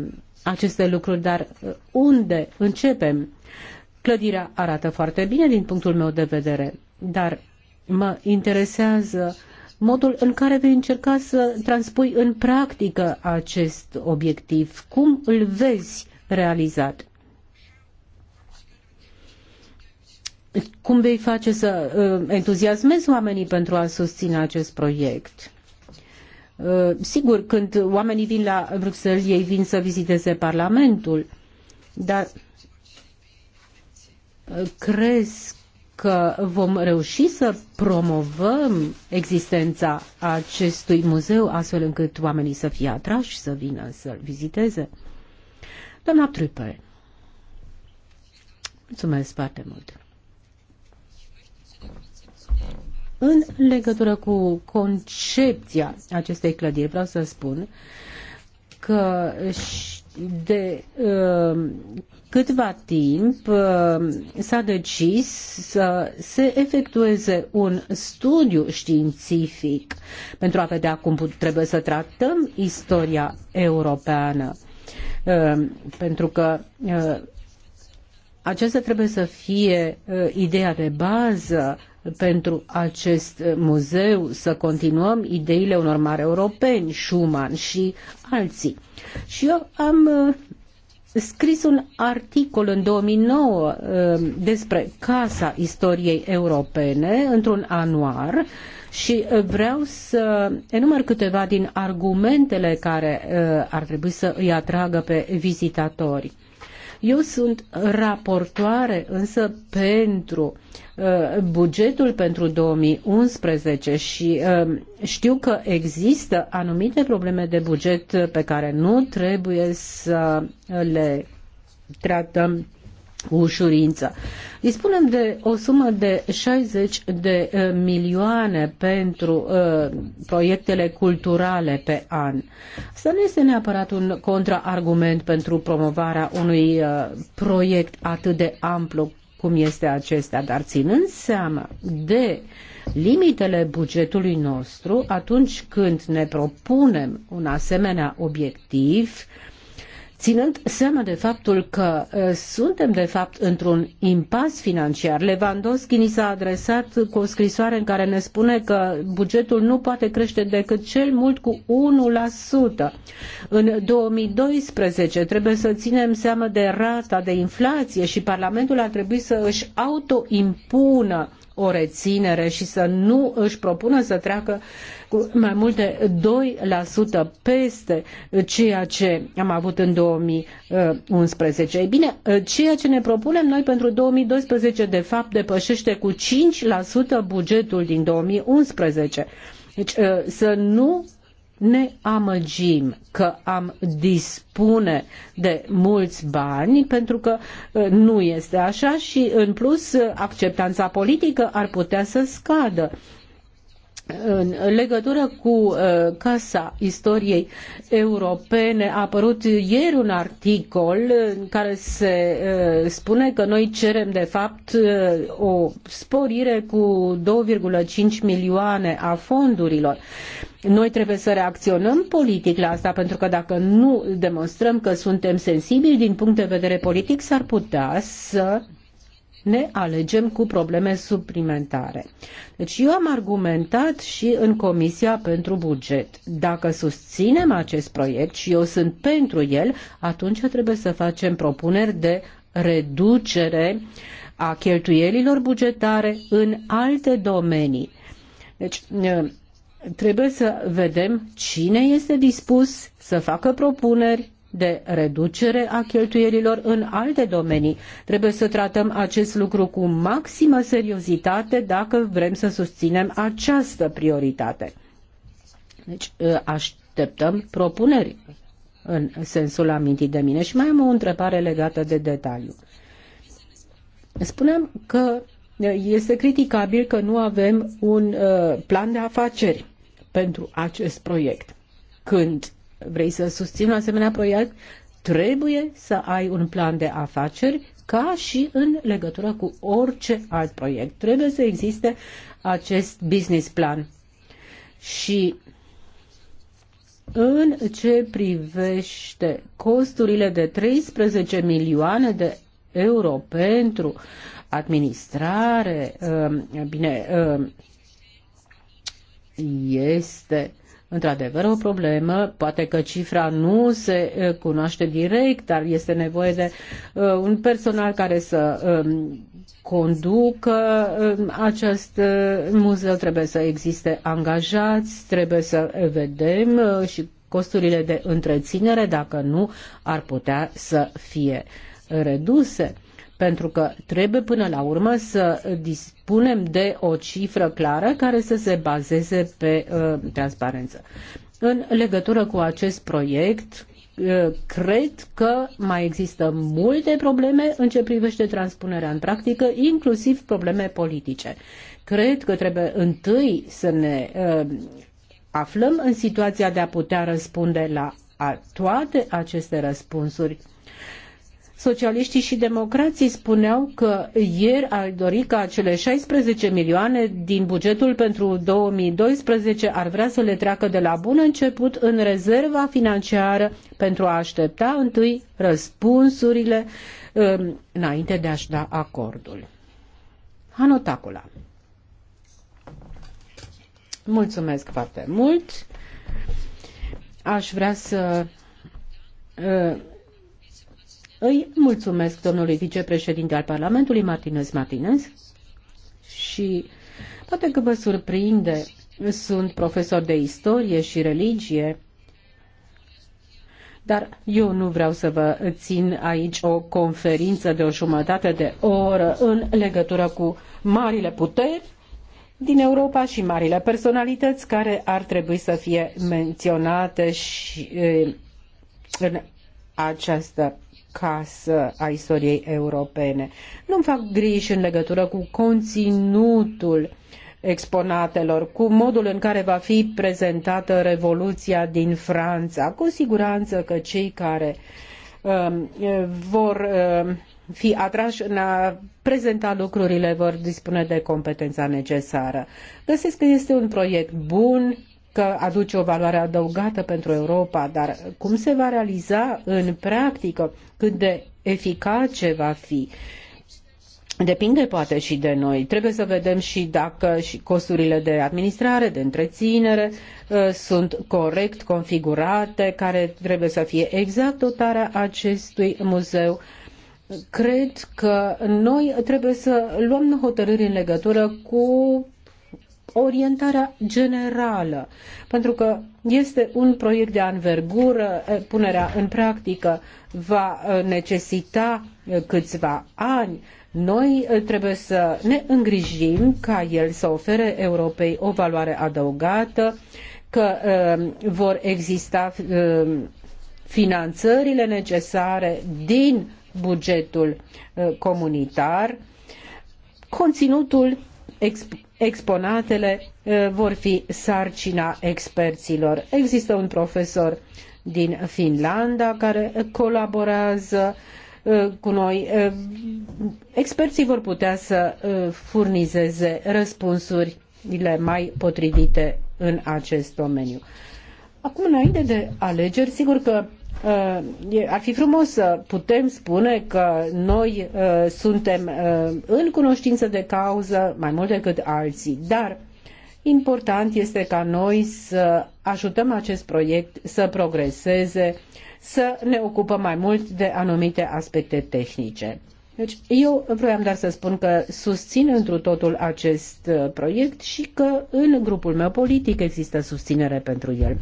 aceste lucruri, dar unde începem? Clădirea arată foarte bine din punctul meu de vedere, dar mă interesează modul în care vei încerca să transpui în practică acest obiectiv. Cum îl vezi realizat? Cum vei face să uh, entuziasmezi oamenii pentru a susține acest proiect? Uh, sigur, când oamenii vin la Bruxelles, ei vin să viziteze Parlamentul, dar crezi că vom reuși să promovăm existența acestui muzeu astfel încât oamenii să fie atrași să vină să-l viziteze? Doamna Trupe, mulțumesc foarte mult. În legătură cu concepția acestei clădiri, vreau să spun că de uh, câtva timp uh, s-a decis să se efectueze un studiu științific pentru a vedea cum trebuie să tratăm istoria europeană. Uh, pentru că uh, aceasta trebuie să fie ideea de bază pentru acest muzeu, să continuăm ideile unor mari europeni, Schumann și alții. Și eu am scris un articol în 2009 um, despre Casa Istoriei Europene într-un anuar și uh, vreau să enumăr câteva din argumentele care uh, ar trebui să îi atragă pe vizitatori. Eu sunt raportoare însă pentru uh, bugetul pentru 2011 și uh, știu că există anumite probleme de buget pe care nu trebuie să le tratăm cu ușurință. Dispunem de o sumă de 60 de eh, milioane pentru uh, proiectele culturale pe an. Asta nu este neapărat un contraargument pentru promovarea unui uh, proiect atât de amplu cum este acesta, dar ținând seama de limitele bugetului nostru, atunci când ne propunem un asemenea obiectiv, uh, ținând seama de faptul că uh, suntem de fapt într-un impas financiar. Lewandowski ni s-a adresat cu o scrisoare în care ne spune că bugetul nu poate crește decât cel mult cu 1%. În 2012 trebuie să ținem seama de rata de inflație și Parlamentul ar trebui să își autoimpună o reținere și să nu își propună să treacă cu mai mult de 2% peste ceea ce am avut în 2011. Ei bine, ceea ce ne propunem noi pentru 2012 de fapt depășește cu 5% bugetul din 2011. Deci să nu ne amăgim că am dispune de mulți bani, pentru că ă, nu este așa și, în plus, acceptanța politică ar putea să scadă. În legătură cu ă, Casa Istoriei Europene a apărut ieri un articol în care se ă, spune că noi cerem de fapt o sporire cu 2,5 milioane a fondurilor. Noi trebuie să reacționăm politic la asta, pentru că dacă nu demonstrăm că suntem sensibili din punct de vedere politic, s-ar putea să ne alegem cu probleme suplimentare. Deci eu am argumentat și în Comisia pentru Buget. Dacă susținem acest proiect și eu sunt pentru el, atunci trebuie să facem propuneri de reducere a cheltuielilor bugetare în alte domenii. Deci trebuie să vedem cine este dispus să facă propuneri de reducere a cheltuielilor în alte domenii. Trebuie să tratăm acest lucru cu maximă seriozitate dacă vrem să susținem această prioritate. Deci ă, așteptăm propuneri în sensul amintit de mine. Și mai am o întrebare legată de detaliu. Spuneam că este criticabil că nu avem un ă, plan de afaceri pentru acest proiect. Când vrei să susții un asemenea proiect, trebuie să ai un plan de afaceri ca și în legătură cu orice alt proiect. Trebuie să existe acest business plan. Și în ce privește costurile de 13 milioane de euro pentru administrare, um, bine, um, este într-adevăr o problemă, poate că cifra nu se eh, cunoaște direct, dar este nevoie de eh, un personal care să ehm, conducă ehm, acest eh, muzeu, trebuie să existe angajați, trebuie să vedem și costurile de întreținere, dacă nu, ar putea să fie reduse pentru că trebuie până la urmă să dispunem de o cifră clară care să se bazeze pe uh, transparență. În legătură cu acest proiect, uh, cred că mai există multe probleme în ce privește transpunerea în practică, inclusiv probleme politice. Cred că trebuie întâi să ne uh, aflăm în situația de a putea răspunde la toate aceste răspunsuri Socialiștii și democrații spuneau că ieri ar dori ca cele 16 milioane din bugetul pentru 2012 ar vrea să le treacă de la bun început în rezerva financiară pentru a aștepta întâi răspunsurile um, înainte de a-și da acordul. Hanotacula. Mulțumesc foarte mult. Aș vrea să uh, îi mulțumesc domnului vicepreședinte al Parlamentului, Martinez Martinez, și poate că vă surprinde, sunt profesor de istorie și religie, dar eu nu vreau să vă țin aici o conferință de o jumătate de oră în legătură cu marile puteri din Europa și marile personalități care ar trebui să fie menționate și eh, în această casă a istoriei europene. Nu-mi fac griji în legătură cu conținutul exponatelor, cu modul în care va fi prezentată Revoluția din Franța. Cu siguranță că cei care uh, vor uh, fi atrași în a prezenta lucrurile, vor dispune de competența necesară. Găsesc că este un proiect bun, că aduce o valoare adăugată pentru Europa, dar cum se va realiza în practică, cât de eficace va fi? Depinde poate și de noi. Trebuie să vedem și dacă și costurile de administrare, de întreținere uh, sunt corect configurate, care trebuie să fie exact dotarea acestui muzeu. Cred că noi trebuie să luăm hotărâri în legătură cu orientarea generală, pentru că este un proiect de anvergură, eh, punerea în practică va eh, necesita eh, câțiva ani. Noi trebuie să ne îngrijim ca el să ofere Europei o valoare adăugată, că uh, vor exista uh, finanțările necesare din bugetul uh, comunitar. Conținutul exp- exponatele eh, vor fi sarcina experților. Există un profesor din Finlanda care colaborează eh, cu noi. Eh, experții vor putea să furnizeze răspunsurile mai potrivite în acest domeniu. Acum, înainte de alegeri, sigur că Uh, ar fi frumos să putem spune că noi uh, suntem uh, în cunoștință de cauză mai mult decât alții, dar important este ca noi să ajutăm acest proiect să progreseze, să ne ocupăm mai mult de anumite aspecte tehnice. Deci eu vroiam doar să spun că susțin întru totul acest proiect și că în grupul meu politic există susținere pentru el.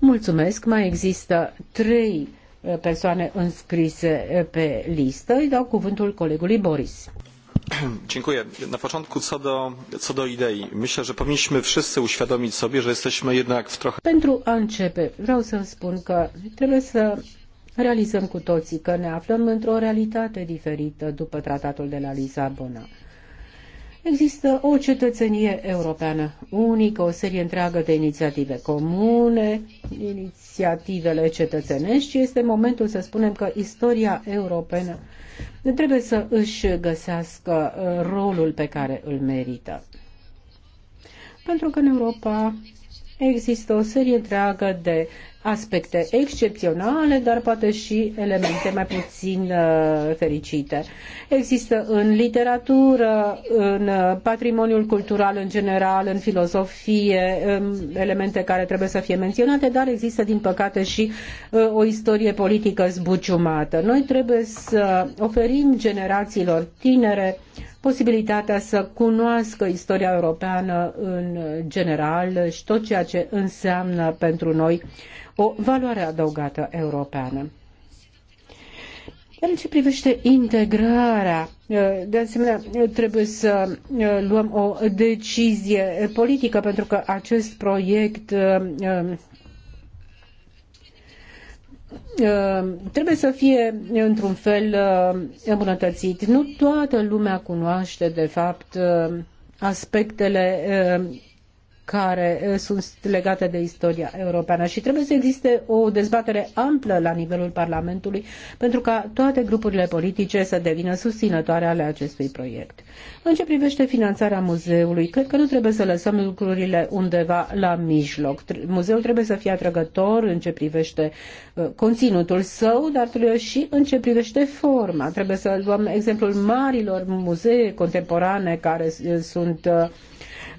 Mulțumesc, mai există trei uh, persoane înscrise uh, pe listă. Îi dau cuvântul colegului Boris. *clears throat* Dziękuję. Na początku co do, co do idei. Myślę, że powinniśmy wszyscy uświadomić sobie, że jesteśmy jednak w trochę... Pentru a începe, vreau să spun că trebuie să realizăm cu toții că ne aflăm într-o realitate diferită după tratatul de la Lisabona. Există o cetățenie europeană unică, o serie întreagă de inițiative comune, inițiativele cetățenești este momentul să spunem că istoria europeană trebuie să își găsească uh, rolul pe care îl merită. Pentru că în Europa există o serie întreagă de aspecte excepționale, dar poate și elemente mai puțin uh, fericite. Există în literatură, în uh, patrimoniul cultural în general, în filozofie, um, elemente care trebuie să fie menționate, dar există, din păcate, și uh, o istorie politică zbuciumată. Noi trebuie să oferim generațiilor tinere posibilitatea să cunoască istoria europeană în general și tot ceea ce înseamnă pentru noi o valoare adăugată europeană. în ce privește integrarea, de asemenea, trebuie să uh, luăm o decizie politică, pentru că acest proiect uh, uh, trebuie să fie într-un fel îmbunătățit. Nu toată lumea cunoaște, de fapt, aspectele care eh, sunt legate de istoria europeană și trebuie să existe o dezbatere amplă la nivelul Parlamentului pentru ca toate grupurile politice să devină susținătoare ale acestui proiect. În ce privește finanțarea muzeului, cred că nu trebuie să lăsăm lucrurile undeva la mijloc. Muzeul trebuie să fie atrăgător în ce privește eh, conținutul său, dar trebuie și în ce privește forma. Trebuie să luăm exemplul marilor muzee contemporane care eh, sunt uh,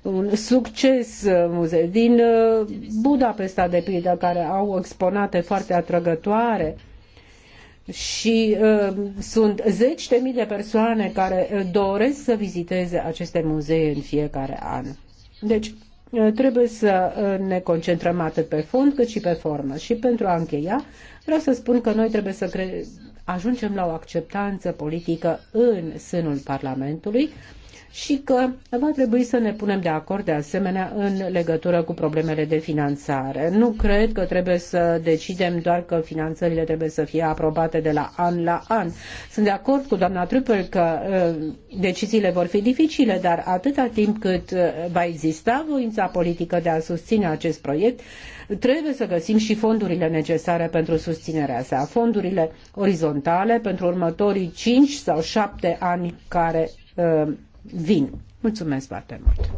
un succes uh, muzeu. din uh, Budapesta de pildă care au exponate foarte atrăgătoare și uh, sunt zeci de mii de persoane care uh, doresc să viziteze aceste muzee în fiecare an. Deci uh, trebuie să ne concentrăm atât pe fond cât și pe formă. Și pentru a încheia, vreau să spun că noi trebuie să cre- ajungem la o acceptanță politică în sânul Parlamentului și că va trebui să ne punem de acord de asemenea în legătură cu problemele de finanțare. Nu cred că trebuie să decidem doar că finanțările trebuie să fie aprobate de la an la an. Sunt de acord cu doamna Trupel că uh, deciziile vor fi dificile, dar atâta timp cât uh, va exista voința politică de a susține acest proiect, trebuie să găsim și fondurile necesare pentru susținerea sa. Fondurile orizontale pentru următorii 5 sau 7 ani care uh, vin. Mulțumesc foarte mult!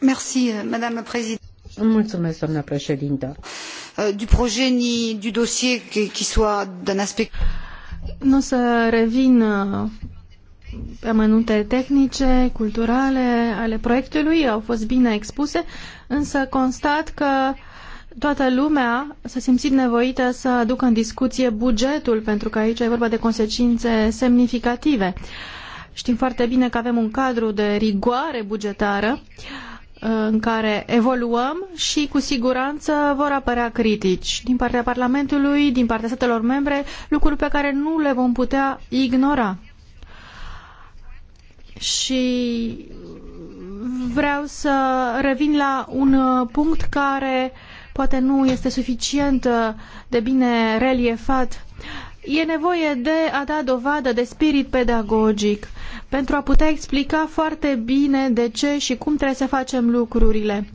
Merci, euh, Madame President. Mulțumesc, doamna președintă. Euh, du projet ni du dossier qui soit d'un aspect... Nu să revin uh, pe amănunte tehnice, culturale ale proiectului, au fost bine expuse, însă constat că toată lumea s-a simțit nevoită să aducă în discuție bugetul, pentru că aici e vorba de consecințe semnificative. Știm foarte bine că avem un cadru de rigoare bugetară uh, în care evoluăm și cu siguranță vor apărea critici din partea Parlamentului, din partea statelor membre, lucruri pe care nu le vom putea ignora. Și vreau să revin la un punct care uh, poate nu este suficient uh, de bine reliefat. E nevoie de a da dovadă de spirit pedagogic pentru a putea explica foarte bine de ce și cum trebuie să facem lucrurile.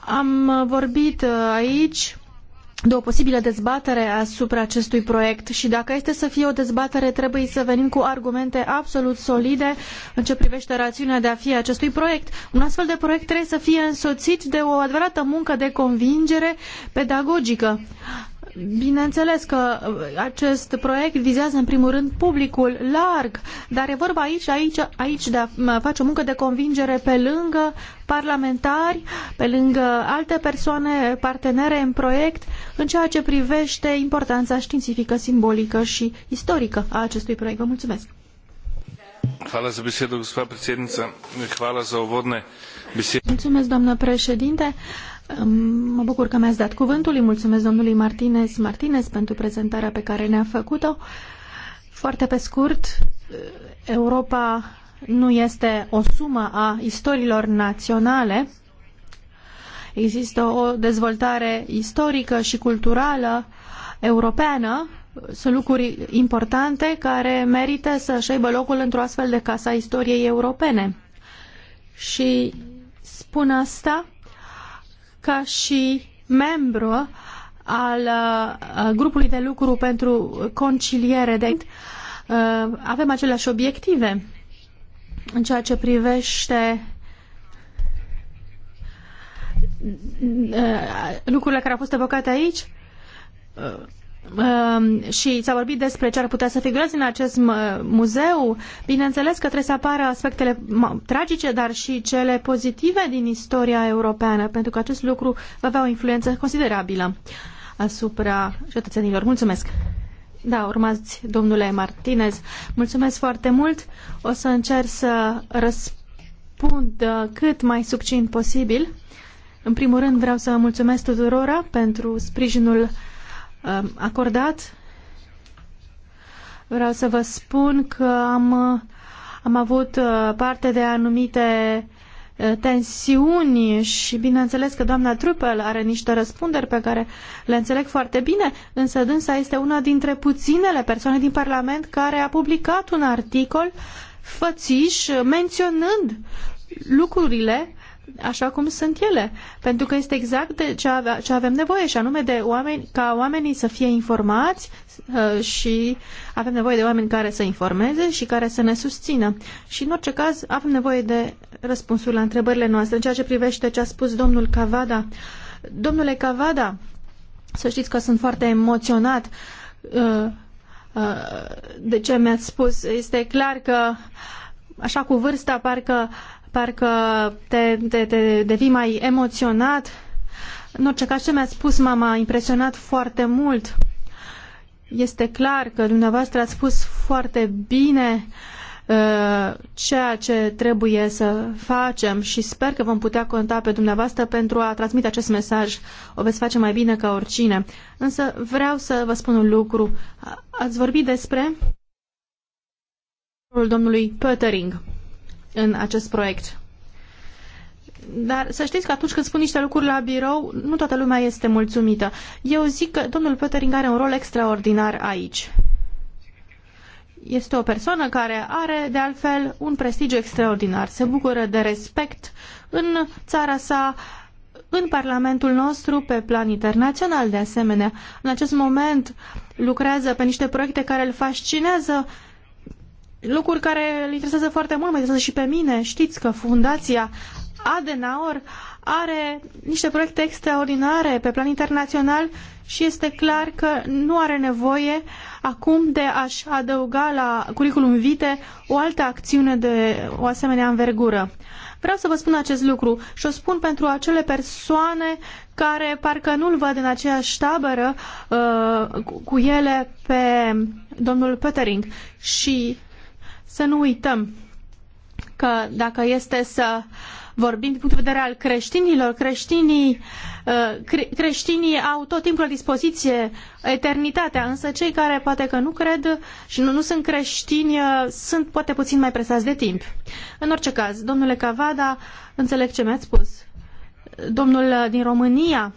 Am vorbit uh, aici de o posibilă dezbatere asupra acestui proiect și dacă este să fie o dezbatere, trebuie să venim cu argumente absolut solide în ce privește rațiunea de a fi acestui proiect. Un astfel de proiect trebuie să fie însoțit de o adevărată muncă de convingere pedagogică Bineînțeles că uh, acest proiect vizează în primul rând publicul larg, dar e vorba aici, aici, aici de a face o muncă de convingere pe lângă parlamentari, pe lângă alte persoane partenere în proiect, în ceea ce privește importanța științifică, simbolică și istorică a acestui proiect. Vă mulțumesc! Hvala za gospa Hvala za uvodne Mulțumesc, doamnă președinte. Mă bucur că mi-ați dat cuvântul. Îi mulțumesc domnului Martinez Martinez pentru prezentarea pe care ne-a făcut-o. Foarte pe scurt, Europa nu este o sumă a istoriilor naționale. Există o dezvoltare istorică și culturală europeană. Sunt lucruri importante care merită să își aibă locul într-o astfel de casa a istoriei europene. Și spun asta ca și membru al uh, grupului de lucru pentru conciliere. De deci, uh, avem aceleași obiective în ceea ce privește uh, lucrurile care au fost evocate aici Ehm, și s-a vorbit despre ce ar putea să figureze în acest muzeu. Bineînțeles că trebuie să apară aspectele tragice, dar și cele pozitive din istoria europeană, pentru că acest lucru va avea o influență considerabilă asupra cetățenilor. Mulțumesc! Da, urmați, domnule Martinez. Mulțumesc foarte mult. O să încerc să răspund uh, cât mai succint posibil. În primul rând vreau să mulțumesc tuturora pentru sprijinul acordat. Vreau să vă spun că am, am avut uh, parte de anumite uh, tensiuni și bineînțeles că doamna Trupel are niște răspunderi pe care le înțeleg foarte bine, însă dânsa este una dintre puținele persoane din Parlament care a publicat un articol fățiș menționând lucrurile așa cum sunt ele, pentru că este exact de ce, avea, ce avem nevoie și anume de oameni, ca oamenii să fie informați uh, și avem nevoie de oameni care să informeze și care să ne susțină. Și în orice caz avem nevoie de răspunsuri la întrebările noastre. În ceea ce privește ce a spus domnul Cavada, domnule Cavada, să știți că sunt foarte emoționat uh, uh, de ce mi-ați spus. Este clar că așa cu vârsta parcă uh, parcă te, te, te devii mai emoționat. În orice caz, ce mi-a spus mama a impresionat foarte mult. Este clar că dumneavoastră ați spus foarte bine uh, ceea ce trebuie să facem și sper că vom putea conta pe dumneavoastră pentru a transmite acest mesaj. O veți face mai bine ca oricine. Însă vreau să vă spun un lucru. Ați vorbit despre domnului Pöttering în acest proiect. Dar să știți că atunci când spun niște lucruri la birou, nu toată lumea este mulțumită. Eu zic că domnul Petering are un rol extraordinar aici. Este o persoană care are, de altfel, un prestigiu extraordinar. Se bucură de respect în țara sa, în Parlamentul nostru, pe plan internațional, de asemenea. În acest moment lucrează pe niște proiecte care îl fascinează lucruri care îl interesează foarte mult, mă interesează și pe mine. Știți că Fundația Adenauer are niște proiecte extraordinare pe plan internațional și este clar că nu are nevoie acum de a-și adăuga la curriculum vitae o altă acțiune de o asemenea învergură. Vreau să vă spun acest lucru și o spun pentru acele persoane care parcă nu-l văd în aceeași tabără uh, cu ele pe domnul Petering și să nu uităm că dacă este să vorbim din punct de vedere al creștinilor, creștinii, uh, creștinii au tot timpul la dispoziție eternitatea, însă cei care poate că nu cred și nu, nu sunt creștini uh, sunt poate puțin mai presați de timp. În orice caz, domnule Cavada, înțeleg ce mi-ați spus. Domnul uh, din România,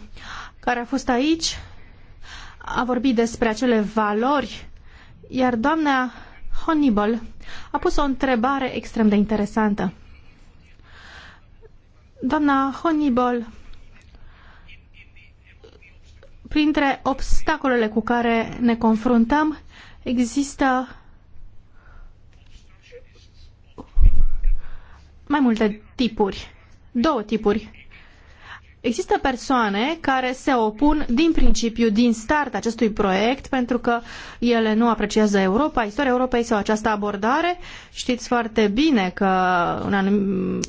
care a fost aici, a vorbit despre acele valori, iar doamna Hannibal a pus o întrebare extrem de interesantă. Doamna Hannibal, printre obstacolele cu care ne confruntăm există mai multe tipuri, două tipuri Există persoane care se opun din principiu, din start acestui proiect, pentru că ele nu apreciază Europa, istoria Europei sau această abordare. Știți foarte bine că anum...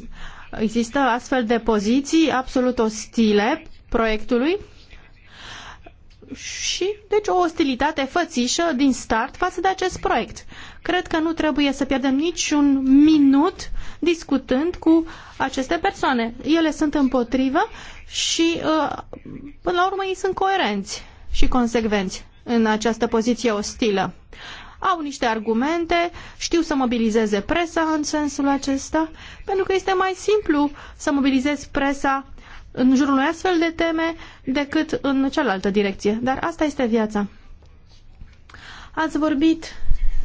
există astfel de poziții absolut ostile proiectului și, deci, o ostilitate fățișă din start față de acest proiect. Cred că nu trebuie să pierdem niciun minut discutând cu aceste persoane. Ele sunt împotrivă și, uh, până la urmă, ei sunt coerenți și consecvenți în această poziție ostilă. Au niște argumente, știu să mobilizeze presa în sensul acesta, pentru că este mai simplu să mobilizezi presa în jurul unei astfel de teme decât în cealaltă direcție. Dar asta este viața. Ați vorbit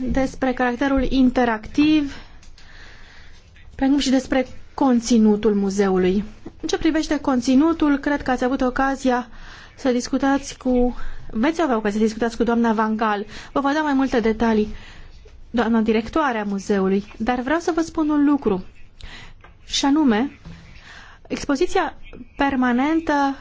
despre caracterul interactiv precum și despre conținutul muzeului. În ce privește conținutul, cred că ați avut ocazia să discutați cu... Veți avea ocazia să discutați cu doamna Vangal. Vă va da mai multe detalii, doamna a muzeului. Dar vreau să vă spun un lucru. Și anume, expoziția permanentă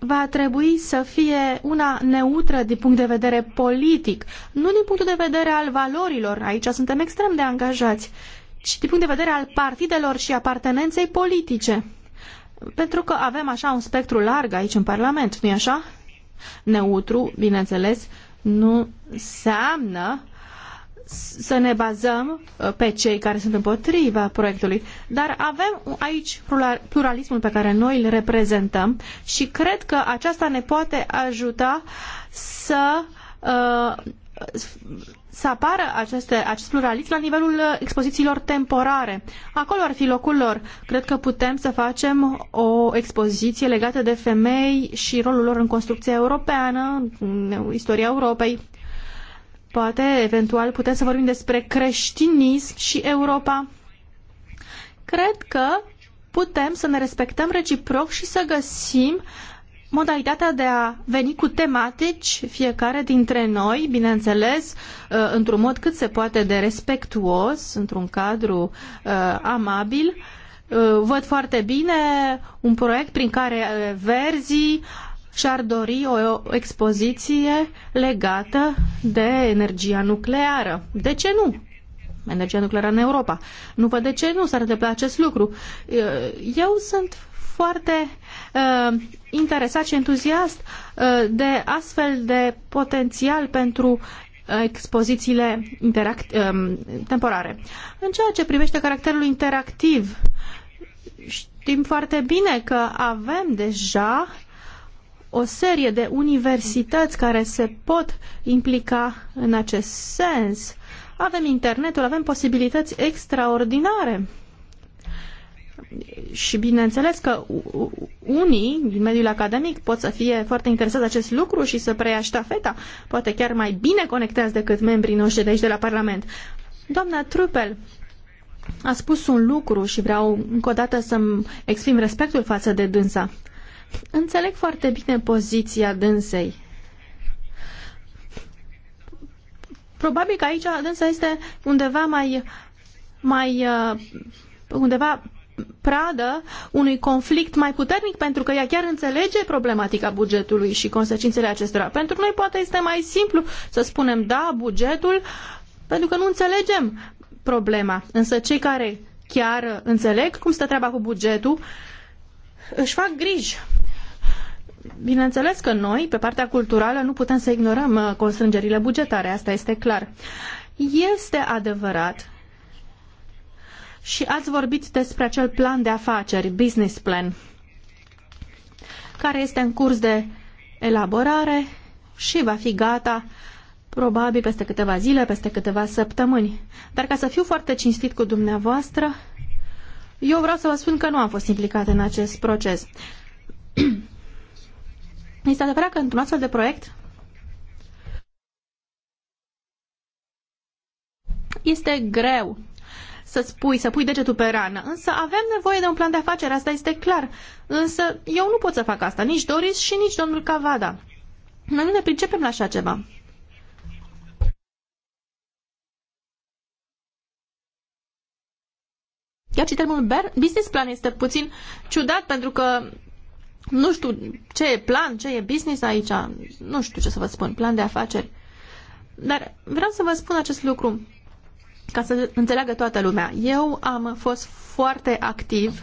va trebui să fie una neutră din punct de vedere politic, nu din punctul de vedere al valorilor, aici suntem extrem de angajați, ci din punct de vedere al partidelor și apartenenței politice. Pentru că avem așa un spectru larg aici în Parlament, nu-i așa? Neutru, bineînțeles, nu înseamnă să ne bazăm uh, pe cei care sunt împotriva proiectului. Dar avem aici pluralismul pe care noi îl reprezentăm și cred că aceasta ne poate ajuta să uh, să apară aceste, acest pluralism la nivelul uh, expozițiilor temporare. Acolo ar fi locul lor. Cred că putem să facem o expoziție legată de femei și rolul lor în construcția europeană, în istoria Europei. Poate, eventual, putem să vorbim despre creștinism și Europa. Cred că putem să ne respectăm reciproc și să găsim modalitatea de a veni cu tematici fiecare dintre noi, bineînțeles, uh, într-un mod cât se poate de respectuos, într-un cadru uh, amabil. Uh, văd foarte bine un proiect prin care verzii și-ar dori o expoziție legată de energia nucleară. De ce nu? Energia nucleară în Europa. Nu văd de ce nu s-ar întâmpla acest lucru. Uh, eu sunt foarte uh, interesat și entuziast uh, de astfel de potențial pentru expozițiile interact, uh, temporare. În ceea ce privește caracterul interactiv, știm foarte bine că avem deja uh, o serie de universități care se pot implica în acest sens. Avem internetul, avem posibilități extraordinare. Și bineînțeles că unii din mediul academic pot să fie foarte interesați de acest lucru și să preia ștafeta, poate chiar mai bine conectați decât membrii noștri de aici de la Parlament. Doamna Trupel, a spus un lucru și vreau încă o dată să-mi exprim respectul față de dânsa. Înțeleg foarte bine poziția dânsei. Probabil că aici dânsa este undeva mai, mai uh, undeva pradă unui conflict mai puternic pentru că ea chiar înțelege problematica bugetului și consecințele acestora. Pentru noi poate este mai simplu să spunem da, bugetul, pentru că nu înțelegem problema. Însă cei care chiar înțeleg cum stă treaba cu bugetul, își fac griji Bineînțeles că noi, pe partea culturală, nu putem să ignorăm uh, constrângerile bugetare, asta este clar. Este adevărat și ați vorbit despre acel plan de afaceri, business plan, care este în curs de elaborare și va fi gata probabil peste câteva zile, peste câteva săptămâni. Dar ca să fiu foarte cinstit cu dumneavoastră, eu vreau să vă spun că nu am fost implicat în acest proces. *clears throat* Este adevărat că într-un astfel de proiect este greu să spui, să pui degetul pe rană. Însă avem nevoie de un plan de afaceri, asta este clar. Însă eu nu pot să fac asta, nici Doris și nici domnul Cavada. Noi nu ne pricepem la așa ceva. Iar și termenul business plan este puțin ciudat pentru că nu știu ce e plan, ce e business aici, nu știu ce să vă spun, plan de afaceri. Dar vreau să vă spun acest lucru ca să înțeleagă toată lumea. Eu am fost foarte activ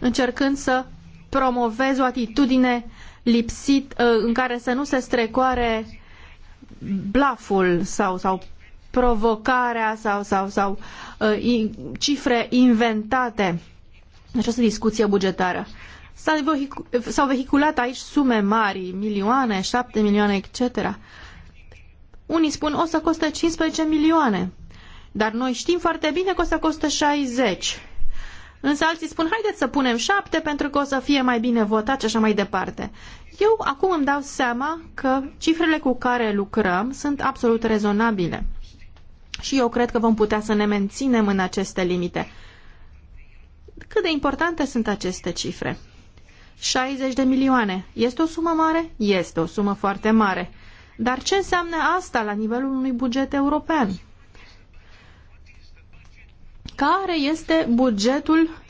încercând să promovez o atitudine lipsit uh, în care să nu se strecoare blaful sau, sau provocarea sau, sau, sau uh, cifre inventate în această discuție bugetară. S-au vehiculat aici sume mari, milioane, șapte milioane, etc. Unii spun o să coste 15 milioane, dar noi știm foarte bine că o să coste 60. Însă alții spun, haideți să punem 7 pentru că o să fie mai bine votat și așa mai departe. Eu acum îmi dau seama că cifrele cu care lucrăm sunt absolut rezonabile. Și eu cred că vom putea să ne menținem în aceste limite. Cât de importante sunt aceste cifre? 60 de milioane. Este o sumă mare? Este o sumă foarte mare. Dar ce înseamnă asta la nivelul unui buget european? Care este bugetul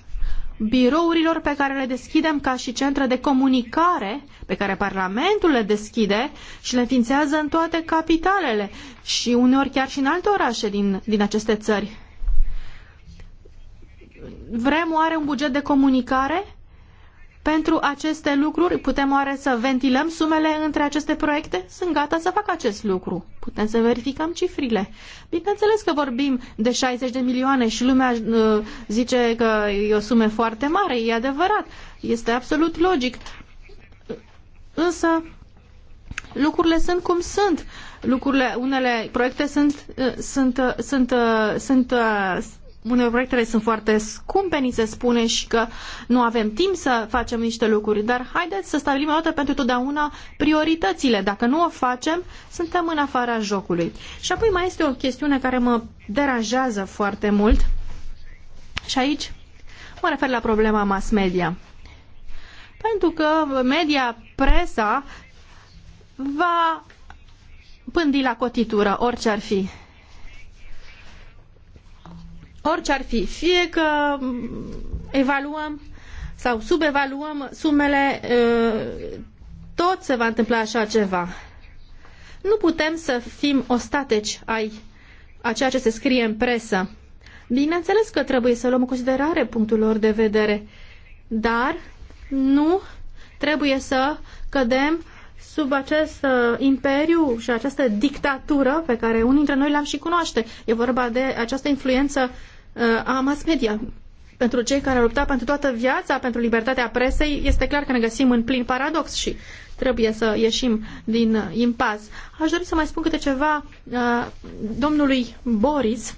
birourilor pe care le deschidem ca și centre de comunicare pe care Parlamentul le deschide și le înființează în toate capitalele și uneori chiar și în alte orașe din, din aceste țări. Vrem oare un buget de comunicare pentru aceste lucruri? Putem oare să ventilăm sumele între aceste proiecte? Sunt gata să fac acest lucru. Putem să verificăm cifrile. Bineînțeles că vorbim de 60 de milioane și lumea uh, zice că e o sumă foarte mare, e adevărat, este absolut logic. Însă lucrurile sunt cum sunt. Lucrurile, unele proiecte sunt, uh, sunt, uh, sunt, sunt, sunt uneori proiectele sunt foarte scumpe, ni se spune și că nu avem timp să facem niște lucruri, dar haideți să stabilim o dată pentru totdeauna prioritățile. Dacă nu o facem, suntem în afara jocului. Și apoi mai este o chestiune care mă deranjează foarte mult și aici mă refer la problema mass media. Pentru că media, presa, va pândi la cotitură, orice ar fi orice ar fi. Fie că evaluăm sau subevaluăm sumele, tot se va întâmpla așa ceva. Nu putem să fim ostateci ai a ceea ce se scrie în presă. Bineînțeles că trebuie să luăm în considerare punctul lor de vedere, dar nu trebuie să cădem sub acest uh, imperiu și această dictatură pe care unii dintre noi l-am și cunoaște. E vorba de această influență uh, Uh, a mass media. Pentru cei care au luptat pentru toată viața, pentru libertatea presei, este clar că ne găsim în plin paradox și trebuie să ieșim din uh, impas. Aș dori să mai spun câte ceva uh, domnului Boris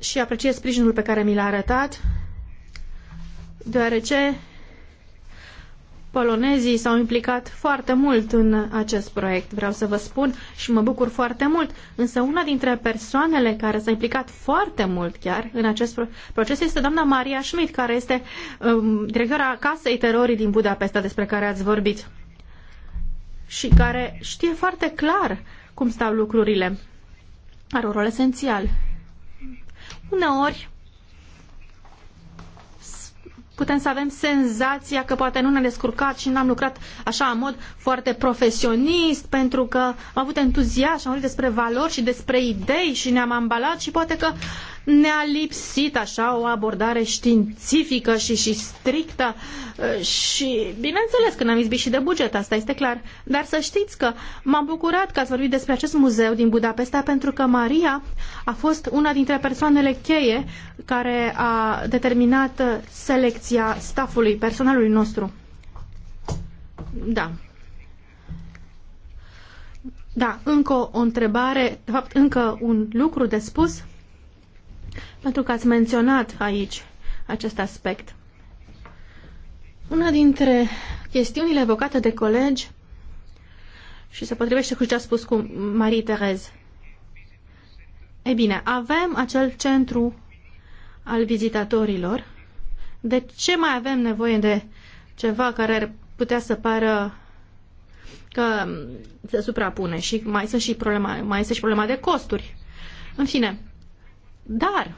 și apreciez sprijinul pe care mi l-a arătat, deoarece Polonezii s-au implicat foarte mult în acest proiect, vreau să vă spun, și mă bucur foarte mult. Însă una dintre persoanele care s-a implicat foarte mult chiar în acest proces este doamna Maria Schmidt, care este um, directora Casei Terorii din Budapesta, despre care ați vorbit și care știe foarte clar cum stau lucrurile. Are un rol esențial. Uneori, putem să avem senzația că poate nu ne-am descurcat și n-am lucrat așa în mod foarte profesionist, pentru că am avut entuziasm, am vorbit despre valori și despre idei și ne-am ambalat și poate că ne-a lipsit așa o abordare științifică și, și strictă uh, și bineînțeles că ne-am izbit și de buget, asta este clar. Dar să știți că m-am bucurat că ați vorbit despre acest muzeu din Budapesta pentru că Maria a fost una dintre persoanele cheie care a determinat selecția staffului, personalului nostru. Da. Da, încă o întrebare, de fapt încă un lucru de spus pentru că ați menționat aici acest aspect. Una dintre chestiunile evocate de colegi și se potrivește cu ce a spus cu Marie Terez. Ei bine, avem acel centru al vizitatorilor. De ce mai avem nevoie de ceva care ar putea să pară că se suprapune și mai sunt și problema, mai este și problema de costuri. În fine, dar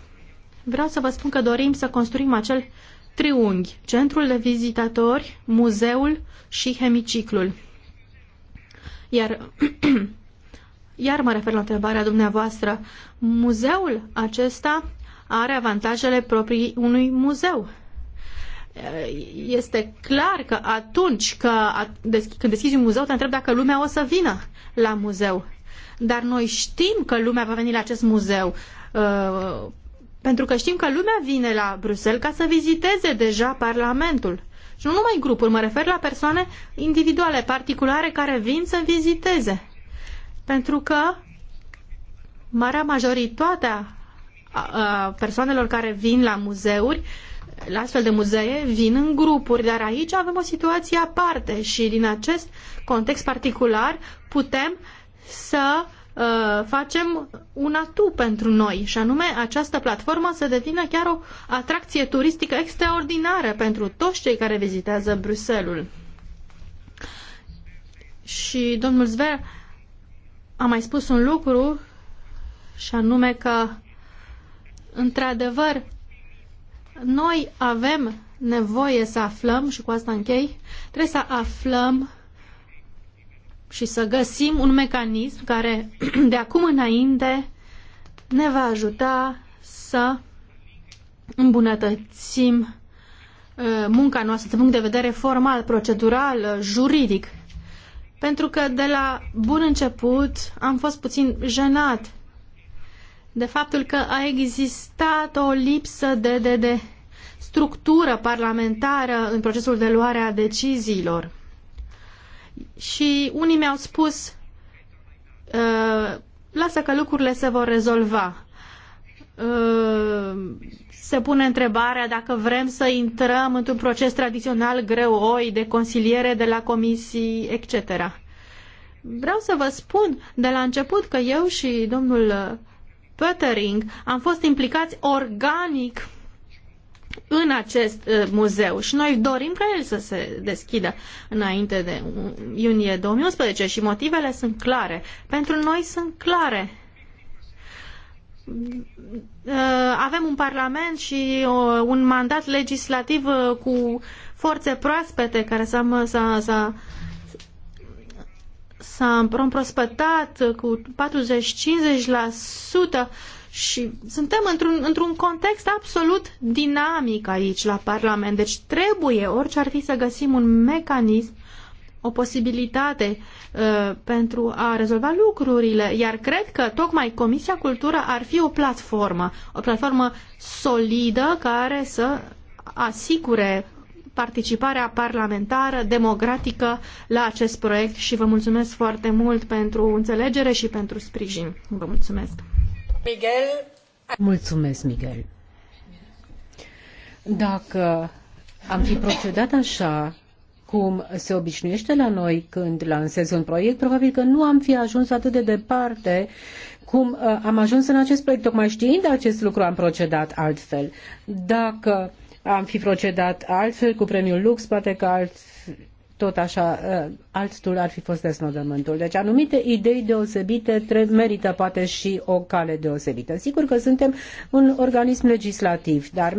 vreau să vă spun că dorim să construim acel triunghi, centrul de vizitatori, muzeul și hemiciclul. Iar, *clears throat* iar mă refer la întrebarea dumneavoastră, muzeul acesta are avantajele proprii unui muzeu. Este clar că atunci că, când deschizi un muzeu, te întreb dacă lumea o să vină la muzeu. Dar noi știm că lumea va veni la acest muzeu Uh, pentru că știm că lumea vine la Bruxelles ca să viziteze deja Parlamentul. Și nu numai grupuri, mă refer la persoane individuale, particulare, care vin să viziteze. Pentru că marea majoritatea persoanelor care vin la muzeuri, la astfel de muzee, vin în grupuri, dar aici avem o situație aparte și din acest context particular putem să Uh, facem un atu pentru noi și anume această platformă să devină chiar o atracție turistică extraordinară pentru toți cei care vizitează Bruselul. Și domnul Zver a mai spus un lucru și anume că într-adevăr noi avem nevoie să aflăm și cu asta închei, trebuie să aflăm și să găsim un mecanism care *clears throat* de acum înainte ne va ajuta să îmbunătățim uh, munca noastră din punct de vedere formal, procedural, uh, juridic. Pentru că de la bun început am fost puțin jenat de faptul că a existat o lipsă de, de, de structură parlamentară în procesul de luare a deciziilor și unii mi-au spus uh, lasă că lucrurile se vor rezolva. Uh, se pune întrebarea dacă vrem să intrăm într-un proces tradițional oi, de consiliere de la comisii, etc. Vreau să vă spun de la început că eu și domnul Pöttering am fost implicați organic în acest uh, muzeu și noi dorim ca el să se deschidă înainte de iunie 2011 și motivele sunt clare. Pentru noi sunt clare. Uh, avem un parlament și uh, un mandat legislativ uh, cu forțe proaspete care s-a, s-a, s-a, s-a împrospătat cu 40-50% și suntem într-un, într-un context absolut dinamic aici la Parlament, deci trebuie, orice ar fi, să găsim un mecanism, o posibilitate uh, pentru a rezolva lucrurile. Iar cred că tocmai Comisia Cultură ar fi o platformă, o platformă solidă care să asigure participarea parlamentară democratică la acest proiect și vă mulțumesc foarte mult pentru înțelegere și pentru sprijin. Vă mulțumesc! Mulțumesc, Miguel. Dacă am fi procedat așa, cum se obișnuiește la noi când lansez un proiect, probabil că nu am fi ajuns atât de departe cum uh, am ajuns în acest proiect. Tocmai știind acest lucru am procedat altfel. Dacă am fi procedat altfel cu premiul Lux, poate că alt, tot așa, ă, altul ar fi fost desnodământul. Deci anumite idei deosebite merită poate și o cale deosebită. Sigur că suntem un organism legislativ, dar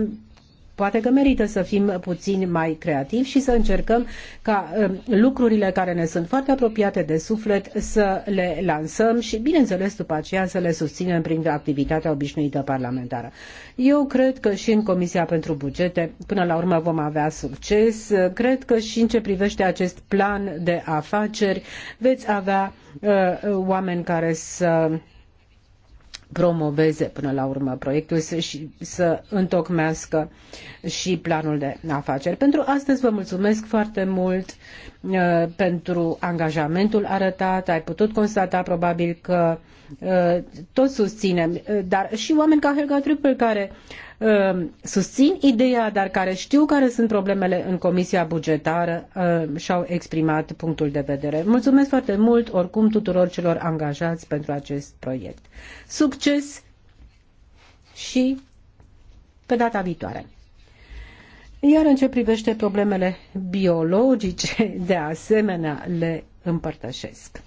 Poate că merită să fim puțin mai creativi și să încercăm ca um, lucrurile care ne sunt foarte apropiate de suflet să le lansăm și, bineînțeles, după aceea să le susținem prin activitatea obișnuită parlamentară. Eu cred că și în Comisia pentru Bugete, până la urmă, vom avea succes. Cred că și în ce privește acest plan de afaceri, veți avea uh, oameni care să promoveze până la urmă proiectul și să întocmească și planul de afaceri. Pentru astăzi vă mulțumesc foarte mult uh, pentru angajamentul arătat. Ai putut constata probabil că uh, tot susținem, uh, dar și oameni ca Helga Trüppel care Ehm, susțin ideea, dar care știu care sunt problemele în Comisia Bugetară ehm, și-au exprimat punctul de vedere. Mulțumesc foarte mult oricum tuturor celor angajați pentru acest proiect. Succes și pe data viitoare. Iar în ce privește problemele biologice, de asemenea, le împărtășesc.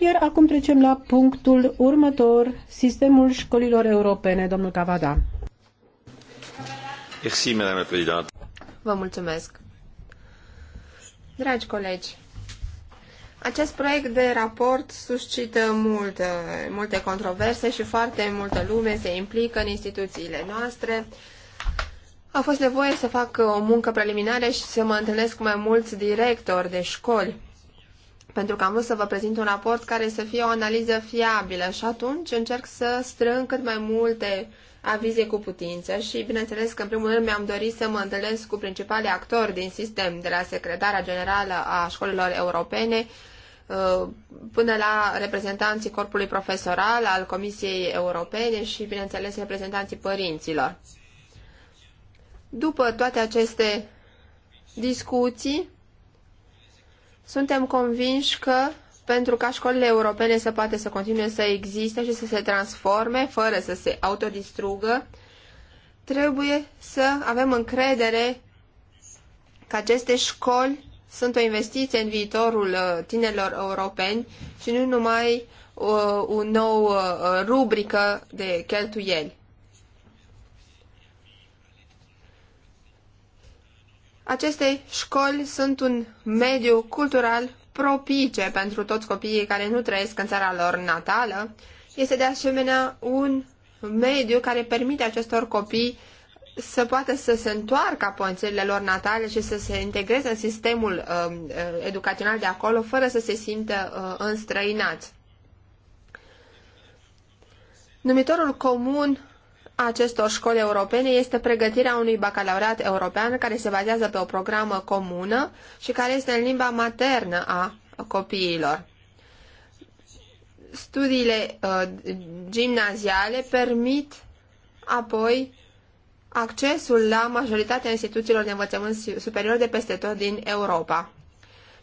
Iar acum trecem la punctul următor, sistemul școlilor europene. Domnul Cavada. Merci, madame la Vă mulțumesc. Dragi colegi, acest proiect de raport suscită multe, multe controverse și foarte multă lume se implică în instituțiile noastre. A fost nevoie să fac o muncă preliminară și să mă întâlnesc cu mai mulți directori de școli pentru că am vrut să vă prezint un raport care să fie o analiză fiabilă și atunci încerc să strâng cât mai multe avize cu putință și, bineînțeles, că în primul rând mi-am dorit să mă întâlnesc cu principalii actori din sistem, de la secretara generală a școlilor europene uh, până la reprezentanții corpului profesoral al Comisiei Europene și, bineînțeles, reprezentanții părinților. După toate aceste discuții, suntem convinși că pentru ca școlile europene să poată să continue să existe și să se transforme fără să se autodistrugă, trebuie să avem încredere că aceste școli sunt o investiție în viitorul uh, tinerilor europeni și nu numai o, o nouă rubrică de cheltuieli. Aceste școli sunt un mediu cultural propice pentru toți copiii care nu trăiesc în țara lor natală. Este de asemenea un mediu care permite acestor copii să poată să se întoarcă apoi în țările lor natale și să se integreze în sistemul uh, uh educațional de acolo fără să se simtă uh, înstrăinați. Numitorul comun acestor școli europene este pregătirea unui bacalaureat european care se bazează pe o programă comună și care este în limba maternă a copiilor. Studiile uh, gimnaziale permit apoi accesul la majoritatea instituțiilor de învățământ superior de peste tot din Europa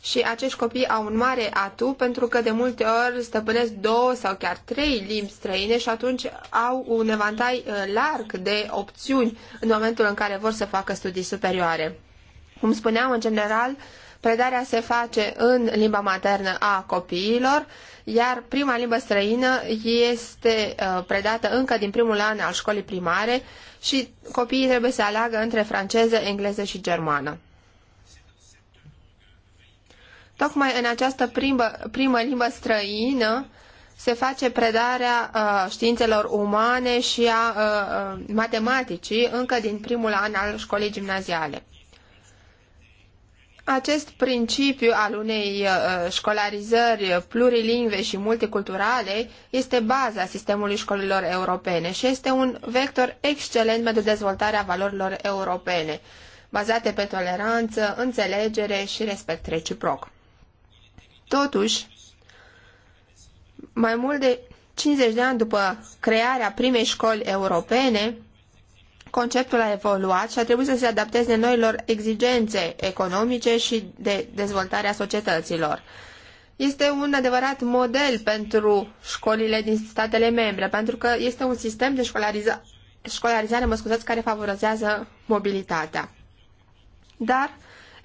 și acești copii au un mare atu pentru că de multe ori stăpânesc două sau chiar trei limbi străine și atunci au un evantai uh, larg de opțiuni în momentul în care vor să facă studii superioare. Cum spuneam, în general, predarea se face în limba maternă a copiilor, iar prima limbă străină este uh, predată încă din primul an al școlii primare și copiii trebuie să aleagă între franceză, engleză și germană. Tocmai în această primă, primă limbă străină se face predarea uh, științelor umane și a uh, uh, matematicii încă din primul an al școlii gimnaziale. Acest principiu al unei uh, uh, școlarizări plurilingve și multiculturale este baza sistemului școlilor europene și este un vector excelent pentru dezvoltarea valorilor europene, bazate pe toleranță, înțelegere și respect reciproc. Totuși, mai mult de 50 de ani după crearea primei școli europene, conceptul a evoluat și a trebuit să se adapteze noilor exigențe economice și de dezvoltare a societăților. Este un adevărat model pentru școlile din statele membre, pentru că este un sistem de școlariza- școlarizare mă scuzați, care favorizează mobilitatea. Dar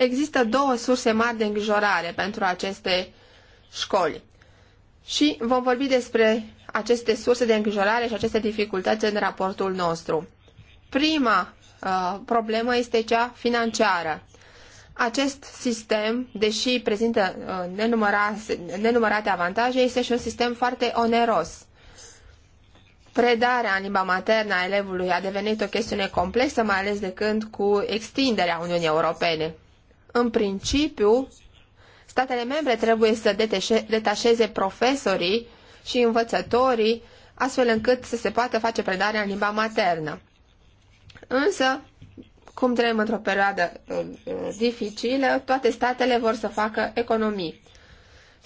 Există două surse mari de îngrijorare pentru aceste școli. Și vom vorbi despre aceste surse de îngrijorare și aceste dificultăți în raportul nostru. Prima uh, problemă este cea financiară. Acest sistem, deși prezintă uh, nenumărate, nenumărate avantaje, este și un sistem foarte oneros. Predarea în limba maternă a elevului a devenit o chestiune complexă, mai ales de când cu extinderea Uniunii Europene în principiu, statele membre trebuie să detașeze profesorii și învățătorii astfel încât să se poată face predarea în limba maternă. Însă, cum trăim într-o perioadă uh, uh, dificilă, toate statele vor să facă economii.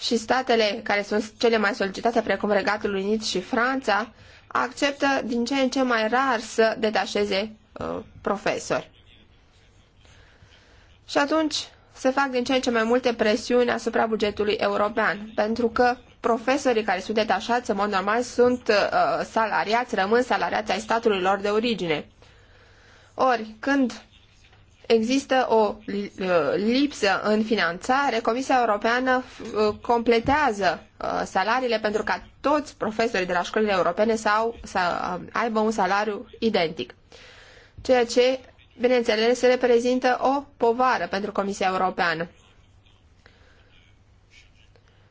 Și statele care sunt cele mai solicitate, precum Regatul Unit și Franța, acceptă din ce în ce mai rar să detașeze uh, profesori. Și atunci se fac din ce în ce mai multe presiuni asupra bugetului european, pentru că profesorii care sunt detașați, în mod normal, sunt uh, salariați, rămân salariați ai statului lor de origine. Ori, când există o uh, lipsă în finanțare, Comisia Europeană uh, completează uh, salariile pentru ca toți profesorii de la școlile europene să, au, să aibă un salariu identic. Ceea ce bineînțeles, reprezintă o povară pentru Comisia Europeană.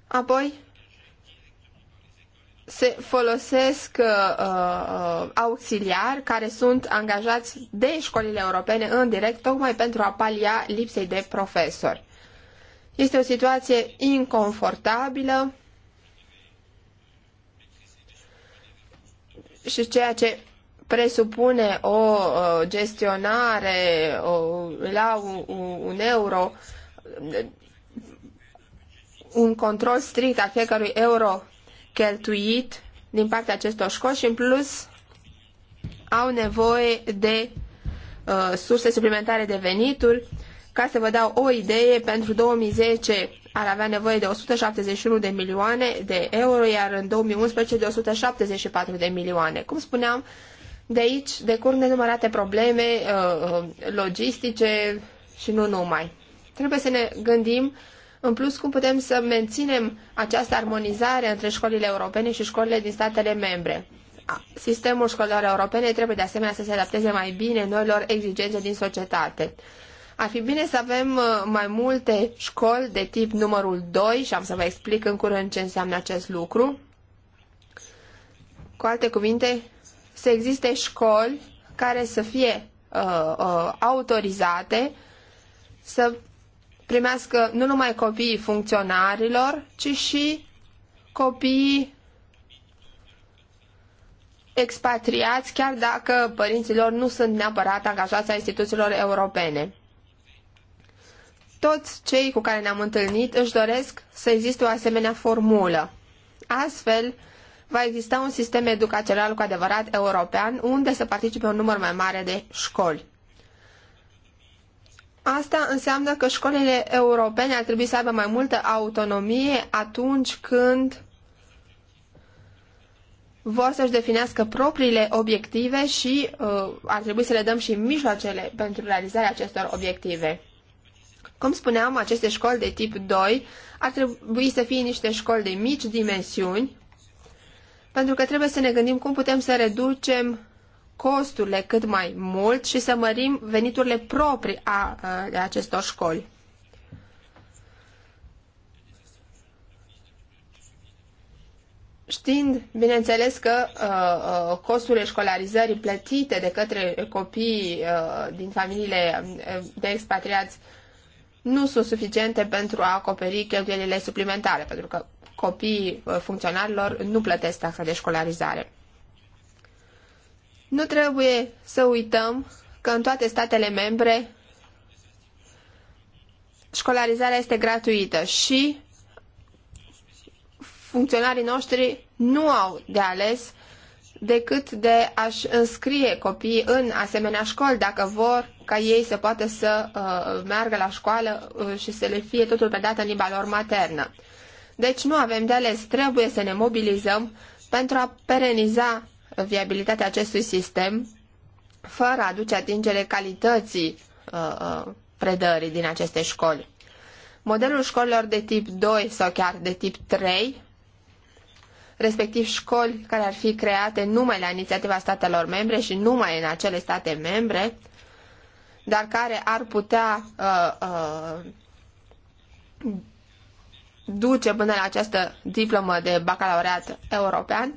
Apoi, se folosesc uh, uh, auxiliari care sunt angajați de școlile europene în direct tocmai pentru a palia lipsei de profesori. Este o situație inconfortabilă și ceea ce presupune o gestionare la un euro, un control strict al fiecărui euro cheltuit din partea acestor școli și în plus au nevoie de uh, surse suplimentare de venituri. Ca să vă dau o idee, pentru 2010 ar avea nevoie de 171 de milioane de euro, iar în 2011 de 174 de milioane. Cum spuneam, de aici decurg nenumărate probleme uh, uh, logistice și nu numai. Trebuie să ne gândim în plus cum putem să menținem această armonizare între școlile europene și școlile din statele membre. Sistemul școlilor europene trebuie de asemenea să se adapteze mai bine noilor exigențe din societate. Ar fi bine să avem uh, mai multe școli de tip numărul 2 și am să vă explic în curând ce înseamnă acest lucru. Cu alte cuvinte, să existe școli care să fie uh, uh, autorizate să primească nu numai copiii funcționarilor, ci și copiii expatriați, chiar dacă părinților nu sunt neapărat angajați a instituțiilor europene. Toți cei cu care ne-am întâlnit își doresc să existe o asemenea formulă. Astfel, va exista un sistem educațional cu adevărat european unde să participe un număr mai mare de școli. Asta înseamnă că școlile europene ar trebui să aibă mai multă autonomie atunci când vor să-și definească propriile obiective și uh, ar trebui să le dăm și mijloacele pentru realizarea acestor obiective. Cum spuneam, aceste școli de tip 2 ar trebui să fie niște școli de mici dimensiuni, pentru că trebuie să ne gândim cum putem să reducem costurile cât mai mult și să mărim veniturile proprii a, a acestor școli. Știind, bineînțeles, că uh, costurile școlarizării plătite de către copiii uh, din familiile de expatriați nu sunt suficiente pentru a acoperi cheltuielile suplimentare, pentru că copiii uh, funcționarilor nu plătesc taxa de școlarizare. Nu trebuie să uităm că în toate statele membre școlarizarea este gratuită și funcționarii noștri nu au de ales decât de a-și înscrie copiii în asemenea școli dacă vor ca ei să poată să uh, meargă la școală uh, și să le fie totul predat în limba lor maternă. Deci nu avem de ales, trebuie să ne mobilizăm pentru a pereniza viabilitatea acestui sistem fără a aduce atingere calității uh, uh predării din aceste școli. Modelul școlilor de tip 2 sau chiar de tip 3, respectiv școli care ar fi create numai la inițiativa statelor membre și numai în acele state membre, dar care ar putea uh, uh, duce până la această diplomă de bacalaureat european,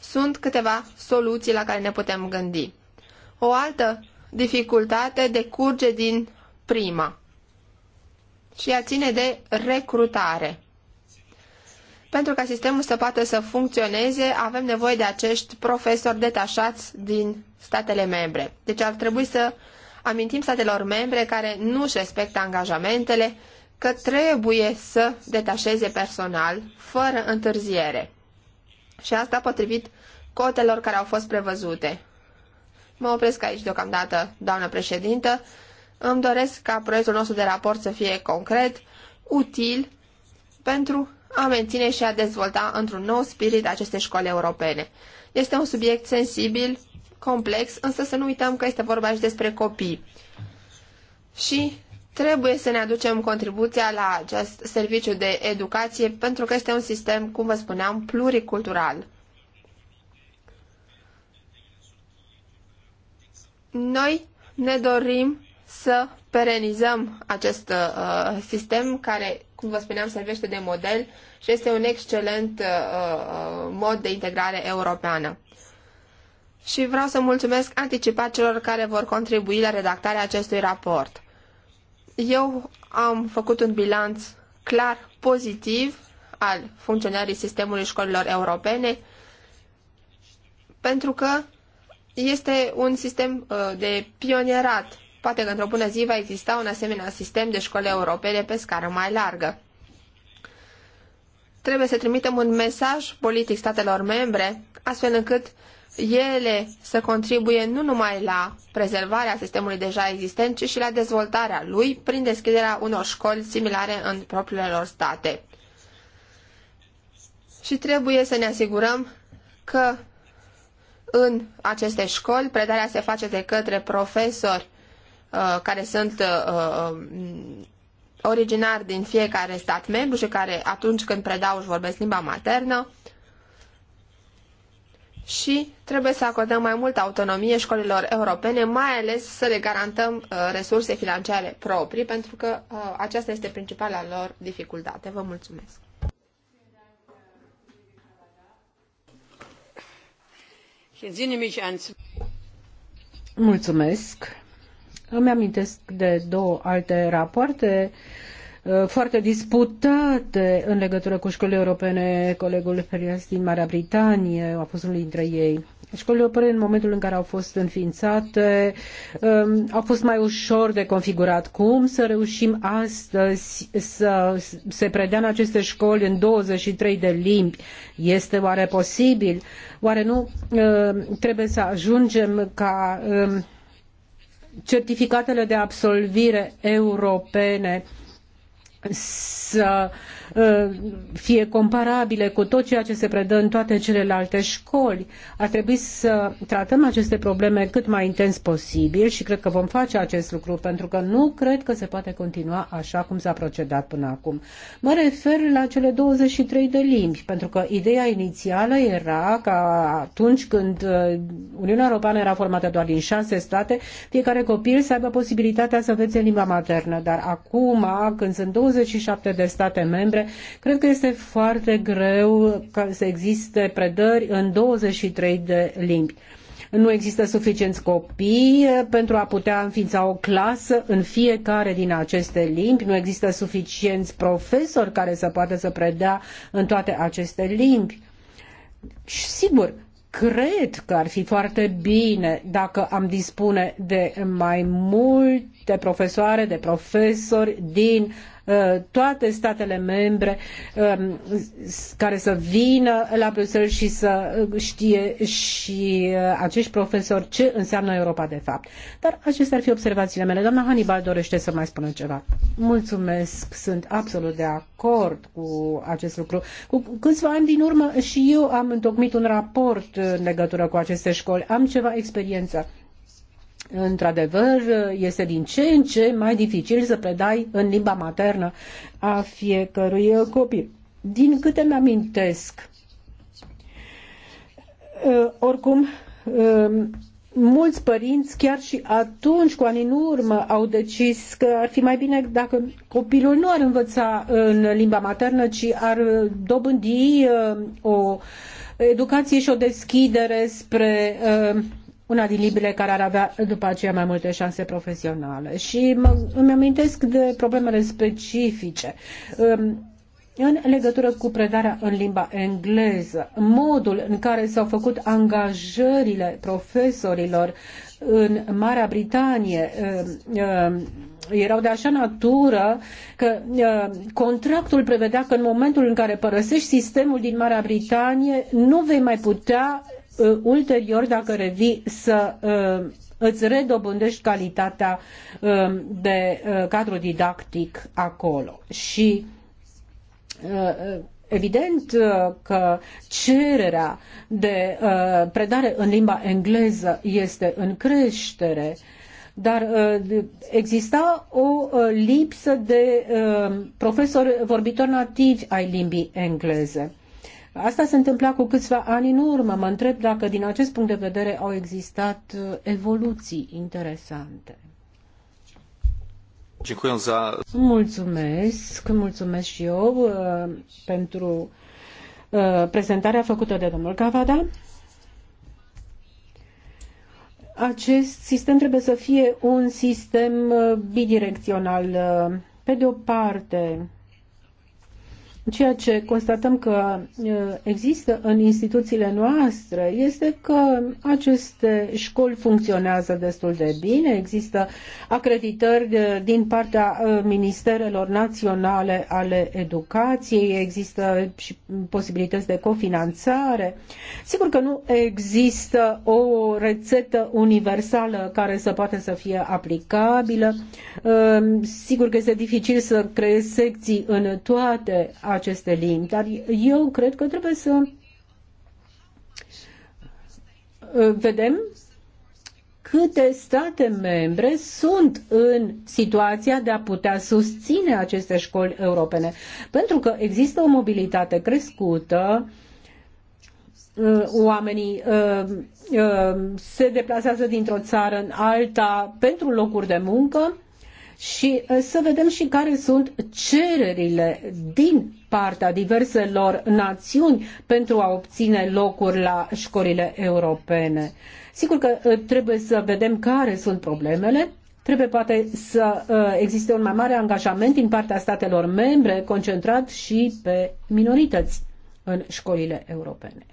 sunt câteva soluții la care ne putem gândi. O altă dificultate decurge din prima și ea ține de recrutare. Pentru ca sistemul să poată să funcționeze, avem nevoie de acești profesori detașați din statele membre. Deci ar trebui să amintim statelor membre care nu își respectă angajamentele că trebuie să detașeze personal fără întârziere. Și asta potrivit cotelor care au fost prevăzute. Mă opresc aici deocamdată, doamnă președintă. Îmi doresc ca proiectul nostru de raport să fie concret, util pentru a menține și a dezvolta într-un nou spirit aceste școli europene. Este un subiect sensibil, complex, însă să nu uităm că este vorba aici despre copii. Și Trebuie să ne aducem contribuția la acest serviciu de educație pentru că este un sistem, cum vă spuneam, pluricultural. Noi ne dorim să perenizăm acest uh, sistem care, cum vă spuneam, servește de model și este un excelent uh, uh mod de integrare europeană. Și vreau să mulțumesc anticipat celor care vor contribui la redactarea acestui raport. Eu am făcut un bilanț clar pozitiv al funcționării sistemului școlilor europene, pentru că este un sistem uh, de pionierat. Poate că într-o bună zi va exista un asemenea sistem de școli europene pe scară mai largă. Trebuie să trimitem un mesaj politic statelor membre, astfel încât ele să contribuie nu numai la prezervarea sistemului deja existent, ci și la dezvoltarea lui prin deschiderea unor școli similare în propriile lor state. Și trebuie să ne asigurăm că în aceste școli predarea se face de către profesori uh, care sunt uh, uh originari din fiecare stat membru și care atunci când predau își vorbesc limba maternă, și trebuie să acordăm mai multă autonomie școlilor europene, mai ales să le garantăm uh, resurse financiare proprii, pentru că uh, aceasta este principala lor dificultate. Vă mulțumesc! Mulțumesc! Îmi amintesc de două alte rapoarte Uh, foarte disputate în legătură cu școlile europene. Colegul Ferias din Marea Britanie a fost unul dintre ei. Școlile europene, în momentul în care au fost înființate, um, au fost mai ușor de configurat. Cum să reușim astăzi să se predea în aceste școli în 23 de limbi? Este oare posibil? Oare nu um, trebuie să ajungem ca um, certificatele de absolvire europene să Uh, fie comparabile cu tot ceea ce se predă în toate celelalte școli. Ar trebui să tratăm aceste probleme cât mai intens posibil și cred că vom face acest lucru pentru că nu cred că se poate continua așa cum s-a procedat până acum. Mă refer la cele 23 de limbi, pentru că ideea inițială era ca atunci când uh, Uniunea Europeană era formată doar din șase state, fiecare copil să aibă posibilitatea să învețe limba maternă. Dar acum, când sunt 27 de state membre, cred că este foarte greu ca să existe predări în 23 de limbi. Nu există suficienți copii eh, pentru a putea înființa o clasă în fiecare din aceste limbi, nu există suficienți profesori care să poată să predea în toate aceste limbi. Și sigur, cred că ar fi foarte bine dacă am dispune de mai multe profesoare, de profesori din Uh, toate statele membre um, care să vină la Bruxelles și să uh, știe și uh, acești profesori ce înseamnă Europa de fapt. Dar acestea ar fi observațiile mele. Doamna Hannibal dorește să mai spună ceva. Mulțumesc, sunt absolut de acord cu acest lucru. Cu câțiva ani din urmă și eu am întocmit un raport în legătură cu aceste școli. Am ceva experiență Într-adevăr, este din ce în ce mai dificil să predai în limba maternă a fiecărui copil. Din câte mi-amintesc, uh, oricum, uh, mulți părinți, chiar și atunci, cu ani în urmă, au decis că ar fi mai bine dacă copilul nu ar învăța în limba maternă, ci ar dobândi uh, o educație și o deschidere spre una din librile care ar avea după aceea mai multe șanse profesionale. Și mă, îmi amintesc de problemele specifice. Um, în legătură cu predarea în limba engleză, modul în care s-au făcut angajările profesorilor în Marea Britanie um, um, erau de așa natură că um, contractul prevedea că în momentul în care părăsești sistemul din Marea Britanie nu vei mai putea Uh, ulterior, dacă revii, să uh, îți redobândești calitatea uh, de cadru didactic acolo. Și Evident că cererea de predare în limba engleză este în creștere, dar exista o lipsă de profesori vorbitori nativi ai limbii engleze. Asta se întâmpla cu câțiva ani în urmă. Mă întreb dacă din acest punct de vedere au existat uh, evoluții interesante. Mulțumesc, mulțumesc și eu uh, pentru uh, prezentarea făcută de domnul Cavada acest sistem trebuie să fie un sistem bidirecțional. Pe de o parte, Ceea ce constatăm că există în instituțiile noastre este că aceste școli funcționează destul de bine, există acreditări din partea ministerelor naționale ale educației, există și posibilități de cofinanțare. Sigur că nu există o rețetă universală care să poată să fie aplicabilă. Sigur că este dificil să creezi secții în toate aceste limbi, dar eu cred că trebuie să uh, vedem câte state membre sunt în situația de a putea susține aceste școli europene. Pentru că există o mobilitate crescută, uh, oamenii uh, se deplasează dintr-o țară în alta pentru locuri de muncă și uh, să vedem și care sunt cererile din partea diverselor națiuni pentru a obține locuri la școlile europene. Sigur că uh, trebuie să vedem care sunt problemele, Trebuie poate să uh, existe un mai mare angajament din partea statelor membre, concentrat și pe minorități în școlile europene.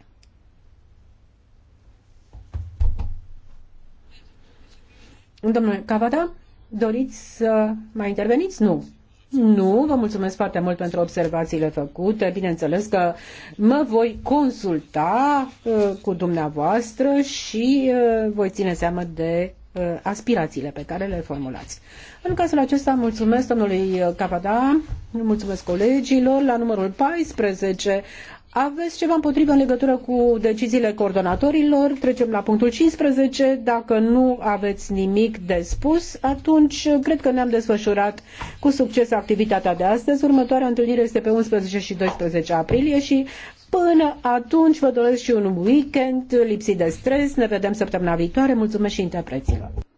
Domnule Cavada? Doriți să mai interveniți? Nu. Nu, vă mulțumesc foarte mult pentru observațiile făcute. Bineînțeles că mă voi consulta uh, cu dumneavoastră și uh, voi ține seama de uh, aspirațiile pe care le formulați. În cazul acesta mulțumesc domnului Capada, mulțumesc colegilor. La numărul 14 aveți ceva împotrivă în legătură cu deciziile coordonatorilor? Trecem la punctul 15. Dacă nu aveți nimic de spus, atunci cred că ne-am desfășurat cu succes activitatea de astăzi. Următoarea întâlnire este pe 11 și 12 aprilie și până atunci vă doresc și un weekend lipsit de stres. Ne vedem săptămâna viitoare. Mulțumesc și interpreților!